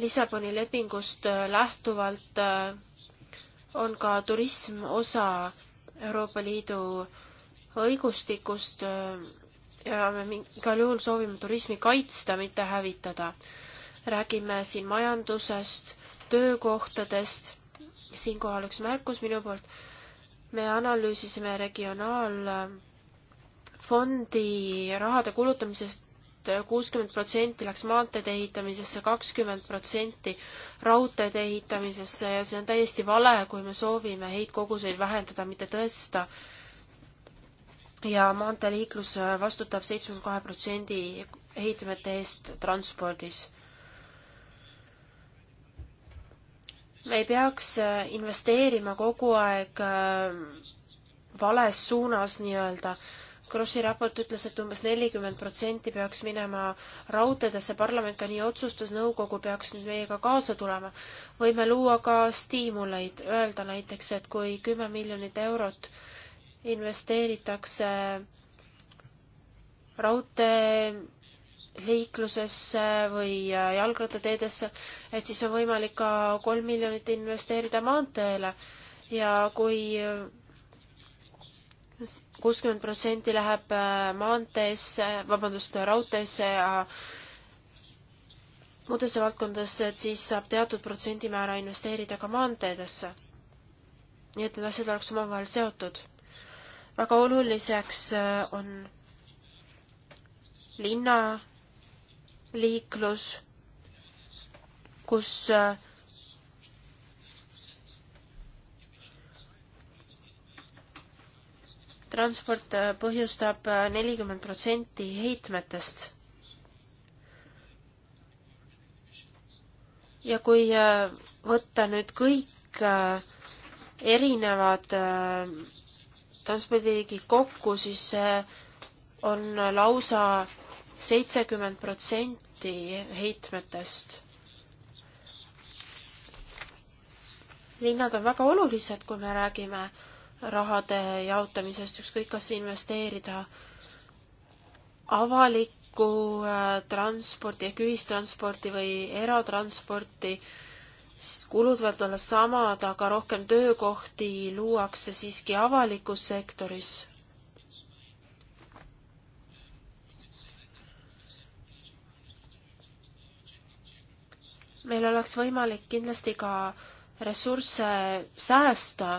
Lissaboni lepingust äh, lähtuvalt äh, on ka turism osa Euroopa Liidu õigustikust äh, ja me igal juhul soovime turismi kaitsta, mitte hävitada. räägime siin majandusest, töökohtadest, siinkohal üks märkus minu poolt, me analüüsisime regionaal- fondi rahade kulutamisest kuuskümmend protsenti läks maanteede ehitamisesse, kakskümmend protsenti raudteede ehitamisesse ja see on täiesti vale, kui me soovime heitkoguseid vähendada, mitte tõsta. ja maanteeliiklus vastutab seitsmekümne kahe protsendi heitmete eest transpordis. me ei peaks investeerima kogu aeg vales suunas nii-öelda Grossi raport ütles, et umbes nelikümmend protsenti peaks minema raudteedesse, parlament ka nii otsustas, nõukogu peaks nüüd meiega kaasa tulema. võime luua ka stiimuleid, öelda näiteks, et kui kümme miljonit eurot investeeritakse raudtee liiklusesse või jalgrattateedesse, et siis on võimalik ka kolm miljonit investeerida maanteele ja kui kuuskümmend protsenti läheb äh, maanteesse, vabandust, raudteesse ja muudesse valdkondadesse, et siis saab teatud protsendimäära investeerida ka maanteedesse. nii et need asjad oleks omavahel seotud. väga oluliseks äh, on linnaliiklus, kus äh, transport äh, põhjustab äh, nelikümmend protsenti heitmetest. ja kui äh, võtta nüüd kõik erinevad transpordiliigid kokku, siis see on lausa seitsekümmend protsenti heitmetest. linnad on väga olulised, kui me räägime äh, rahade jaotamisest, ükskõik kas investeerida avalikku äh, transporti ehk ühistransporti või eratransporti, siis kulud võivad olla samad, aga rohkem töökohti luuakse siiski avalikus sektoris. meil oleks võimalik kindlasti ka ressursse säästa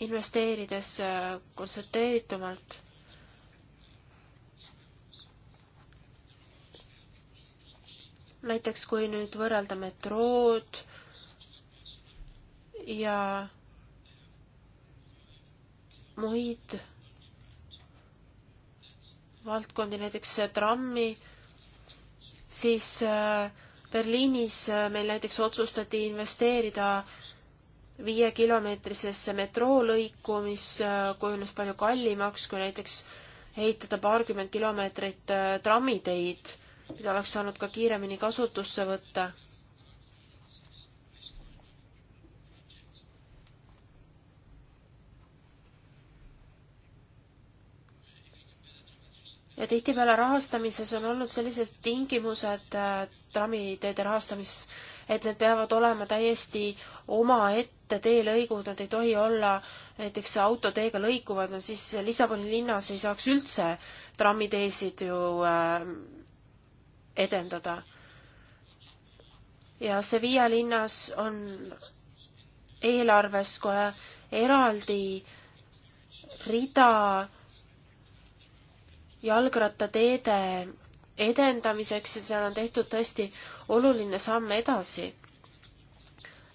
investeerides äh, kontsentreeritumalt. näiteks kui nüüd võrrelda metrood ja muid valdkondi, näiteks trammi, siis äh, Berliinis äh, meil näiteks otsustati investeerida äh, viiekilomeetrisesse metroolõiku, mis äh, kujunes palju kallimaks kui näiteks ehitada paarkümmend kilomeetrit äh, trammiteid, mida oleks saanud ka kiiremini kasutusse võtta. ja tihtipeale rahastamises on olnud sellised tingimused äh, trammiteede rahastamises, et need peavad olema täiesti omaette teelõigud, nad ei tohi olla näiteks autoteega lõikuvad, no siis Lissaboni linnas ei saaks üldse trammiteesid ju äh, edendada. ja Sevilla linnas on eelarves kohe eraldi rida jalgrattateede edendamiseks ja seal on tehtud tõesti oluline samm edasi.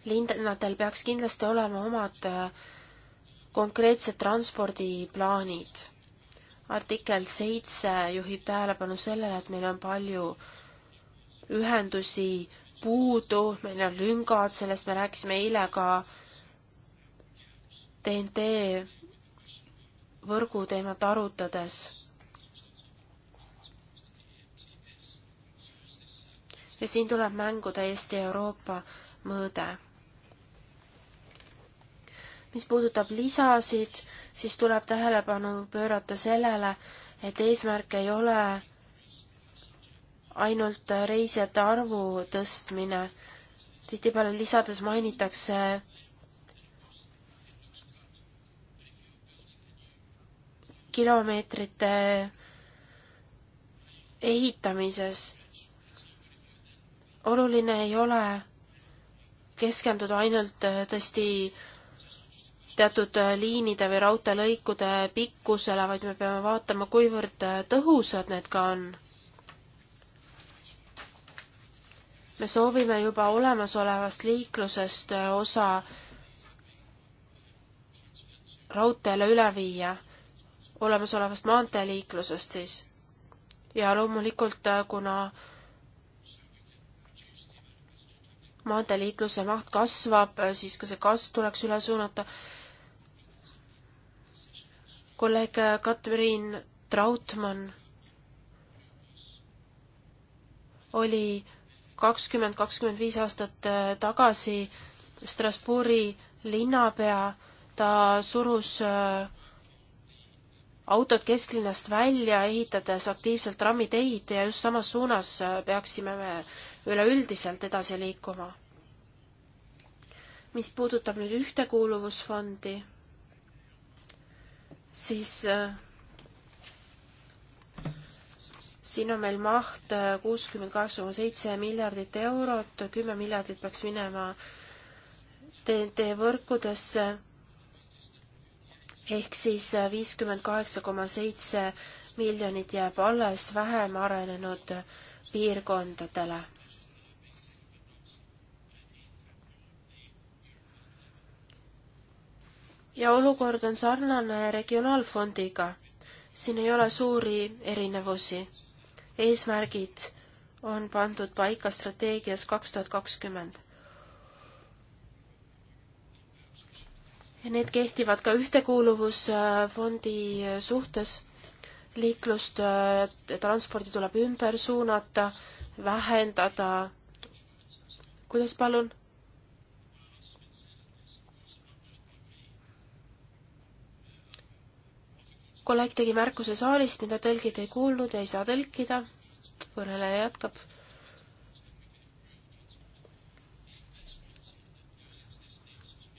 linnadel peaks kindlasti olema omad äh, konkreetsed transpordiplaanid. artikkel seitse juhib tähelepanu sellele, et meil on palju ühendusi puudu, meil on lüngad, sellest me rääkisime eile ka TNT võrgu teemat arutades ja siin tuleb mängu täiesti Euroopa mõõde. mis puudutab lisasid, siis tuleb tähelepanu pöörata sellele, et eesmärk ei ole ainult reisijate arvu tõstmine. tihtipeale lisades mainitakse kilomeetrite ehitamises oluline ei ole keskenduda ainult äh, tõesti teatud äh, liinide või raudteelõikude pikkusele, vaid me peame vaatama, kuivõrd äh, tõhusad need ka on. me soovime juba olemasolevast liiklusest osa raudteele üle viia, olemasolevast maanteeliiklusest siis. ja loomulikult, kuna maanteeliikluse maht kasvab, äh, siis ka see kasv tuleks üle suunata. kolleeg äh, Katrin Trautmann oli kakskümmend, kakskümmend viis aastat äh, tagasi Strasbourgi linnapea, ta surus autod kesklinnast välja, ehitades aktiivselt trammiteid ja just samas suunas peaksime me üleüldiselt edasi liikuma. mis puudutab nüüd ühtekuuluvusfondi, siis äh, siin on meil maht äh, kuuskümmend kaheksa koma seitse miljardit eurot, kümme miljardit peaks minema TNT võrkudesse ehk siis äh, viiskümmend kaheksa koma seitse miljonit jääb alles vähem arenenud piirkondadele. ja olukord on sarnane regionaalfondiga. siin ei ole suuri erinevusi. eesmärgid on pandud paika strateegias kaks tuhat kakskümmend. ja need kehtivad ka ühtekuuluvusfondi äh, suhtes. liiklust, äh, transpordi tuleb ümber suunata, vähendada. kuidas palun? kolleeg tegi märkuse saalist, mida tõlgid ei kuulnud ja ei saa tõlkida. kõneleja jätkab.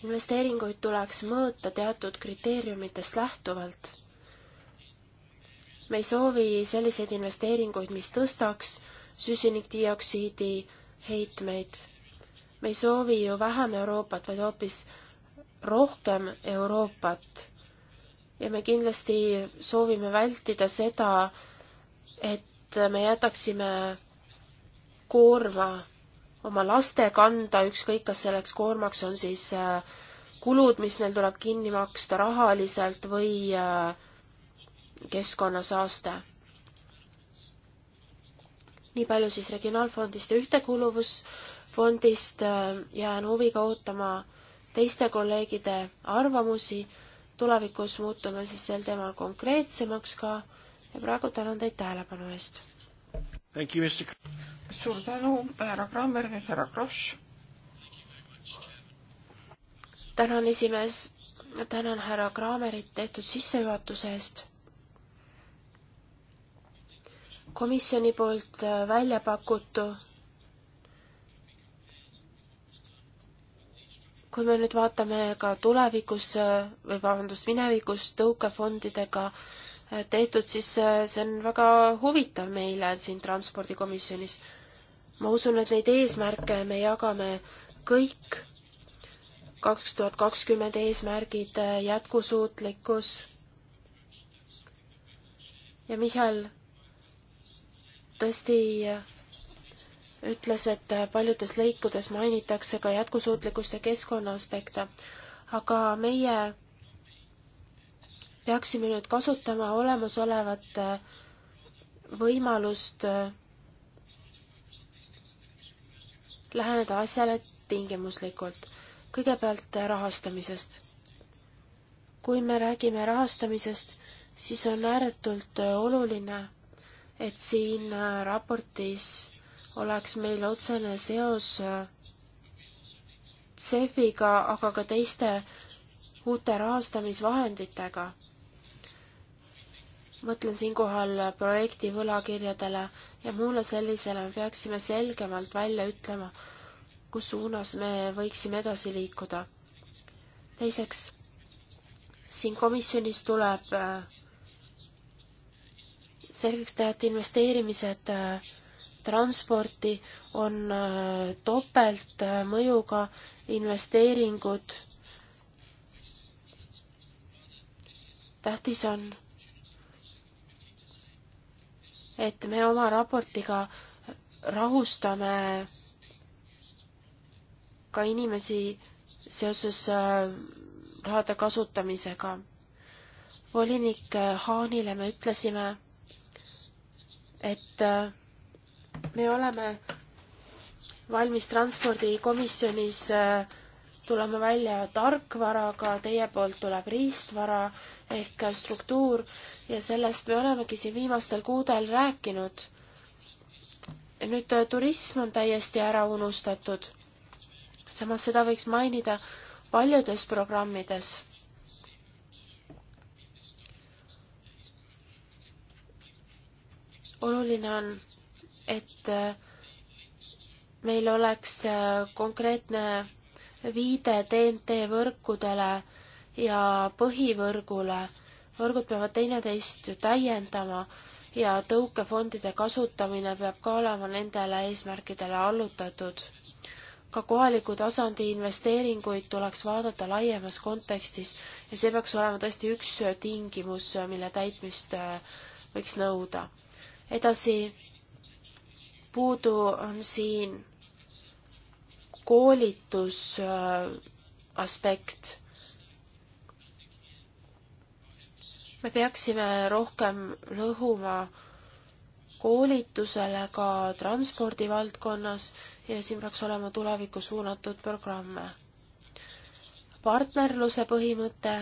investeeringuid tuleks mõõta teatud kriteeriumitest lähtuvalt. me ei soovi selliseid investeeringuid, mis tõstaks süsinikdioksiidi heitmeid. me ei soovi ju vähem Euroopat, vaid hoopis rohkem Euroopat ja me kindlasti soovime vältida seda, et me jätaksime koorma oma laste kanda, ükskõik, kas selleks koormaks on siis äh, kulud, mis neil tuleb kinni maksta rahaliselt või äh, keskkonnasaaste. nii palju siis Regionaalfondist ja Ühtekuluvusfondist äh, jään huviga ootama teiste kolleegide arvamusi tulevikus muutume siis sel teemal konkreetsemaks ka ja praegu tänan teid tähelepanu eest. suur tänu, härra Krammer, nüüd härra Kross. tänan, esimees. tänan härra Krammerit tehtud sissejuhatuse eest. komisjoni poolt välja pakutu kui me nüüd vaatame ka tulevikus või vabandust, minevikus tõukefondidega äh, tehtud, siis äh, see on väga huvitav meile siin transpordikomisjonis. ma usun, et neid eesmärke me jagame kõik, kaks tuhat kakskümmend eesmärgid, äh, jätkusuutlikkus. ja Mihhail, tõesti ütles, et paljudes lõikudes mainitakse ka jätkusuutlikkust ja keskkonna aspekte, aga meie peaksime nüüd kasutama olemasolevat äh, võimalust äh, läheneda asjale tingimuslikult. kõigepealt rahastamisest. kui me räägime rahastamisest, siis on ääretult äh, oluline, et siin raportis oleks meil otsene seos äh, CEF-iga, aga ka teiste uute rahastamisvahenditega. mõtlen siinkohal projekti võlakirjadele ja muule sellisele me peaksime selgemalt välja ütlema, kus suunas me võiksime edasi liikuda. teiseks, siin komisjonis tuleb äh, selgeks teha, et investeerimised äh, transporti on äh, topeltmõjuga äh, investeeringud. tähtis on, et me oma raportiga rahustame ka inimesi seoses äh, rahade kasutamisega. volinik Haanile me ütlesime, et me oleme valmis transpordikomisjonis äh, tulema välja tarkvaraga, teie poolt tuleb riistvara ehk struktuur ja sellest me olemegi siin viimastel kuudel rääkinud. nüüd äh, turism on täiesti ära unustatud. samas seda võiks mainida paljudes programmides. oluline on et äh, meil oleks äh, konkreetne viide TNT võrkudele ja põhivõrgule. võrgud peavad teineteist ju täiendama ja tõukefondide kasutamine peab ka olema nendele eesmärkidele allutatud. ka kohaliku tasandi investeeringuid tuleks vaadata laiemas kontekstis ja see peaks olema tõesti üks tingimus, mille täitmist äh, võiks nõuda. edasi puudu on siin koolitus äh, aspekt. me peaksime rohkem lõhuma koolitusele ka transpordivaldkonnas ja siin peaks olema tulevikku suunatud programme. partnerluse põhimõte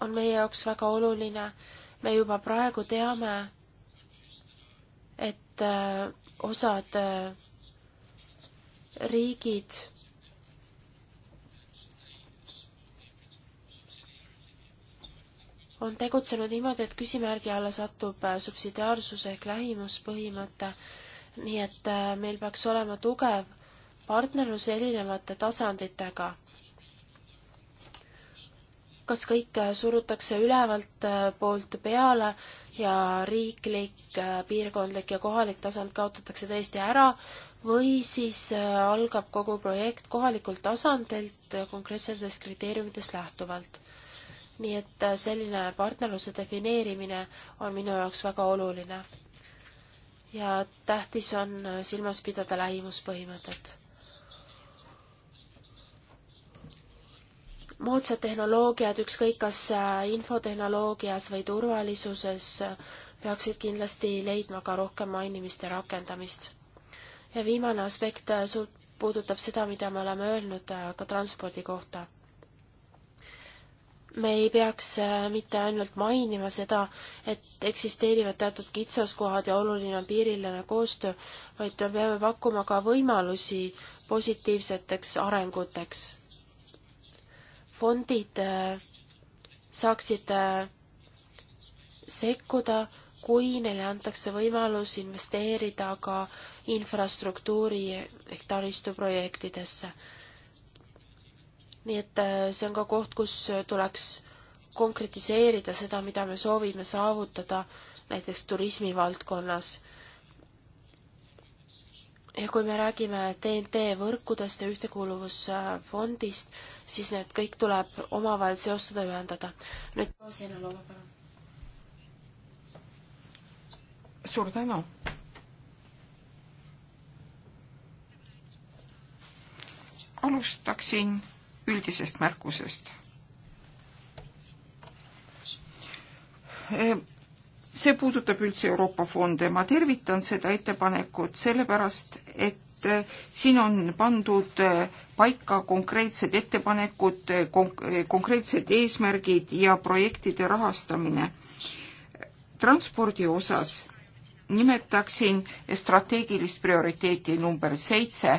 on meie jaoks väga oluline. me juba praegu teame, et äh, osad äh, riigid on tegutsenud niimoodi, et küsimärgi alla satub äh, subsidiaarsuse ehk lähimuspõhimõte, nii et meil peaks olema tugev partnerlus erinevate tasanditega kas kõik surutakse ülevalt äh, poolt peale ja riiklik, äh, piirkondlik ja kohalik tasand kaotatakse täiesti ära või siis äh, algab kogu projekt kohalikult tasandilt konkreetsetest kriteeriumitest lähtuvalt. nii et selline partnerluse defineerimine on minu jaoks väga oluline. ja tähtis on silmas pidada lähimuspõhimõtet moodsad tehnoloogiad, ükskõik kas äh, infotehnoloogias või turvalisuses, peaksid kindlasti leidma ka rohkem mainimist ja rakendamist. ja viimane aspekt äh, puudutab seda, mida me oleme öelnud äh, ka transpordi kohta. me ei peaks mitte ainult mainima seda, et eksisteerivad teatud kitsaskohad ja oluline on piiriline koostöö, vaid peame pakkuma ka võimalusi positiivseteks arenguteks fondid äh, saaksid äh, sekkuda, kui neile antakse võimalus investeerida ka infrastruktuuri ehk taristuprojektidesse. nii et äh, see on ka koht, kus tuleks konkretiseerida seda, mida me soovime saavutada näiteks turismivaldkonnas. ja kui me räägime TNT võrkudest ja ühtekuuluvusfondist, siis need kõik tuleb omavahel seostada, ühendada. nüüd proua Seinalova, palun. suur tänu. alustaksin üldisest märkusest ehm, see puudutab üldse Euroopa fonde. ma tervitan seda ettepanekut sellepärast, et eh, siin on pandud äh, paika konkreetsed ettepanekud, konkreetsed eesmärgid ja projektide rahastamine. transpordi osas nimetaksin strateegilist prioriteeti number seitse.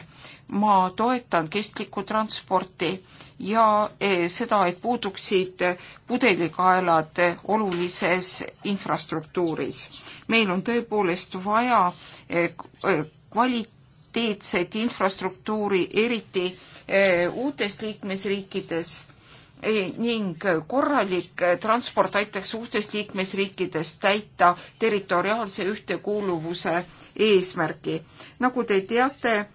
ma toetan kestlikku transporti ja e, seda, et puuduksid pudelikaelad olulises infrastruktuuris. meil on tõepoolest vaja e, e, kvalit-, kvaliteetset infrastruktuuri, eriti eh, uutes liikmesriikides eh, ning korralik eh, transport aitaks uutest liikmesriikidest täita territoriaalse ühtekuuluvuse eesmärgi. nagu te teate,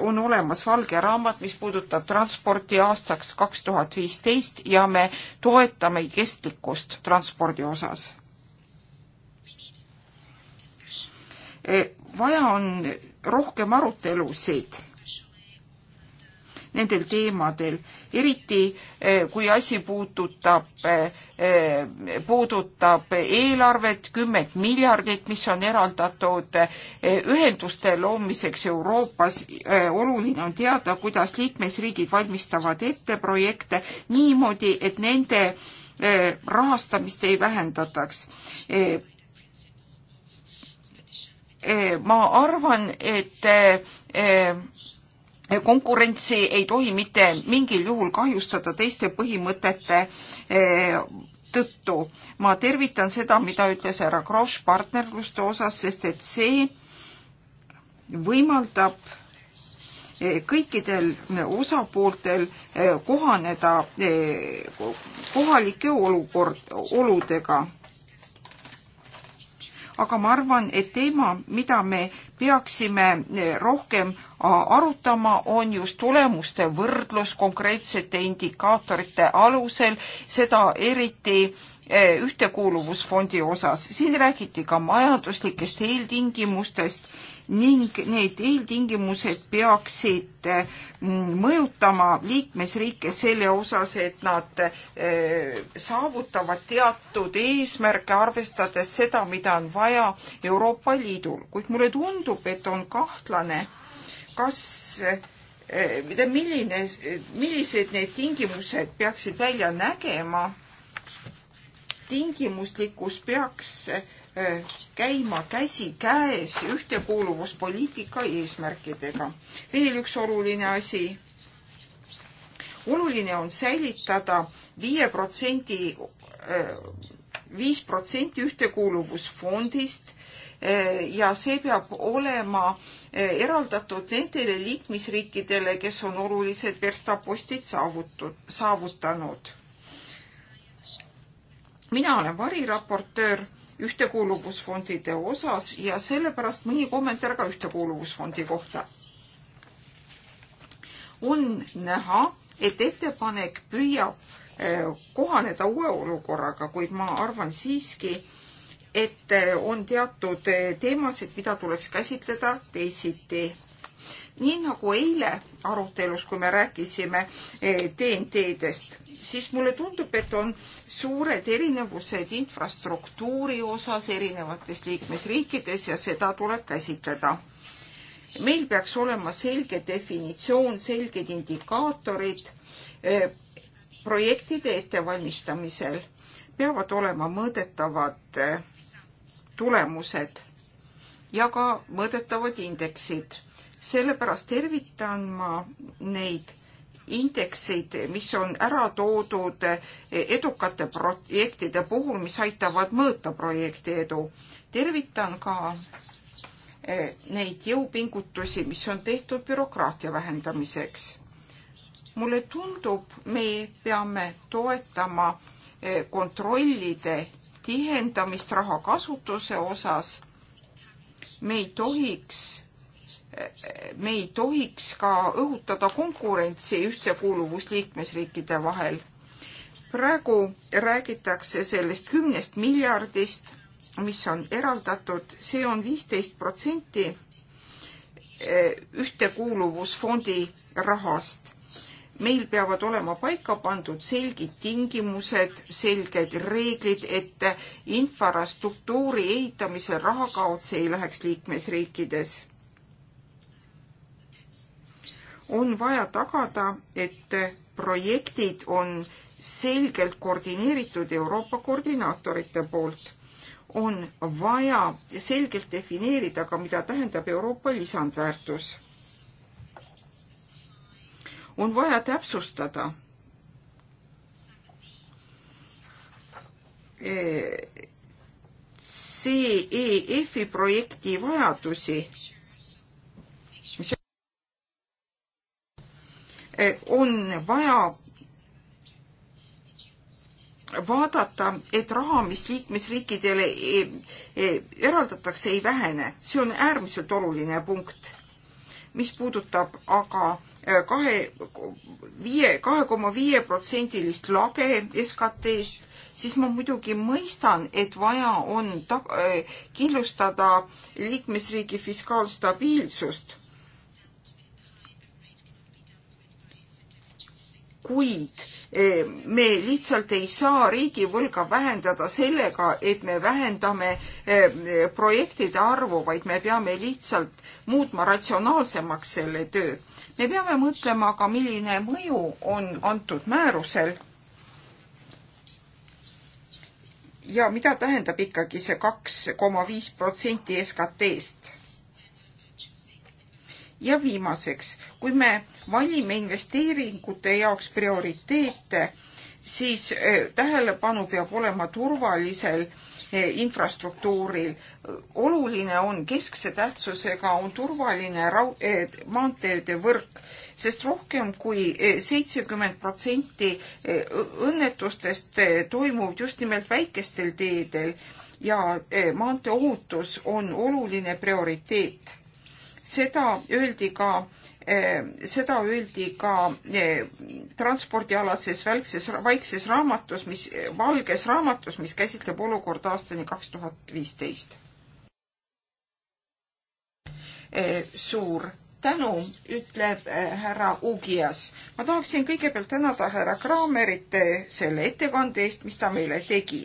on olemas valge raamat, mis puudutab transporti aastaks kaks tuhat viisteist ja me toetame kestlikkust transpordi osas. vaja on rohkem arutelusid nendel teemadel, eriti eh, kui asi puudutab, eh, puudutab eelarvet, kümmet miljardit, mis on eraldatud eh, ühenduste loomiseks Euroopas. oluline on teada, kuidas liikmesriigid valmistavad ette projekte niimoodi, et nende rahastamist ei vähendataks Eh, ma arvan, et eh, konkurentsi ei tohi mitte mingil juhul kahjustada teiste põhimõtete eh, tõttu. ma tervitan seda, mida ütles härra Kross partnerluste osas, sest et see võimaldab kõikidel osapooltel kohaneda kohalike olukord, oludega aga ma arvan, et teema, mida me peaksime eh, rohkem arutama, on just tulemuste võrdlus konkreetsete indikaatorite alusel, seda eriti eh, ühtekuuluvusfondi osas. siin räägiti ka majanduslikest eeltingimustest ning need eeltingimused peaksid eh, mõjutama liikmesriike selle osas, et nad eh, saavutavad teatud eesmärke, arvestades seda, mida on vaja Euroopa Liidul, kuid mulle tundub, et on kahtlane, kas eh, milline, millised need tingimused peaksid välja nägema tingimuslikkus peaks eh, käima käsikäes ühtekuuluvuspoliitika eesmärkidega. veel üks oluline asi. oluline on säilitada viie protsendi, eh, viis protsenti ühtekuuluvusfondist eh, ja see peab olema eraldatud nendele liikmesriikidele, kes on olulised verstapostid saavutud, saavutanud mina olen variraportöör ühtekuuluvusfondide osas ja sellepärast mõni kommentaar ka ühtekuuluvusfondi kohta. on näha, et ettepanek püüab eh, kohaneda uue olukorraga, kuid ma arvan siiski, et eh, on teatud eh, teemasid, mida tuleks käsitleda teisiti. nii nagu eile arutelus, kui me rääkisime TNT-dest siis mulle tundub, et on suured erinevused infrastruktuuri osas erinevates liikmesriikides ja seda tuleb käsitleda. meil peaks olema selge definitsioon, selged indikaatorid eh, projektide ettevalmistamisel, peavad olema mõõdetavad eh, tulemused ja ka mõõdetavad indeksid. sellepärast tervitan ma neid indekseid, mis on ära toodud edukate projektide puhul, mis aitavad mõõta projekti edu. tervitan ka e, neid jõupingutusi, mis on tehtud bürokraatia vähendamiseks. mulle tundub, me peame toetama e, kontrollide tihendamist raha kasutuse osas. me ei tohiks me ei tohiks ka õhutada konkurentsi ühtekuuluvust liikmesriikide vahel. praegu räägitakse sellest kümnest miljardist, mis on eraldatud, see on viisteist protsenti eh, ühtekuuluvusfondi rahast meil peavad olema paika pandud selgid tingimused, selged reeglid, et infrastruktuuri ehitamisel raha kaotsi ei läheks liikmesriikides on vaja tagada, et projektid on selgelt koordineeritud Euroopa koordinaatorite poolt. on vaja selgelt defineerida ka, mida tähendab Euroopa lisandväärtus. on vaja täpsustada e, CEF-i projekti vajadusi on vaja vaadata, et raha, mis liikmesriikidele e, e, eraldatakse, ei vähene. see on äärmiselt oluline punkt. mis puudutab aga e, kahe, viie, kahe koma viie protsendilist lage SKT-st, siis ma muidugi mõistan, et vaja on ta-, kindlustada liikmesriigi fiskaalstabiilsust kuid eh, me lihtsalt ei saa riigivõlga vähendada sellega, et me vähendame eh, projektide arvu, vaid me peame lihtsalt muutma ratsionaalsemaks selle töö. me peame mõtlema ka, milline mõju on antud määrusel ja mida tähendab ikkagi see kaks koma viis protsenti SKT-st ja viimaseks, kui me valime investeeringute jaoks prioriteete, siis äh, tähelepanu peab olema turvalisel äh, infrastruktuuril. oluline on, keskse tähtsusega on turvaline raud-, äh, maanteede võrk, sest rohkem kui seitsekümmend protsenti õnnetustest toimub just nimelt väikestel teedel ja maanteeohutus on oluline prioriteet seda öeldi ka eh, seda öeldi ka eh, transpordialases välkses, vaikses raamatus, mis, valges raamatus, mis käsitleb olukorda aastani kaks tuhat viisteist. Eh, suur tänu, ütleb härra Ugias. ma tahaksin kõigepealt tänada härra Kraamerit selle ettekande eest, mis ta meile tegi.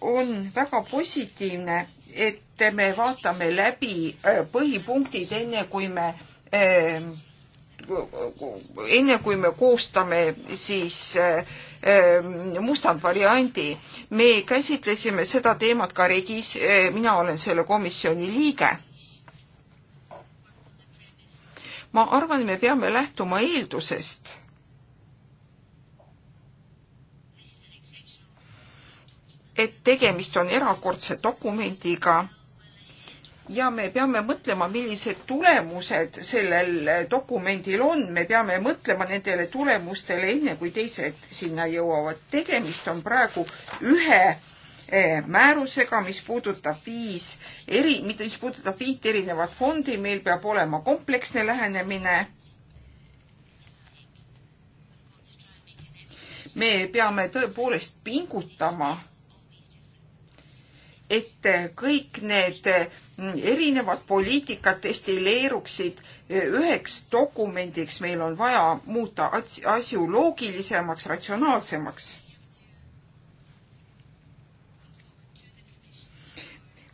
on väga positiivne et me vaatame läbi äh, põhipunktid, enne kui me ähm, enne kui me koostame siis äh, ähm, mustandvariandi, me käsitlesime seda teemat ka regis, äh, mina olen selle komisjoni liige. ma arvan, me peame lähtuma eeldusest et tegemist on erakordse dokumendiga ja me peame mõtlema, millised tulemused sellel dokumendil on, me peame mõtlema nendele tulemustele enne, kui teised sinna jõuavad. tegemist on praegu ühe eh, määrusega, mis puudutab viis eri, mitte mis puudutab viit erinevat fondi, meil peab olema kompleksne lähenemine. me peame tõepoolest pingutama et kõik need erinevad poliitikad destilleeruksid üheks dokumendiks, meil on vaja muuta asju loogilisemaks, ratsionaalsemaks.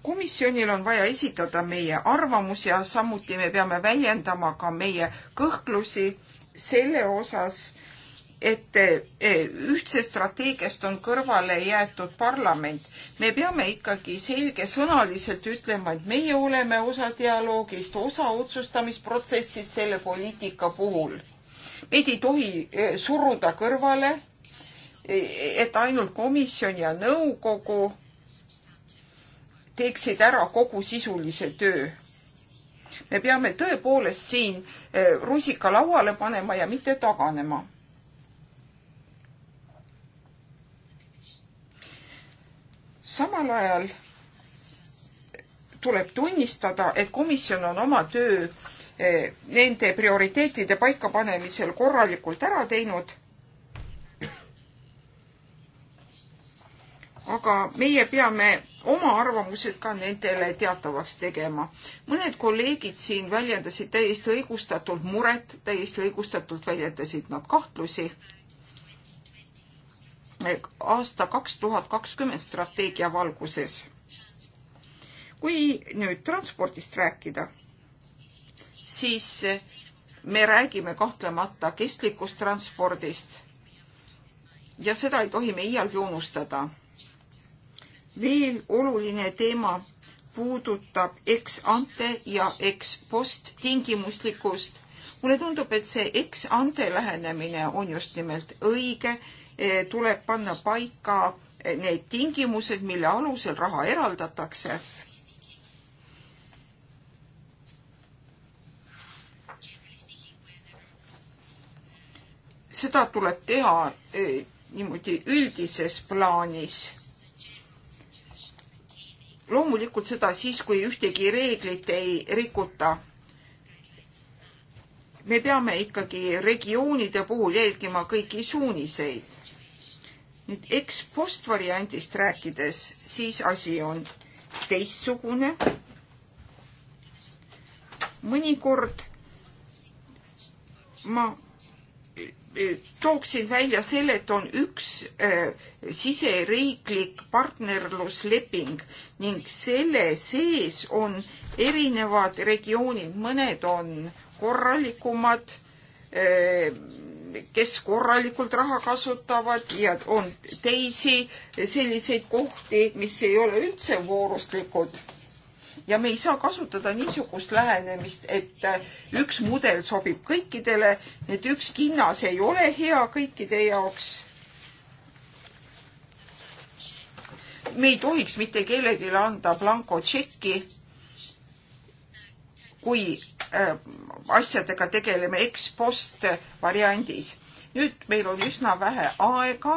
komisjonil on vaja esitada meie arvamus ja samuti me peame väljendama ka meie kõhklusi selle osas, et eh, ühtsest strateegiast on kõrvale jäetud parlament. me peame ikkagi selgesõnaliselt ütlema, et meie oleme osa dialoogist, osa otsustamisprotsessist selle poliitika puhul. meid ei tohi eh, suruda kõrvale, eh, et ainult komisjon ja nõukogu teeksid ära kogu sisulise töö me peame tõepoolest siin rusika lauale panema ja mitte taganema samal ajal tuleb tunnistada, et komisjon on oma töö eh, nende prioriteetide paikapanemisel korralikult ära teinud. aga meie peame oma arvamused ka nendele teatavaks tegema. mõned kolleegid siin väljendasid täiesti õigustatult muret, täiesti õigustatult väljendasid nad kahtlusi aasta kaks tuhat kakskümmend strateegia valguses. kui nüüd transpordist rääkida, siis me räägime kahtlemata kestlikust transpordist ja seda ei tohi me iialgi unustada. veel oluline teema puudutab ex ante ja ex post tingimuslikkust. mulle tundub, et see ex ante lähenemine on just nimelt õige Eh, tuleb panna paika eh, need tingimused, mille alusel raha eraldatakse. seda tuleb teha eh, niimoodi üldises plaanis. loomulikult seda siis, kui ühtegi reeglit ei rikuta me peame ikkagi regioonide puhul jälgima kõiki suuniseid nüüd ekspost variandist rääkides, siis asi on teistsugune. mõnikord ma eh, eh, tooksin välja selle, et on üks äh, siseriiklik partnerlusleping ning selle sees on erinevad regioonid, mõned on korralikumad äh,, kes korralikult raha kasutavad ja on teisi selliseid kohti, mis ei ole üldse vooruslikud. ja me ei saa kasutada niisugust lähenemist, et üks mudel sobib kõikidele, et üks kinnas ei ole hea kõikide jaoks. me ei tohiks mitte kellelegi anda blanko tšeki kui Äh, asjadega tegeleme ekspost variandis. nüüd meil on üsna vähe aega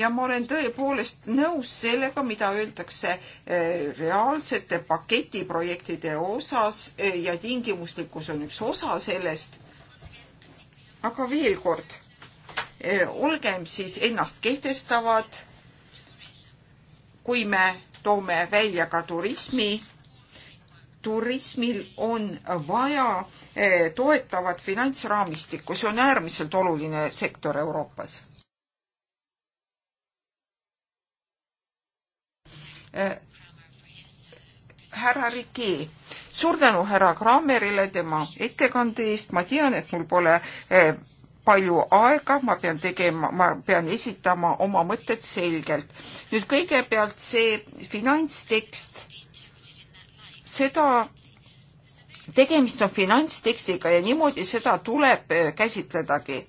ja ma olen tõepoolest nõus sellega, mida öeldakse äh, reaalsete paketiprojektide osas äh, ja tingimuslikkus on üks osa sellest. aga veel kord, olgem siis ennast kehtestavad, kui me toome välja ka turismi turismil on vaja eh, toetavat finantsraamistikku, see on äärmiselt oluline sektor Euroopas. Eh, härra Riki, suur tänu härra Krammerile tema ettekande eest, ma tean, et mul pole eh, palju aega, ma pean tegema, ma pean esitama oma mõtted selgelt. nüüd kõigepealt see finantstekst seda tegemist on finantstekstiga ja niimoodi seda tuleb eh, käsitledagi.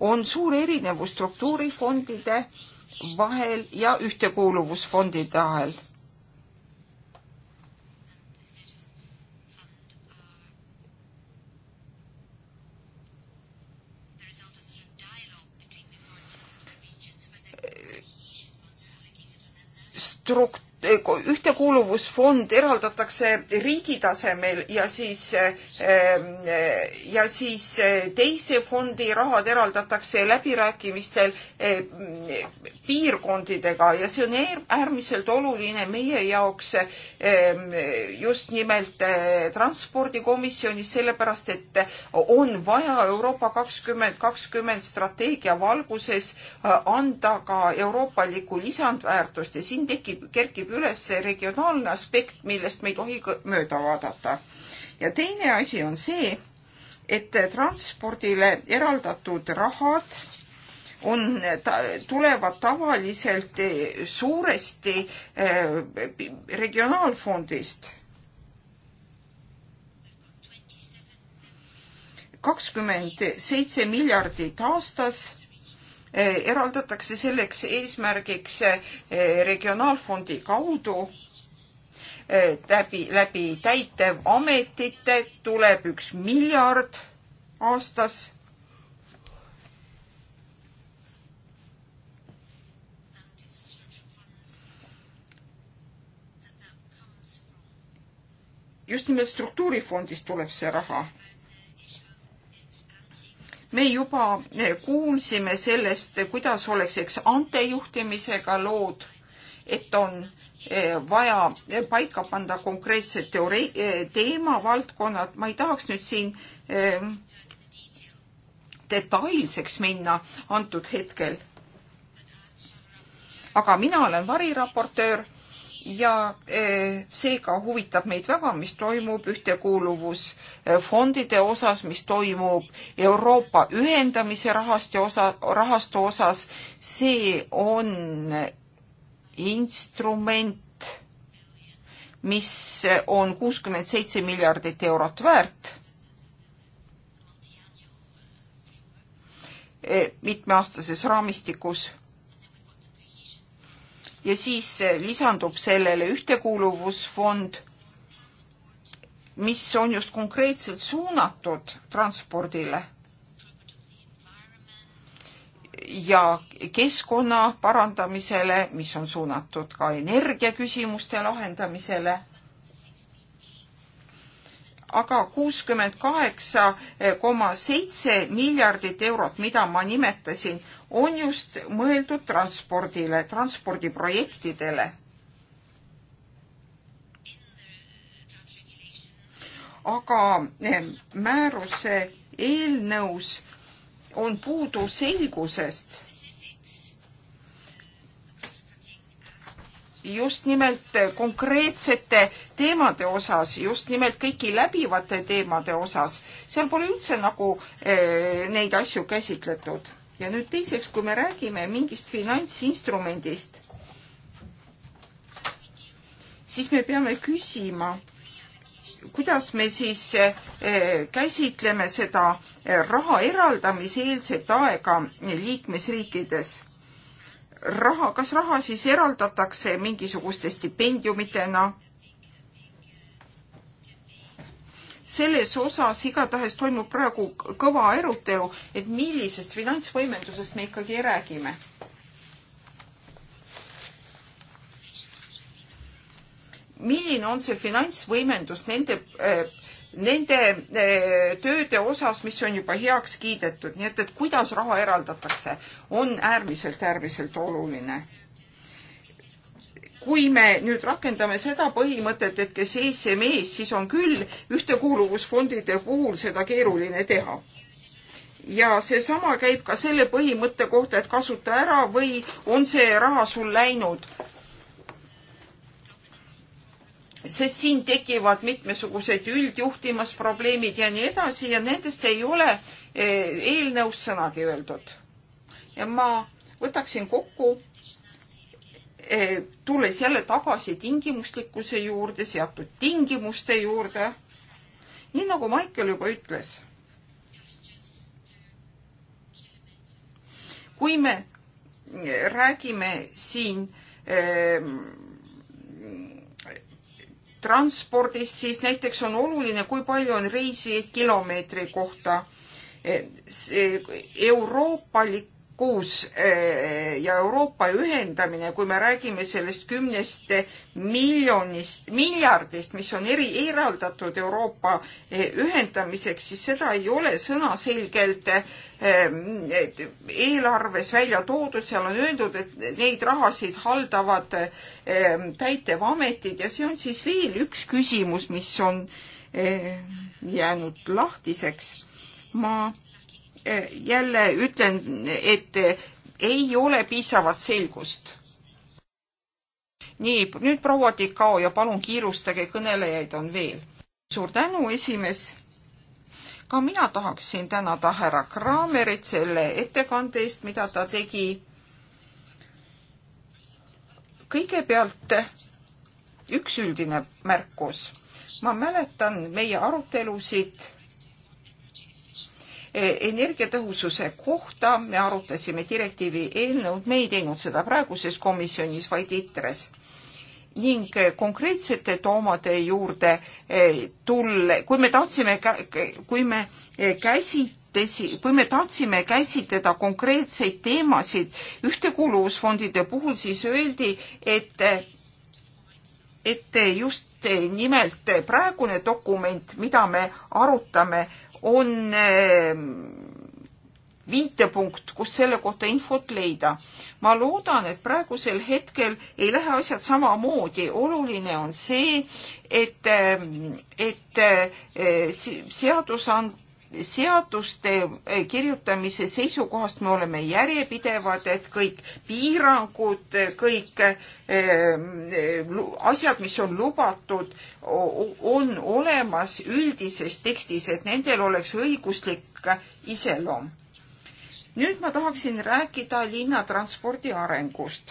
on suur erinevus struktuurifondide vahel ja ühtekuuluvusfondide vahel. struktuur ühtekuuluvusfond eraldatakse riigi tasemel ja siis, ähm, äh, ja siis äh, teise fondi rahad eraldatakse läbirääkimistel äh, piirkondidega ja see on äärmiselt oluline meie jaoks ähm, just nimelt transpordikomisjonis, sellepärast et on vaja Euroopa kakskümmend kakskümmend strateegia valguses anda ka euroopalikku lisandväärtust ja siin tekib, kerkib kerkib üles see regionaalne aspekt, millest me ei tohi mööda vaadata. ja teine asi on see, et transpordile eraldatud rahad on ta,, tulevad tavaliselt eh, suuresti eh, regionaalfondist. kakskümmend seitse miljardit aastas eraldatakse selleks eesmärgiks eh, regionaalfondi kaudu läbi, eh, läbi täitevametite tuleb üks miljard aastas. just nimelt struktuurifondist tuleb see raha me juba kuulsime sellest, kuidas oleks eks antejuhtimisega lood, et on eh, vaja eh, paika panda konkreetsed teore-, eh, teemavaldkonnad, ma ei tahaks nüüd siin detailseks minna antud hetkel. aga mina olen variraportöör ja e, seega huvitab meid väga, mis toimub ühtekuuluvusfondide osas, mis toimub Euroopa ühendamise rahasti osa, rahastu osas. see on instrument, mis on kuuskümmend seitse miljardit eurot väärt. E, mitmeaastases raamistikus ja siis eh, lisandub sellele ühtekuuluvusfond, mis on just konkreetselt suunatud transpordile ja keskkonna parandamisele, mis on suunatud ka energiaküsimuste lahendamisele aga kuuskümmend kaheksa koma seitse miljardit eurot, mida ma nimetasin, on just mõeldud transpordile, transpordiprojektidele. aga eh, määruse eelnõus on puudu selgusest just nimelt konkreetsete teemade osas, just nimelt kõiki läbivate teemade osas. seal pole üldse nagu eh, neid asju käsitletud. ja nüüd teiseks, kui me räägime mingist finantsinstrumendist, siis me peame küsima, kuidas me siis eh, käsitleme seda eh, raha eraldamiseelset aega liikmesriikides raha, kas raha siis eraldatakse mingisuguste stipendiumitena? selles osas igatahes toimub praegu kõva arutelu, et millisest finantsvõimendusest me ikkagi räägime milline on see finantsvõimendus nende, eh, nende eh, tööde osas, mis on juba heaks kiidetud, nii et, et kuidas raha eraldatakse, on äärmiselt, äärmiselt oluline kui me nüüd rakendame seda põhimõtet, et kes ees, see mees, siis on küll ühtekuuluvusfondide puhul seda keeruline teha. ja seesama käib ka selle põhimõtte kohta, et kasuta ära või on see raha sul läinud sest siin tekivad mitmesugused üldjuhtimisprobleemid ja nii edasi ja nendest ei ole eh, eelnõus sõnagi öeldud. ja ma võtaksin kokku, eh, tulles jälle tagasi tingimuslikkuse juurde, seatud tingimuste juurde, nii nagu Maicel juba ütles. kui me eh, räägime siin ähm, transpordis, siis näiteks on oluline, kui palju on reisi kilomeetri kohta. E, e, euroopalik jõukus eh, ja Euroopa ühendamine, kui me räägime sellest kümnest miljonist, miljardist, mis on eri, eraldatud Euroopa eh, ühendamiseks, siis seda ei ole sõnaselgelt eh, eelarves välja toodud, seal on öeldud, et neid rahasid haldavad täitevametid ja see on siis veel üks küsimus, mis on jäänud lahtiseks. ma jälle ütlen, et ei ole piisavat selgust. nii, nüüd proua Tikao ja palun kiirustage, kõnelejaid on veel. suur tänu, esimees. ka mina tahaksin tänada härra Kraamerit selle ettekande eest, mida ta tegi. kõigepealt üks üldine märkus. ma mäletan meie arutelusid energiatõhususe kohta me arutasime direktiivi eelnõud, me ei teinud seda praeguses komisjonis, vaid ITRES ning konkreetsete toomade juurde eh, tulle, kui me tahtsime, kui me eh, käsitlesi, kui me tahtsime käsitleda konkreetseid teemasid ühtekuuluvusfondide puhul, siis öeldi, et, et just nimelt praegune dokument, mida me arutame, on ehm, viitepunkt, kus selle kohta infot leida. ma loodan, et praegusel hetkel ei lähe asjad samamoodi, oluline on see, et, ehm, et eh, seadusand-, seaduste eh, kirjutamise seisukohast me oleme järjepidevad, et kõik piirangud, kõik eh, asjad, mis on lubatud, on olemas üldises tekstis, et nendel oleks õiguslik iseloom. nüüd ma tahaksin rääkida linnatranspordi arengust.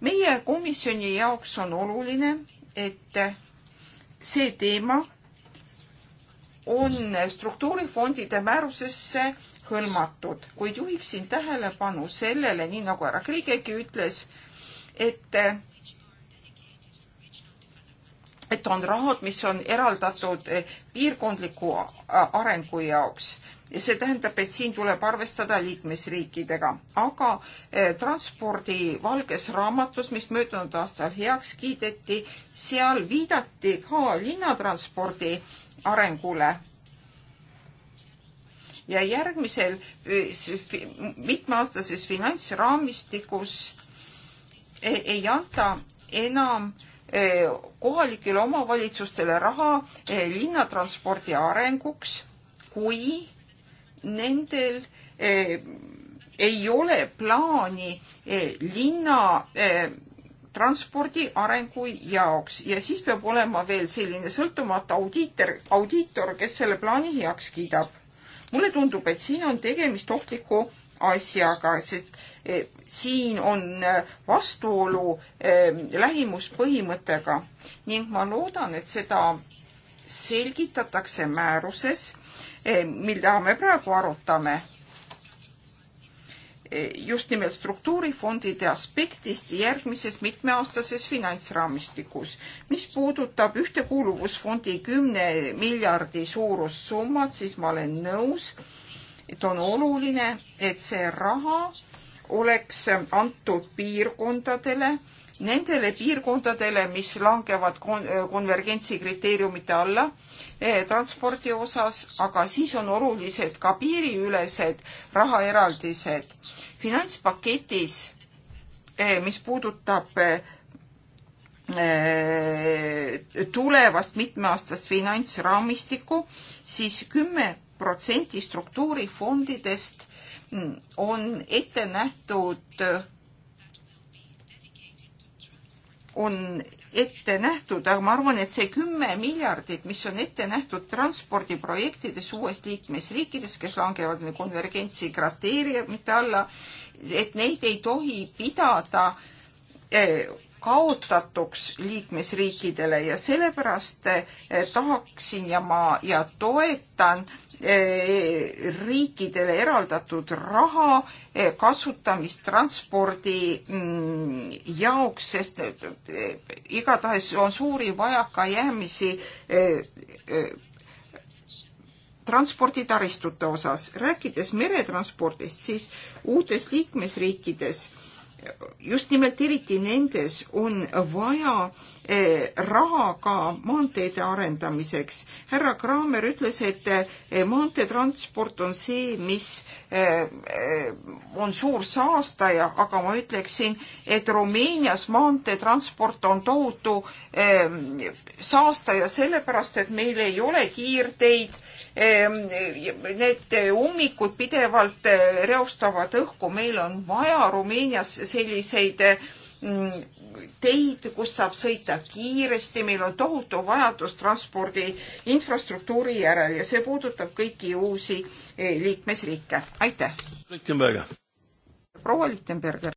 meie komisjoni jaoks on oluline, et see teema on struktuurifondide määrusesse hõlmatud, kuid juhiksin tähelepanu sellele, nii nagu härra Kriigegi ütles, et et on rahad, mis on eraldatud piirkondliku arengu jaoks ja see tähendab, et siin tuleb arvestada liikmesriikidega, aga eh, transpordi valges raamatus, mis möödunud aastal heaks kiideti, seal viidati ka linnatranspordi äh, arengule. ja järgmisel eh, mitmeaastases finantsraamistikus ei anta enam eh, kohalikele omavalitsustele raha eh, linnatranspordi arenguks, kui nendel ei ole plaani linna transpordi arengu jaoks ja siis peab olema veel selline sõltumatu audiitor, audiitor, kes selle plaani heaks kiidab. mulle tundub, et siin on tegemist ohtliku asjaga, sest eh, siin on eh, vastuolu eh, lähimuspõhimõttega ning ma loodan, et seda selgitatakse määruses, mida me praegu arutame just nimelt struktuurifondide aspektist järgmises mitmeaastases finantsraamistikus. mis puudutab ühtekuuluvusfondi kümne miljardi suurust summat, siis ma olen nõus, et on oluline, et see raha oleks antud piirkondadele nendele piirkondadele, mis langevad kon äh, konvergentsi kriteeriumite alla eh, transpordi osas, aga siis on olulised ka piiriülesed rahaeraldised. finantspaketis eh,, mis puudutab eh, eh tulevast mitmeaastast finantsraamistikku, siis kümme protsenti struktuurifondidest mm, on ette nähtud on ette nähtud, aga ma arvan, et see kümme miljardit, mis on ette nähtud transpordiprojektides uues liikmesriikides, kes langevad konvergentsi kriteeriumite alla, et neid ei tohi pidada eh, kaotatuks liikmesriikidele ja sellepärast eh, tahaksin ja ma ja toetan äh, Eh, riikidele eraldatud raha eh, kasutamist transpordi mm, jaoks, sest eh, igatahes on suuri vajakajäämisi transporditaristute osas. rääkides meretranspordist, siis uutes liikmesriikides just nimelt eriti nendes on vaja äh, Eh, raha ka maanteede arendamiseks. härra Kraamer ütles, et eh, maanteetransport on see, mis eh, on suur saastaja, aga ma ütleksin, et Rumeenias maanteetransport on tohutu saastaja sellepärast, et meil ei ole kiirteid need ummikud pidevalt reostavad õhku, meil on vaja Rumeenias selliseid mm, teid, kus saab sõita kiiresti, meil on tohutu vajadus transpordi infrastruktuuri järel ja see puudutab kõiki uusi eh, liikmesriike. aitäh! proua Lichtenberger.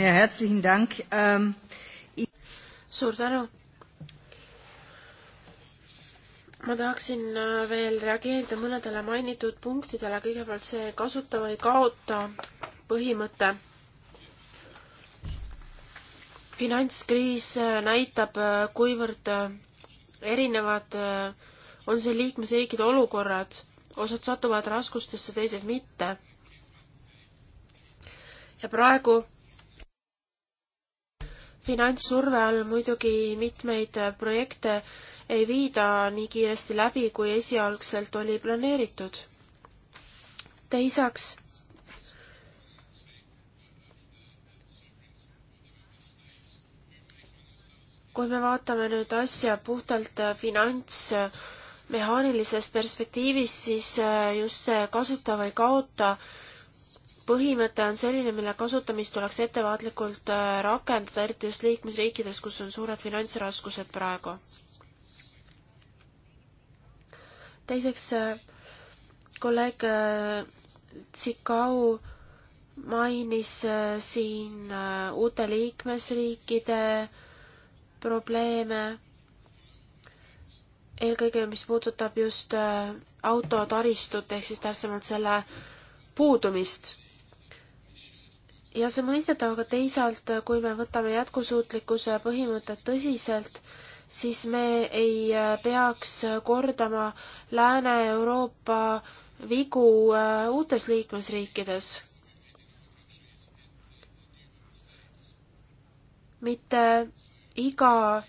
Ähm, suur tänu! ma tahaksin äh, veel reageerida mõnedele mainitud punktidele, kõigepealt see kasuta või kaota põhimõte finantskriis äh, näitab, äh, kuivõrd äh, erinevad on siin liikmesriikide olukorrad, osad satuvad raskustesse, teised mitte. ja praegu finantssurve all muidugi mitmeid projekte ei viida nii kiiresti läbi, kui esialgselt oli planeeritud. teisaks kui me vaatame nüüd asja puhtalt äh, finantsmehaanilisest perspektiivist, siis äh, just see kasuta või kaota põhimõte on selline, mille kasutamist tuleks ettevaatlikult äh, rakendada, eriti just liikmesriikides, kus on suured finantsraskused praegu. teiseks, kolleeg Tsikau mainis siin uute liikmesriikide probleeme, eelkõige mis puudutab just äh, autotaristut ehk siis täpsemalt selle puudumist. ja see on mõistetav, aga teisalt, äh, kui me võtame jätkusuutlikkuse põhimõtet tõsiselt, siis me ei äh, peaks kordama Lääne-Euroopa vigu uutes liikmesriikides. mitte iga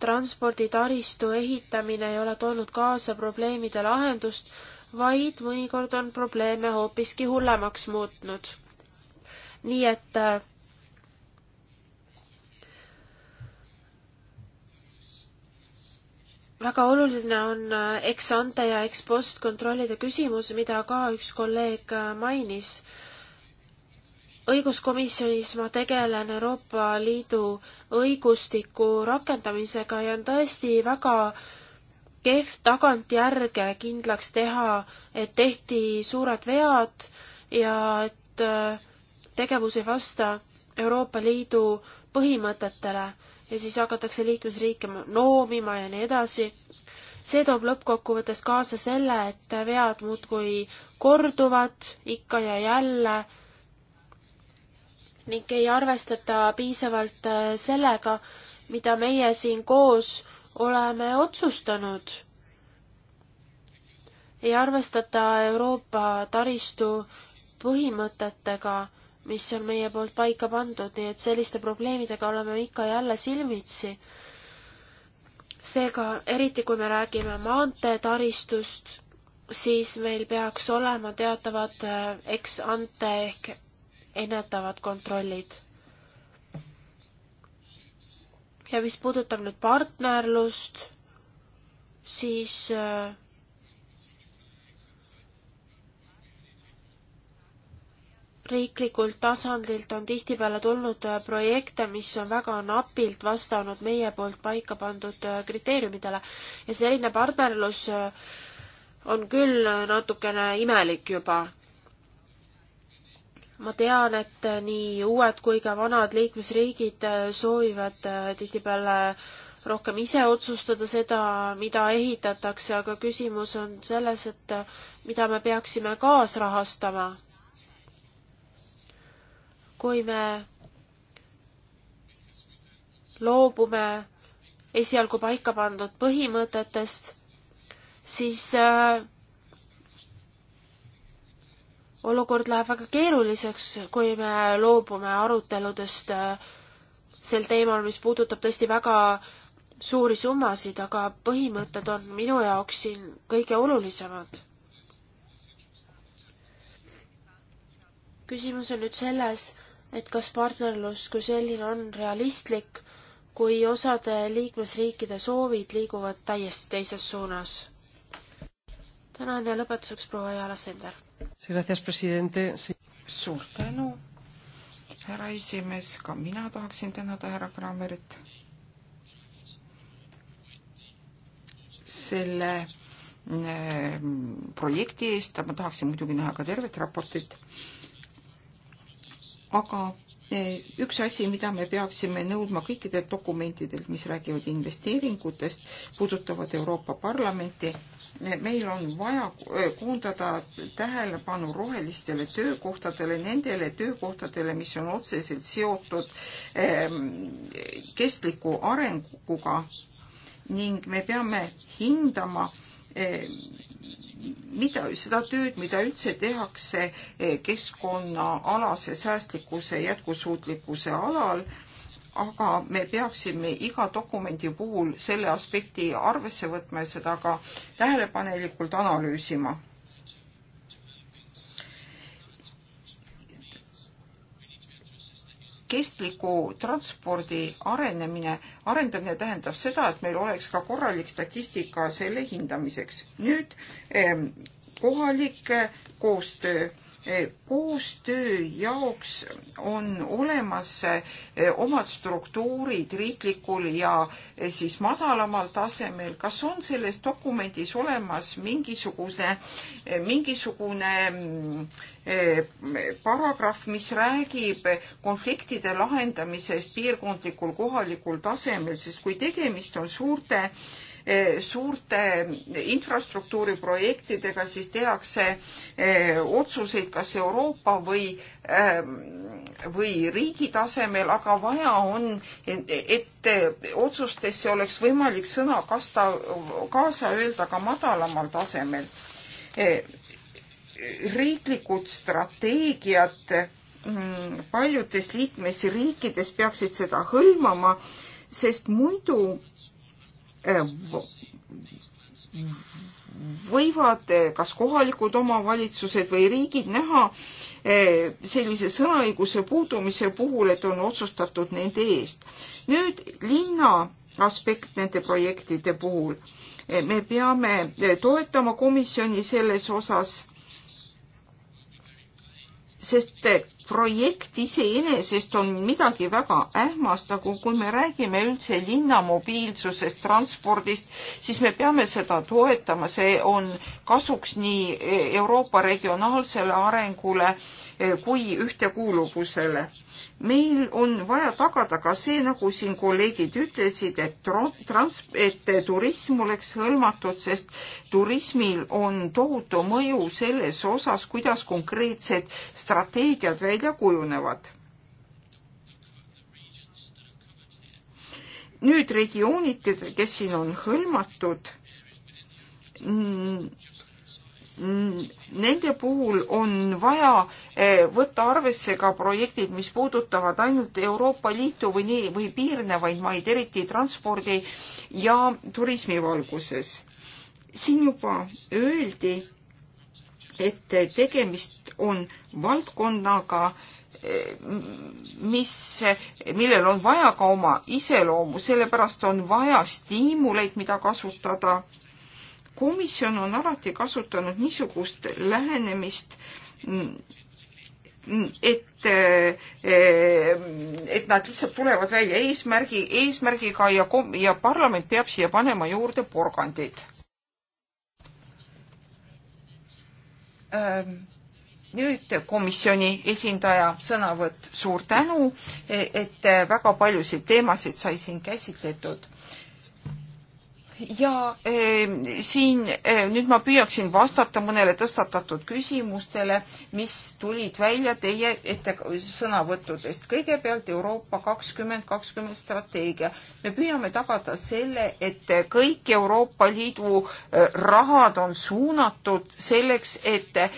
transporditaristu ehitamine ei ole toonud kaasa probleemide lahendust, vaid mõnikord on probleeme hoopiski hullemaks muutnud. nii et äh, väga oluline on äh, eksante ja ekspost kontrollida küsimus, mida ka üks kolleeg äh, mainis õiguskomisjonis ma tegelen Euroopa Liidu õigustiku rakendamisega ja on tõesti väga kehv tagantjärge kindlaks teha, et tehti suured vead ja et äh, tegevus ei vasta Euroopa Liidu põhimõtetele ja siis hakatakse liikmesriike noomima ja nii edasi. see toob lõppkokkuvõttes kaasa selle, et vead muudkui korduvad ikka ja jälle ning ei arvestata piisavalt äh, sellega, mida meie siin koos oleme otsustanud. ei arvestata Euroopa taristu põhimõtetega, mis on meie poolt paika pandud, nii et selliste probleemidega oleme ikka jälle silmitsi. seega, eriti kui me räägime maanteetaristust, siis meil peaks olema teatavad äh, ex-ante ehk ennetavad kontrollid. ja mis puudutab nüüd partnerlust, siis äh, riiklikult tasandilt on tihtipeale tulnud äh, projekte, mis on väga napilt vastanud meie poolt paika pandud äh, kriteeriumidele ja selline partnerlus äh, on küll natukene imelik juba ma tean, et nii uued kui ka vanad liikmesriigid äh, soovivad äh, tihtipeale rohkem ise otsustada seda, mida ehitatakse, aga küsimus on selles, et äh, mida me peaksime kaasrahastama. kui me loobume esialgu paika pandud põhimõtetest, siis olukord läheb väga keeruliseks, kui me loobume aruteludest äh, sel teemal, mis puudutab tõesti väga suuri summasid, aga põhimõtted on minu jaoks siin kõige olulisemad. küsimus on nüüd selles, et kas partnerlus kui selline on realistlik, kui osade liikmesriikide soovid liiguvad täiesti teises suunas. tänan ja lõpetuseks proua Jala Sender suur tänu, härra esimees, ka mina tahaksin tänada härra Krammerit selle ehm, projekti eest, ma tahaksin muidugi näha ka tervet raportit. aga eh, üks asi, mida me peaksime nõudma kõikidelt dokumentidelt, mis räägivad investeeringutest, puudutavad Euroopa Parlamenti meil on vaja koondada tähelepanu rohelistele töökohtadele, nendele töökohtadele, mis on otseselt seotud ehm, kestliku arenguga ning me peame hindama, ehm, mida, seda tööd, mida üldse tehakuse ehm, keskkonnaalase säästlikkuse jätkusuutlikkuse alal aga me peaksime iga dokumendi puhul selle aspekti arvesse võtma ja seda ka tähelepanelikult analüüsima. kestliku transpordi arenemine, arendamine tähendab seda, et meil oleks ka korralik statistika selle hindamiseks. nüüd ehm, kohalik eh, koostöö koostöö jaoks on olemas eh, omad struktuurid riiklikul ja eh, siis madalamal tasemel. kas on selles dokumendis olemas eh, mingisugune, mingisugune mm, paragrahv, mis räägib konfliktide lahendamisest piirkondlikul kohalikul tasemel, sest kui tegemist on suurte Eh, suurte infrastruktuuriprojektidega, siis tehakse eh, otsuseid kas Euroopa või, ehm, või riigi tasemel, aga vaja on, et otsustesse oleks võimalik sõna kasta, kaasa öelda ka madalamal tasemel. Eh, riiklikud strateegiad mm, paljudes liikmesriikides peaksid seda hõlmama, sest muidu Äh, võivad äh, kas kohalikud omavalitsused või riigid näha äh, sellise sõnaõiguse puudumise puhul, et on otsustatud nende eest. nüüd linna aspekt nende projektide puhul. me peame toetama komisjoni selles osas, sest projekt iseenesest on midagi väga ähmastav, kui me räägime üldse linna mobiilsusest, transpordist, siis me peame seda toetama, see on kasuks nii Euroopa regionaalsele arengule kui ühtekuuluvusele meil on vaja tagada ka see, nagu siin kolleegid ütlesid, et trans-, et turism oleks hõlmatud, sest turismil on tohutu mõju selles osas, kuidas konkreetsed strateegiad välja kujunevad. nüüd regioonid, kes siin on hõlmatud nende puhul on vaja eh, võtta arvesse ka projektid, mis puudutavad ainult Euroopa Liitu või nii või piirnevaid maid, eriti transpordi ja turismi valguses. siin juba öeldi, et tegemist on valdkonnaga, eh, mis, millel on vaja ka oma iseloomu, sellepärast on vaja stiimuleid, mida kasutada komisjon on alati kasutanud niisugust lähenemist, et, eh, et nad lihtsalt tulevad välja eesmärgi, eesmärgiga ja, ja parlament peab siia panema juurde porgandid ähm nüüd komisjoni esindaja sõnavõtt, suur tänu, et väga paljusid teemasid sai siin käsitletud ja e, siin e, nüüd ma püüaksin vastata mõnele tõstatatud küsimustele, mis tulid välja teie ette sõnavõttudest. kõigepealt Euroopa kakskümmend kakskümmend strateegia. me püüame tagada selle, et kõik Euroopa Liidu eh, rahad on suunatud selleks, et e,,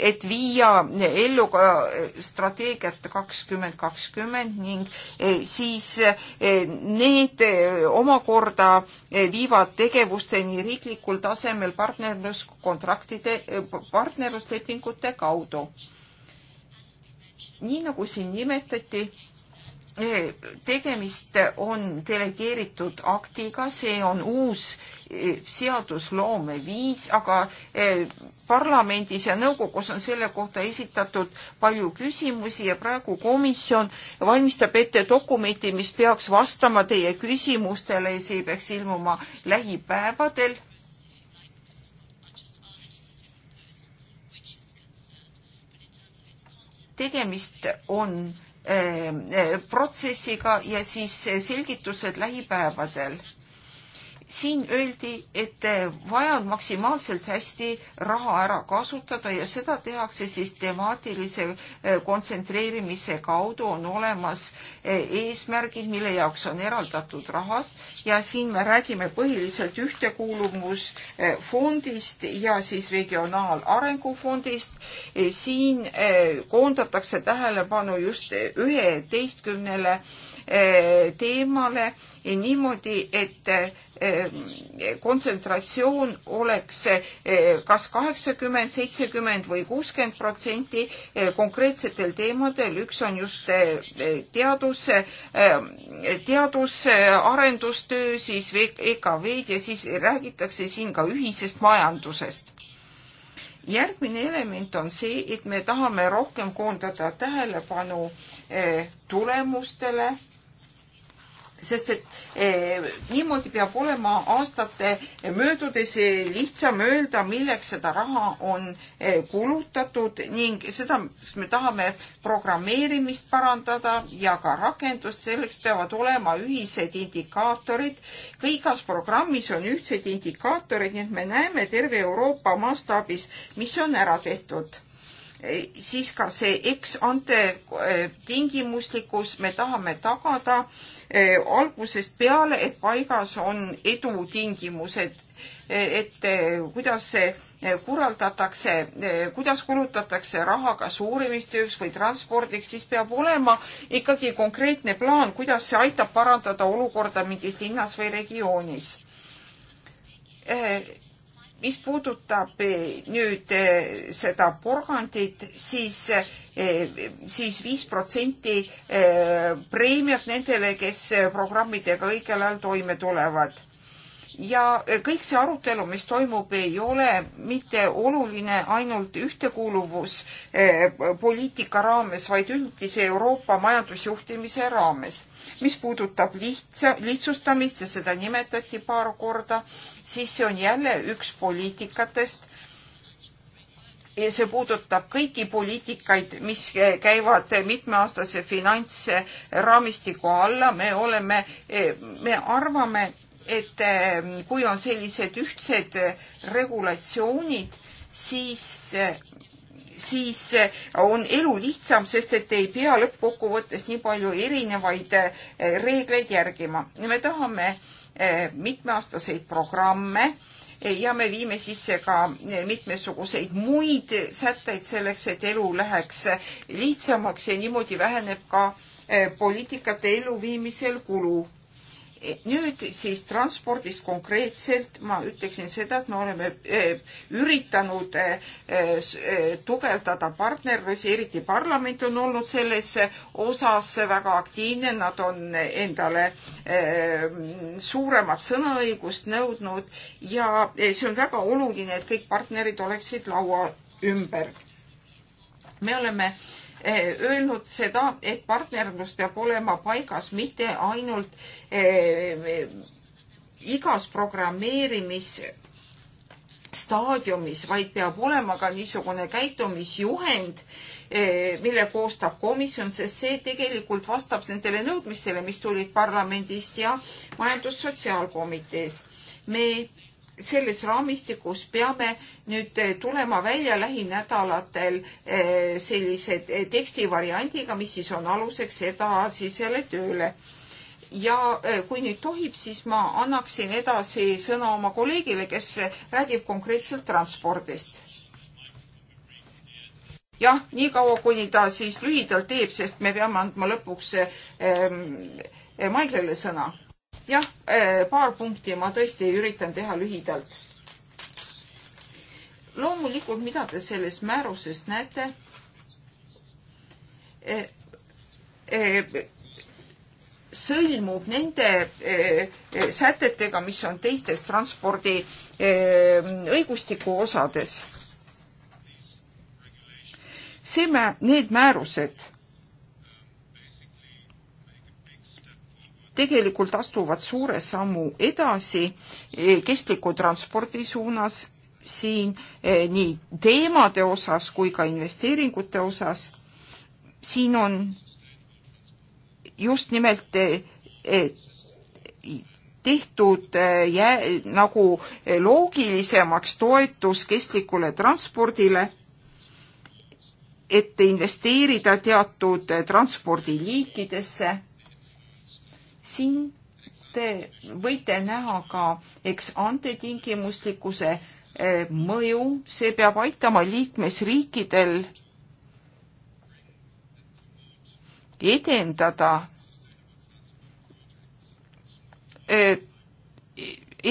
et viia ellu ka eh, strateegiat kakskümmend kakskümmend ning eh, siis need omakorda korda eh, viivad tegevusteni riiklikul tasemel partnerluskontraktide, eh, partnerluslepingute kaudu. nii nagu siin nimetati, tegemist on delegeeritud aktiga, see on uus seadusloome viis, aga parlamendis ja nõukogus on selle kohta esitatud palju küsimusi ja praegu komisjon valmistab ette dokumenti, mis peaks vastama teie küsimustele ja see peaks ilmuma lähipäevadel tegemist on Äh, äh, protsessiga ja siis selgitused lähipäevadel siin öeldi, et vaja on maksimaalselt hästi raha ära kasutada ja seda tehakse siis temaatilise eh, kontsentreerimise kaudu on olemas eh, eesmärgid, mille jaoks on eraldatud rahast ja siin me räägime põhiliselt ühtekuuluvusfondist eh, ja siis regionaalarengu fondist. siin koondatakse tähelepanu just üheteistkümnele teemale niimoodi, et eh, kontsentratsioon oleks eh, kas kaheksakümmend, seitsekümmend või kuuskümmend protsenti eh, konkreetsetel teemadel. üks on just teadus, teadusarendustöö, siis EKV-d ja siis räägitakse siin ka ühisest majandusest järgmine element on see, et me tahame rohkem koondada tähelepanu tulemustele sest et eh, niimoodi peab olema aastate möödudes eh, lihtsam öelda, milleks seda raha on eh, kulutatud ning seda, kas me tahame programmeerimist parandada ja ka rakendust, selleks peavad olema ühised indikaatorid. ka igas programmis on ühtsed indikaatorid, nii et me näeme terve Euroopa mastaabis, mis on ära tehtud eh, siis ka see ex ante eh, tingimuslikkus, me tahame tagada, Äh, algusest peale, et paigas on edutingimused, äh, et äh, kuidas see korraldatakse, kuidas kulutatakse raha kas uurimistööks või transpordiks, siis peab olema ikkagi konkreetne plaan, kuidas see aitab parandada olukorda mingis linnas või regioonis mis puudutab eh, nüüd eh, seda porgandit, siis, eh, siis viis protsenti preemiat nendele, kes programmidega õigel ajal toime tulevad. ja kõik see arutelu, mis toimub, ei ole mitte oluline ainult ühtekuuluvuspoliitika raames, vaid üldise Euroopa majandusjuhtimise raames mis puudutab lihtsa, lihtsustamist ja seda nimetati paar korda, siis see on jälle üks poliitikatest ja see puudutab kõiki poliitikaid, mis käivad mitmeaastase finantsraamistiku alla, me oleme, me arvame, et kui on sellised ühtsed regulatsioonid, siis siis eh, on elu lihtsam, sest et ei pea lõppkokkuvõttes nii palju erinevaid eh, reegleid järgima. me tahame eh, mitmeaastaseid programme ja me viime sisse ka mitmesuguseid muid sätteid selleks, et elu läheks lihtsamaks ja niimoodi väheneb ka poliitikate elluviimisel kulu nüüd siis transpordist konkreetselt ma ütleksin seda, et me oleme eh, üritanud eh, eh, tugevdada partnerlusi, eriti parlament on olnud selles osas väga aktiivne, nad on endale suuremat sõnaõigust nõudnud ja see on väga oluline, et kõik partnerid oleksid laua ümber. me oleme äh, Eh, öelnud seda, et partnerlus peab olema paigas mitte ainult eh, igas programmeerimis staadiumis, vaid peab olema ka niisugune käitumisjuhend, eh, mille koostab komisjon, sest see tegelikult vastab nendele nõudmistele, mis tulid parlamendist ja majandus-sotsiaalkomitees. me selles raamistikus peame nüüd eh, tulema välja lähinädalatel eh, sellise eh, tekstivariandiga, mis siis on aluseks edasisele tööle. ja kui nüüd tohib, siis ma annaksin edasi sõna oma kolleegile, kes räägib konkreetselt transpordist jah, niikaua kuni ta siis lühidalt teeb, sest me peame andma lõpuks ähm, Maiglele sõna jah, eh, paar punkti, ma tõesti üritan teha lühidalt. loomulikult, mida te selles määruses näete? Eh, eh, sõlmub nende sätetega, mis on teistes transpordi õigustiku osades. see mä-, need määrused tegelikult astuvad suure sammu edasi eh, kestliku transpordi suunas siin eh, nii teemade osas kui ka investeeringute osas. siin on just nimelt eh, tehtud jää, nagu loogilisemaks toetus kestlikule transpordile, et investeerida teatud transpordiliikidesse siin te võite näha ka eks antetingimuslikkuse eh, mõju, see peab aitama liikmesriikidel edendada, eh,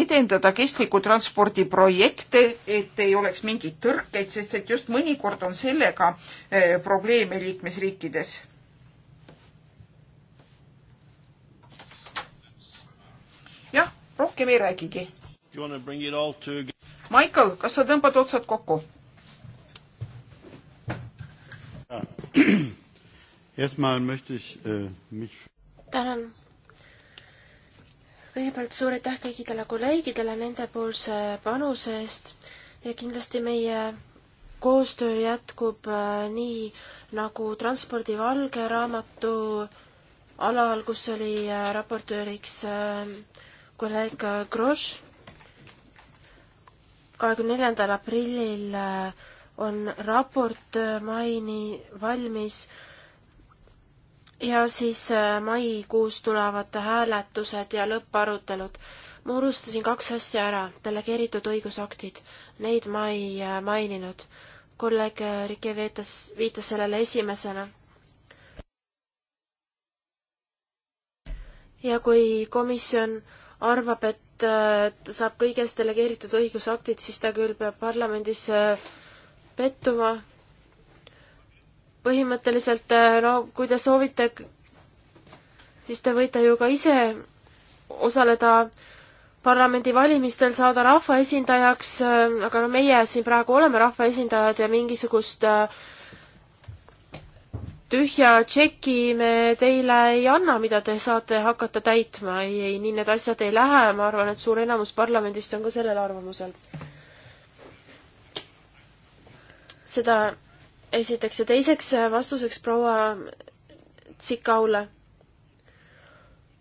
edendada kestliku transpordi projekte, et ei oleks mingeid tõrkeid, sest et just mõnikord on sellega eh, probleeme liikmesriikides rohkem ei räägigi. Michael, kas sa tõmbad otsad kokku? Ah. (clears throat) Äh, tänan. kõigepealt suur aitäh kõigidele kolleegidele nendepoolse panuse eest ja kindlasti meie koostöö jätkub äh, nii nagu transpordi valge raamatu alal, kus oli äh, raportööriks kolleeg äh, Grosch. kahekümne neljandal aprillil äh, on raport äh, maini valmis ja siis maikuus tulevad hääletused ja lõpparutelud. ma unustasin kaks asja ära, delegeeritud õigusaktid, neid ma ei maininud. kolleeg Rike Veetas viitas sellele esimesena. ja kui komisjon arvab, et äh, saab kõigest delegeeritud õigusaktid, siis ta küll peab parlamendis äh, pettuma. põhimõtteliselt, äh, no kui te soovite, siis te võite ju ka ise osaleda parlamendivalimistel, saada rahvaesindajaks, aga no meie siin praegu oleme rahvaesindajad ja mingisugust äh, tühja tšeki me teile ei anna, mida te saate hakata täitma, ei, ei, nii need asjad ei lähe, ma arvan, et suur enamus parlamendist on ka sellel arvamusel. seda esiteks ja teiseks vastuseks proua Tsikaule.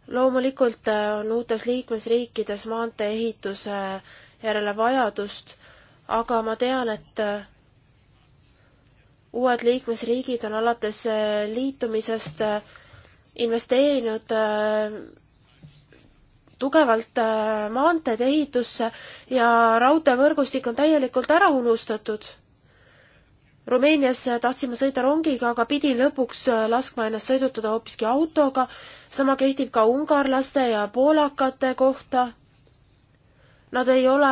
loomulikult on uutes liikmesriikides maantee ehituse järele vajadust, aga ma tean, et uued liikmesriigid on alates äh, liitumisest äh, investeerinud äh, tugevalt maanteede ehitusse ja raudteevõrgustik on täielikult ära unustatud. Rumeenias tahtsin ma sõita rongiga, aga pidin lõpuks laskma ennast sõidutada hoopiski autoga. sama kehtib ka ungarlaste ja poolakate kohta. Nad ei ole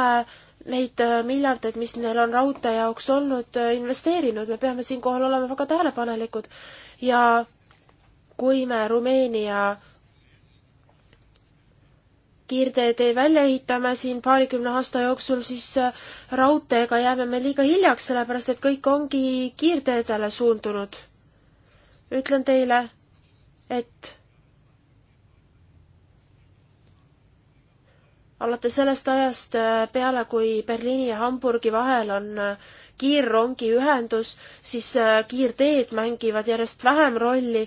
neid äh, miljardeid, mis neil on raudtee jaoks olnud äh, investeerinud, me peame siinkohal olema väga tähelepanelikud ja kui me Rumeenia kiirteetee välja ehitame siin paarikümne aasta jooksul, siis äh, raudteega jääme me liiga hiljaks, sellepärast et kõik ongi kiirteedele suundunud. ütlen teile, et alates sellest ajast äh, peale, kui Berliini ja Hamburgi vahel on äh, kiirrongiühendus, siis äh, kiirteed mängivad järjest vähem rolli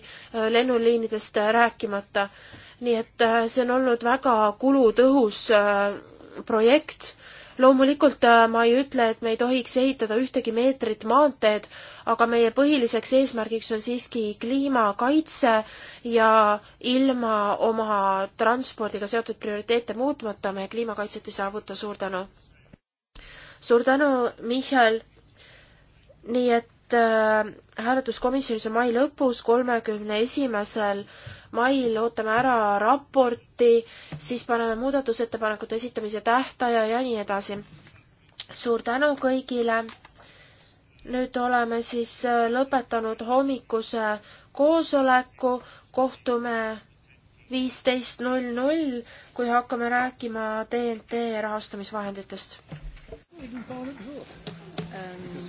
lennuliinidest rääkimata. nii et see on olnud väga kulutõhus projekt loomulikult äh, ma ei ütle, et me ei tohiks ehitada ühtegi meetrit maanteed, aga meie põhiliseks eesmärgiks on siiski kliimakaitse ja ilma oma transpordiga seotud prioriteete muutmata me kliimakaitset ei saavuta. suur tänu! suur tänu, Mihhail! nii et äh, hääletuskomisjonis on mai lõpus, kolmekümne esimesel mail ootame ära raporti, siis paneme muudatusettepanekute esitamise tähtaja ja nii edasi. suur tänu kõigile. nüüd oleme siis äh, lõpetanud hommikuse koosoleku, kohtume viisteist null null, kui hakkame rääkima TNT rahastamisvahenditest. Um,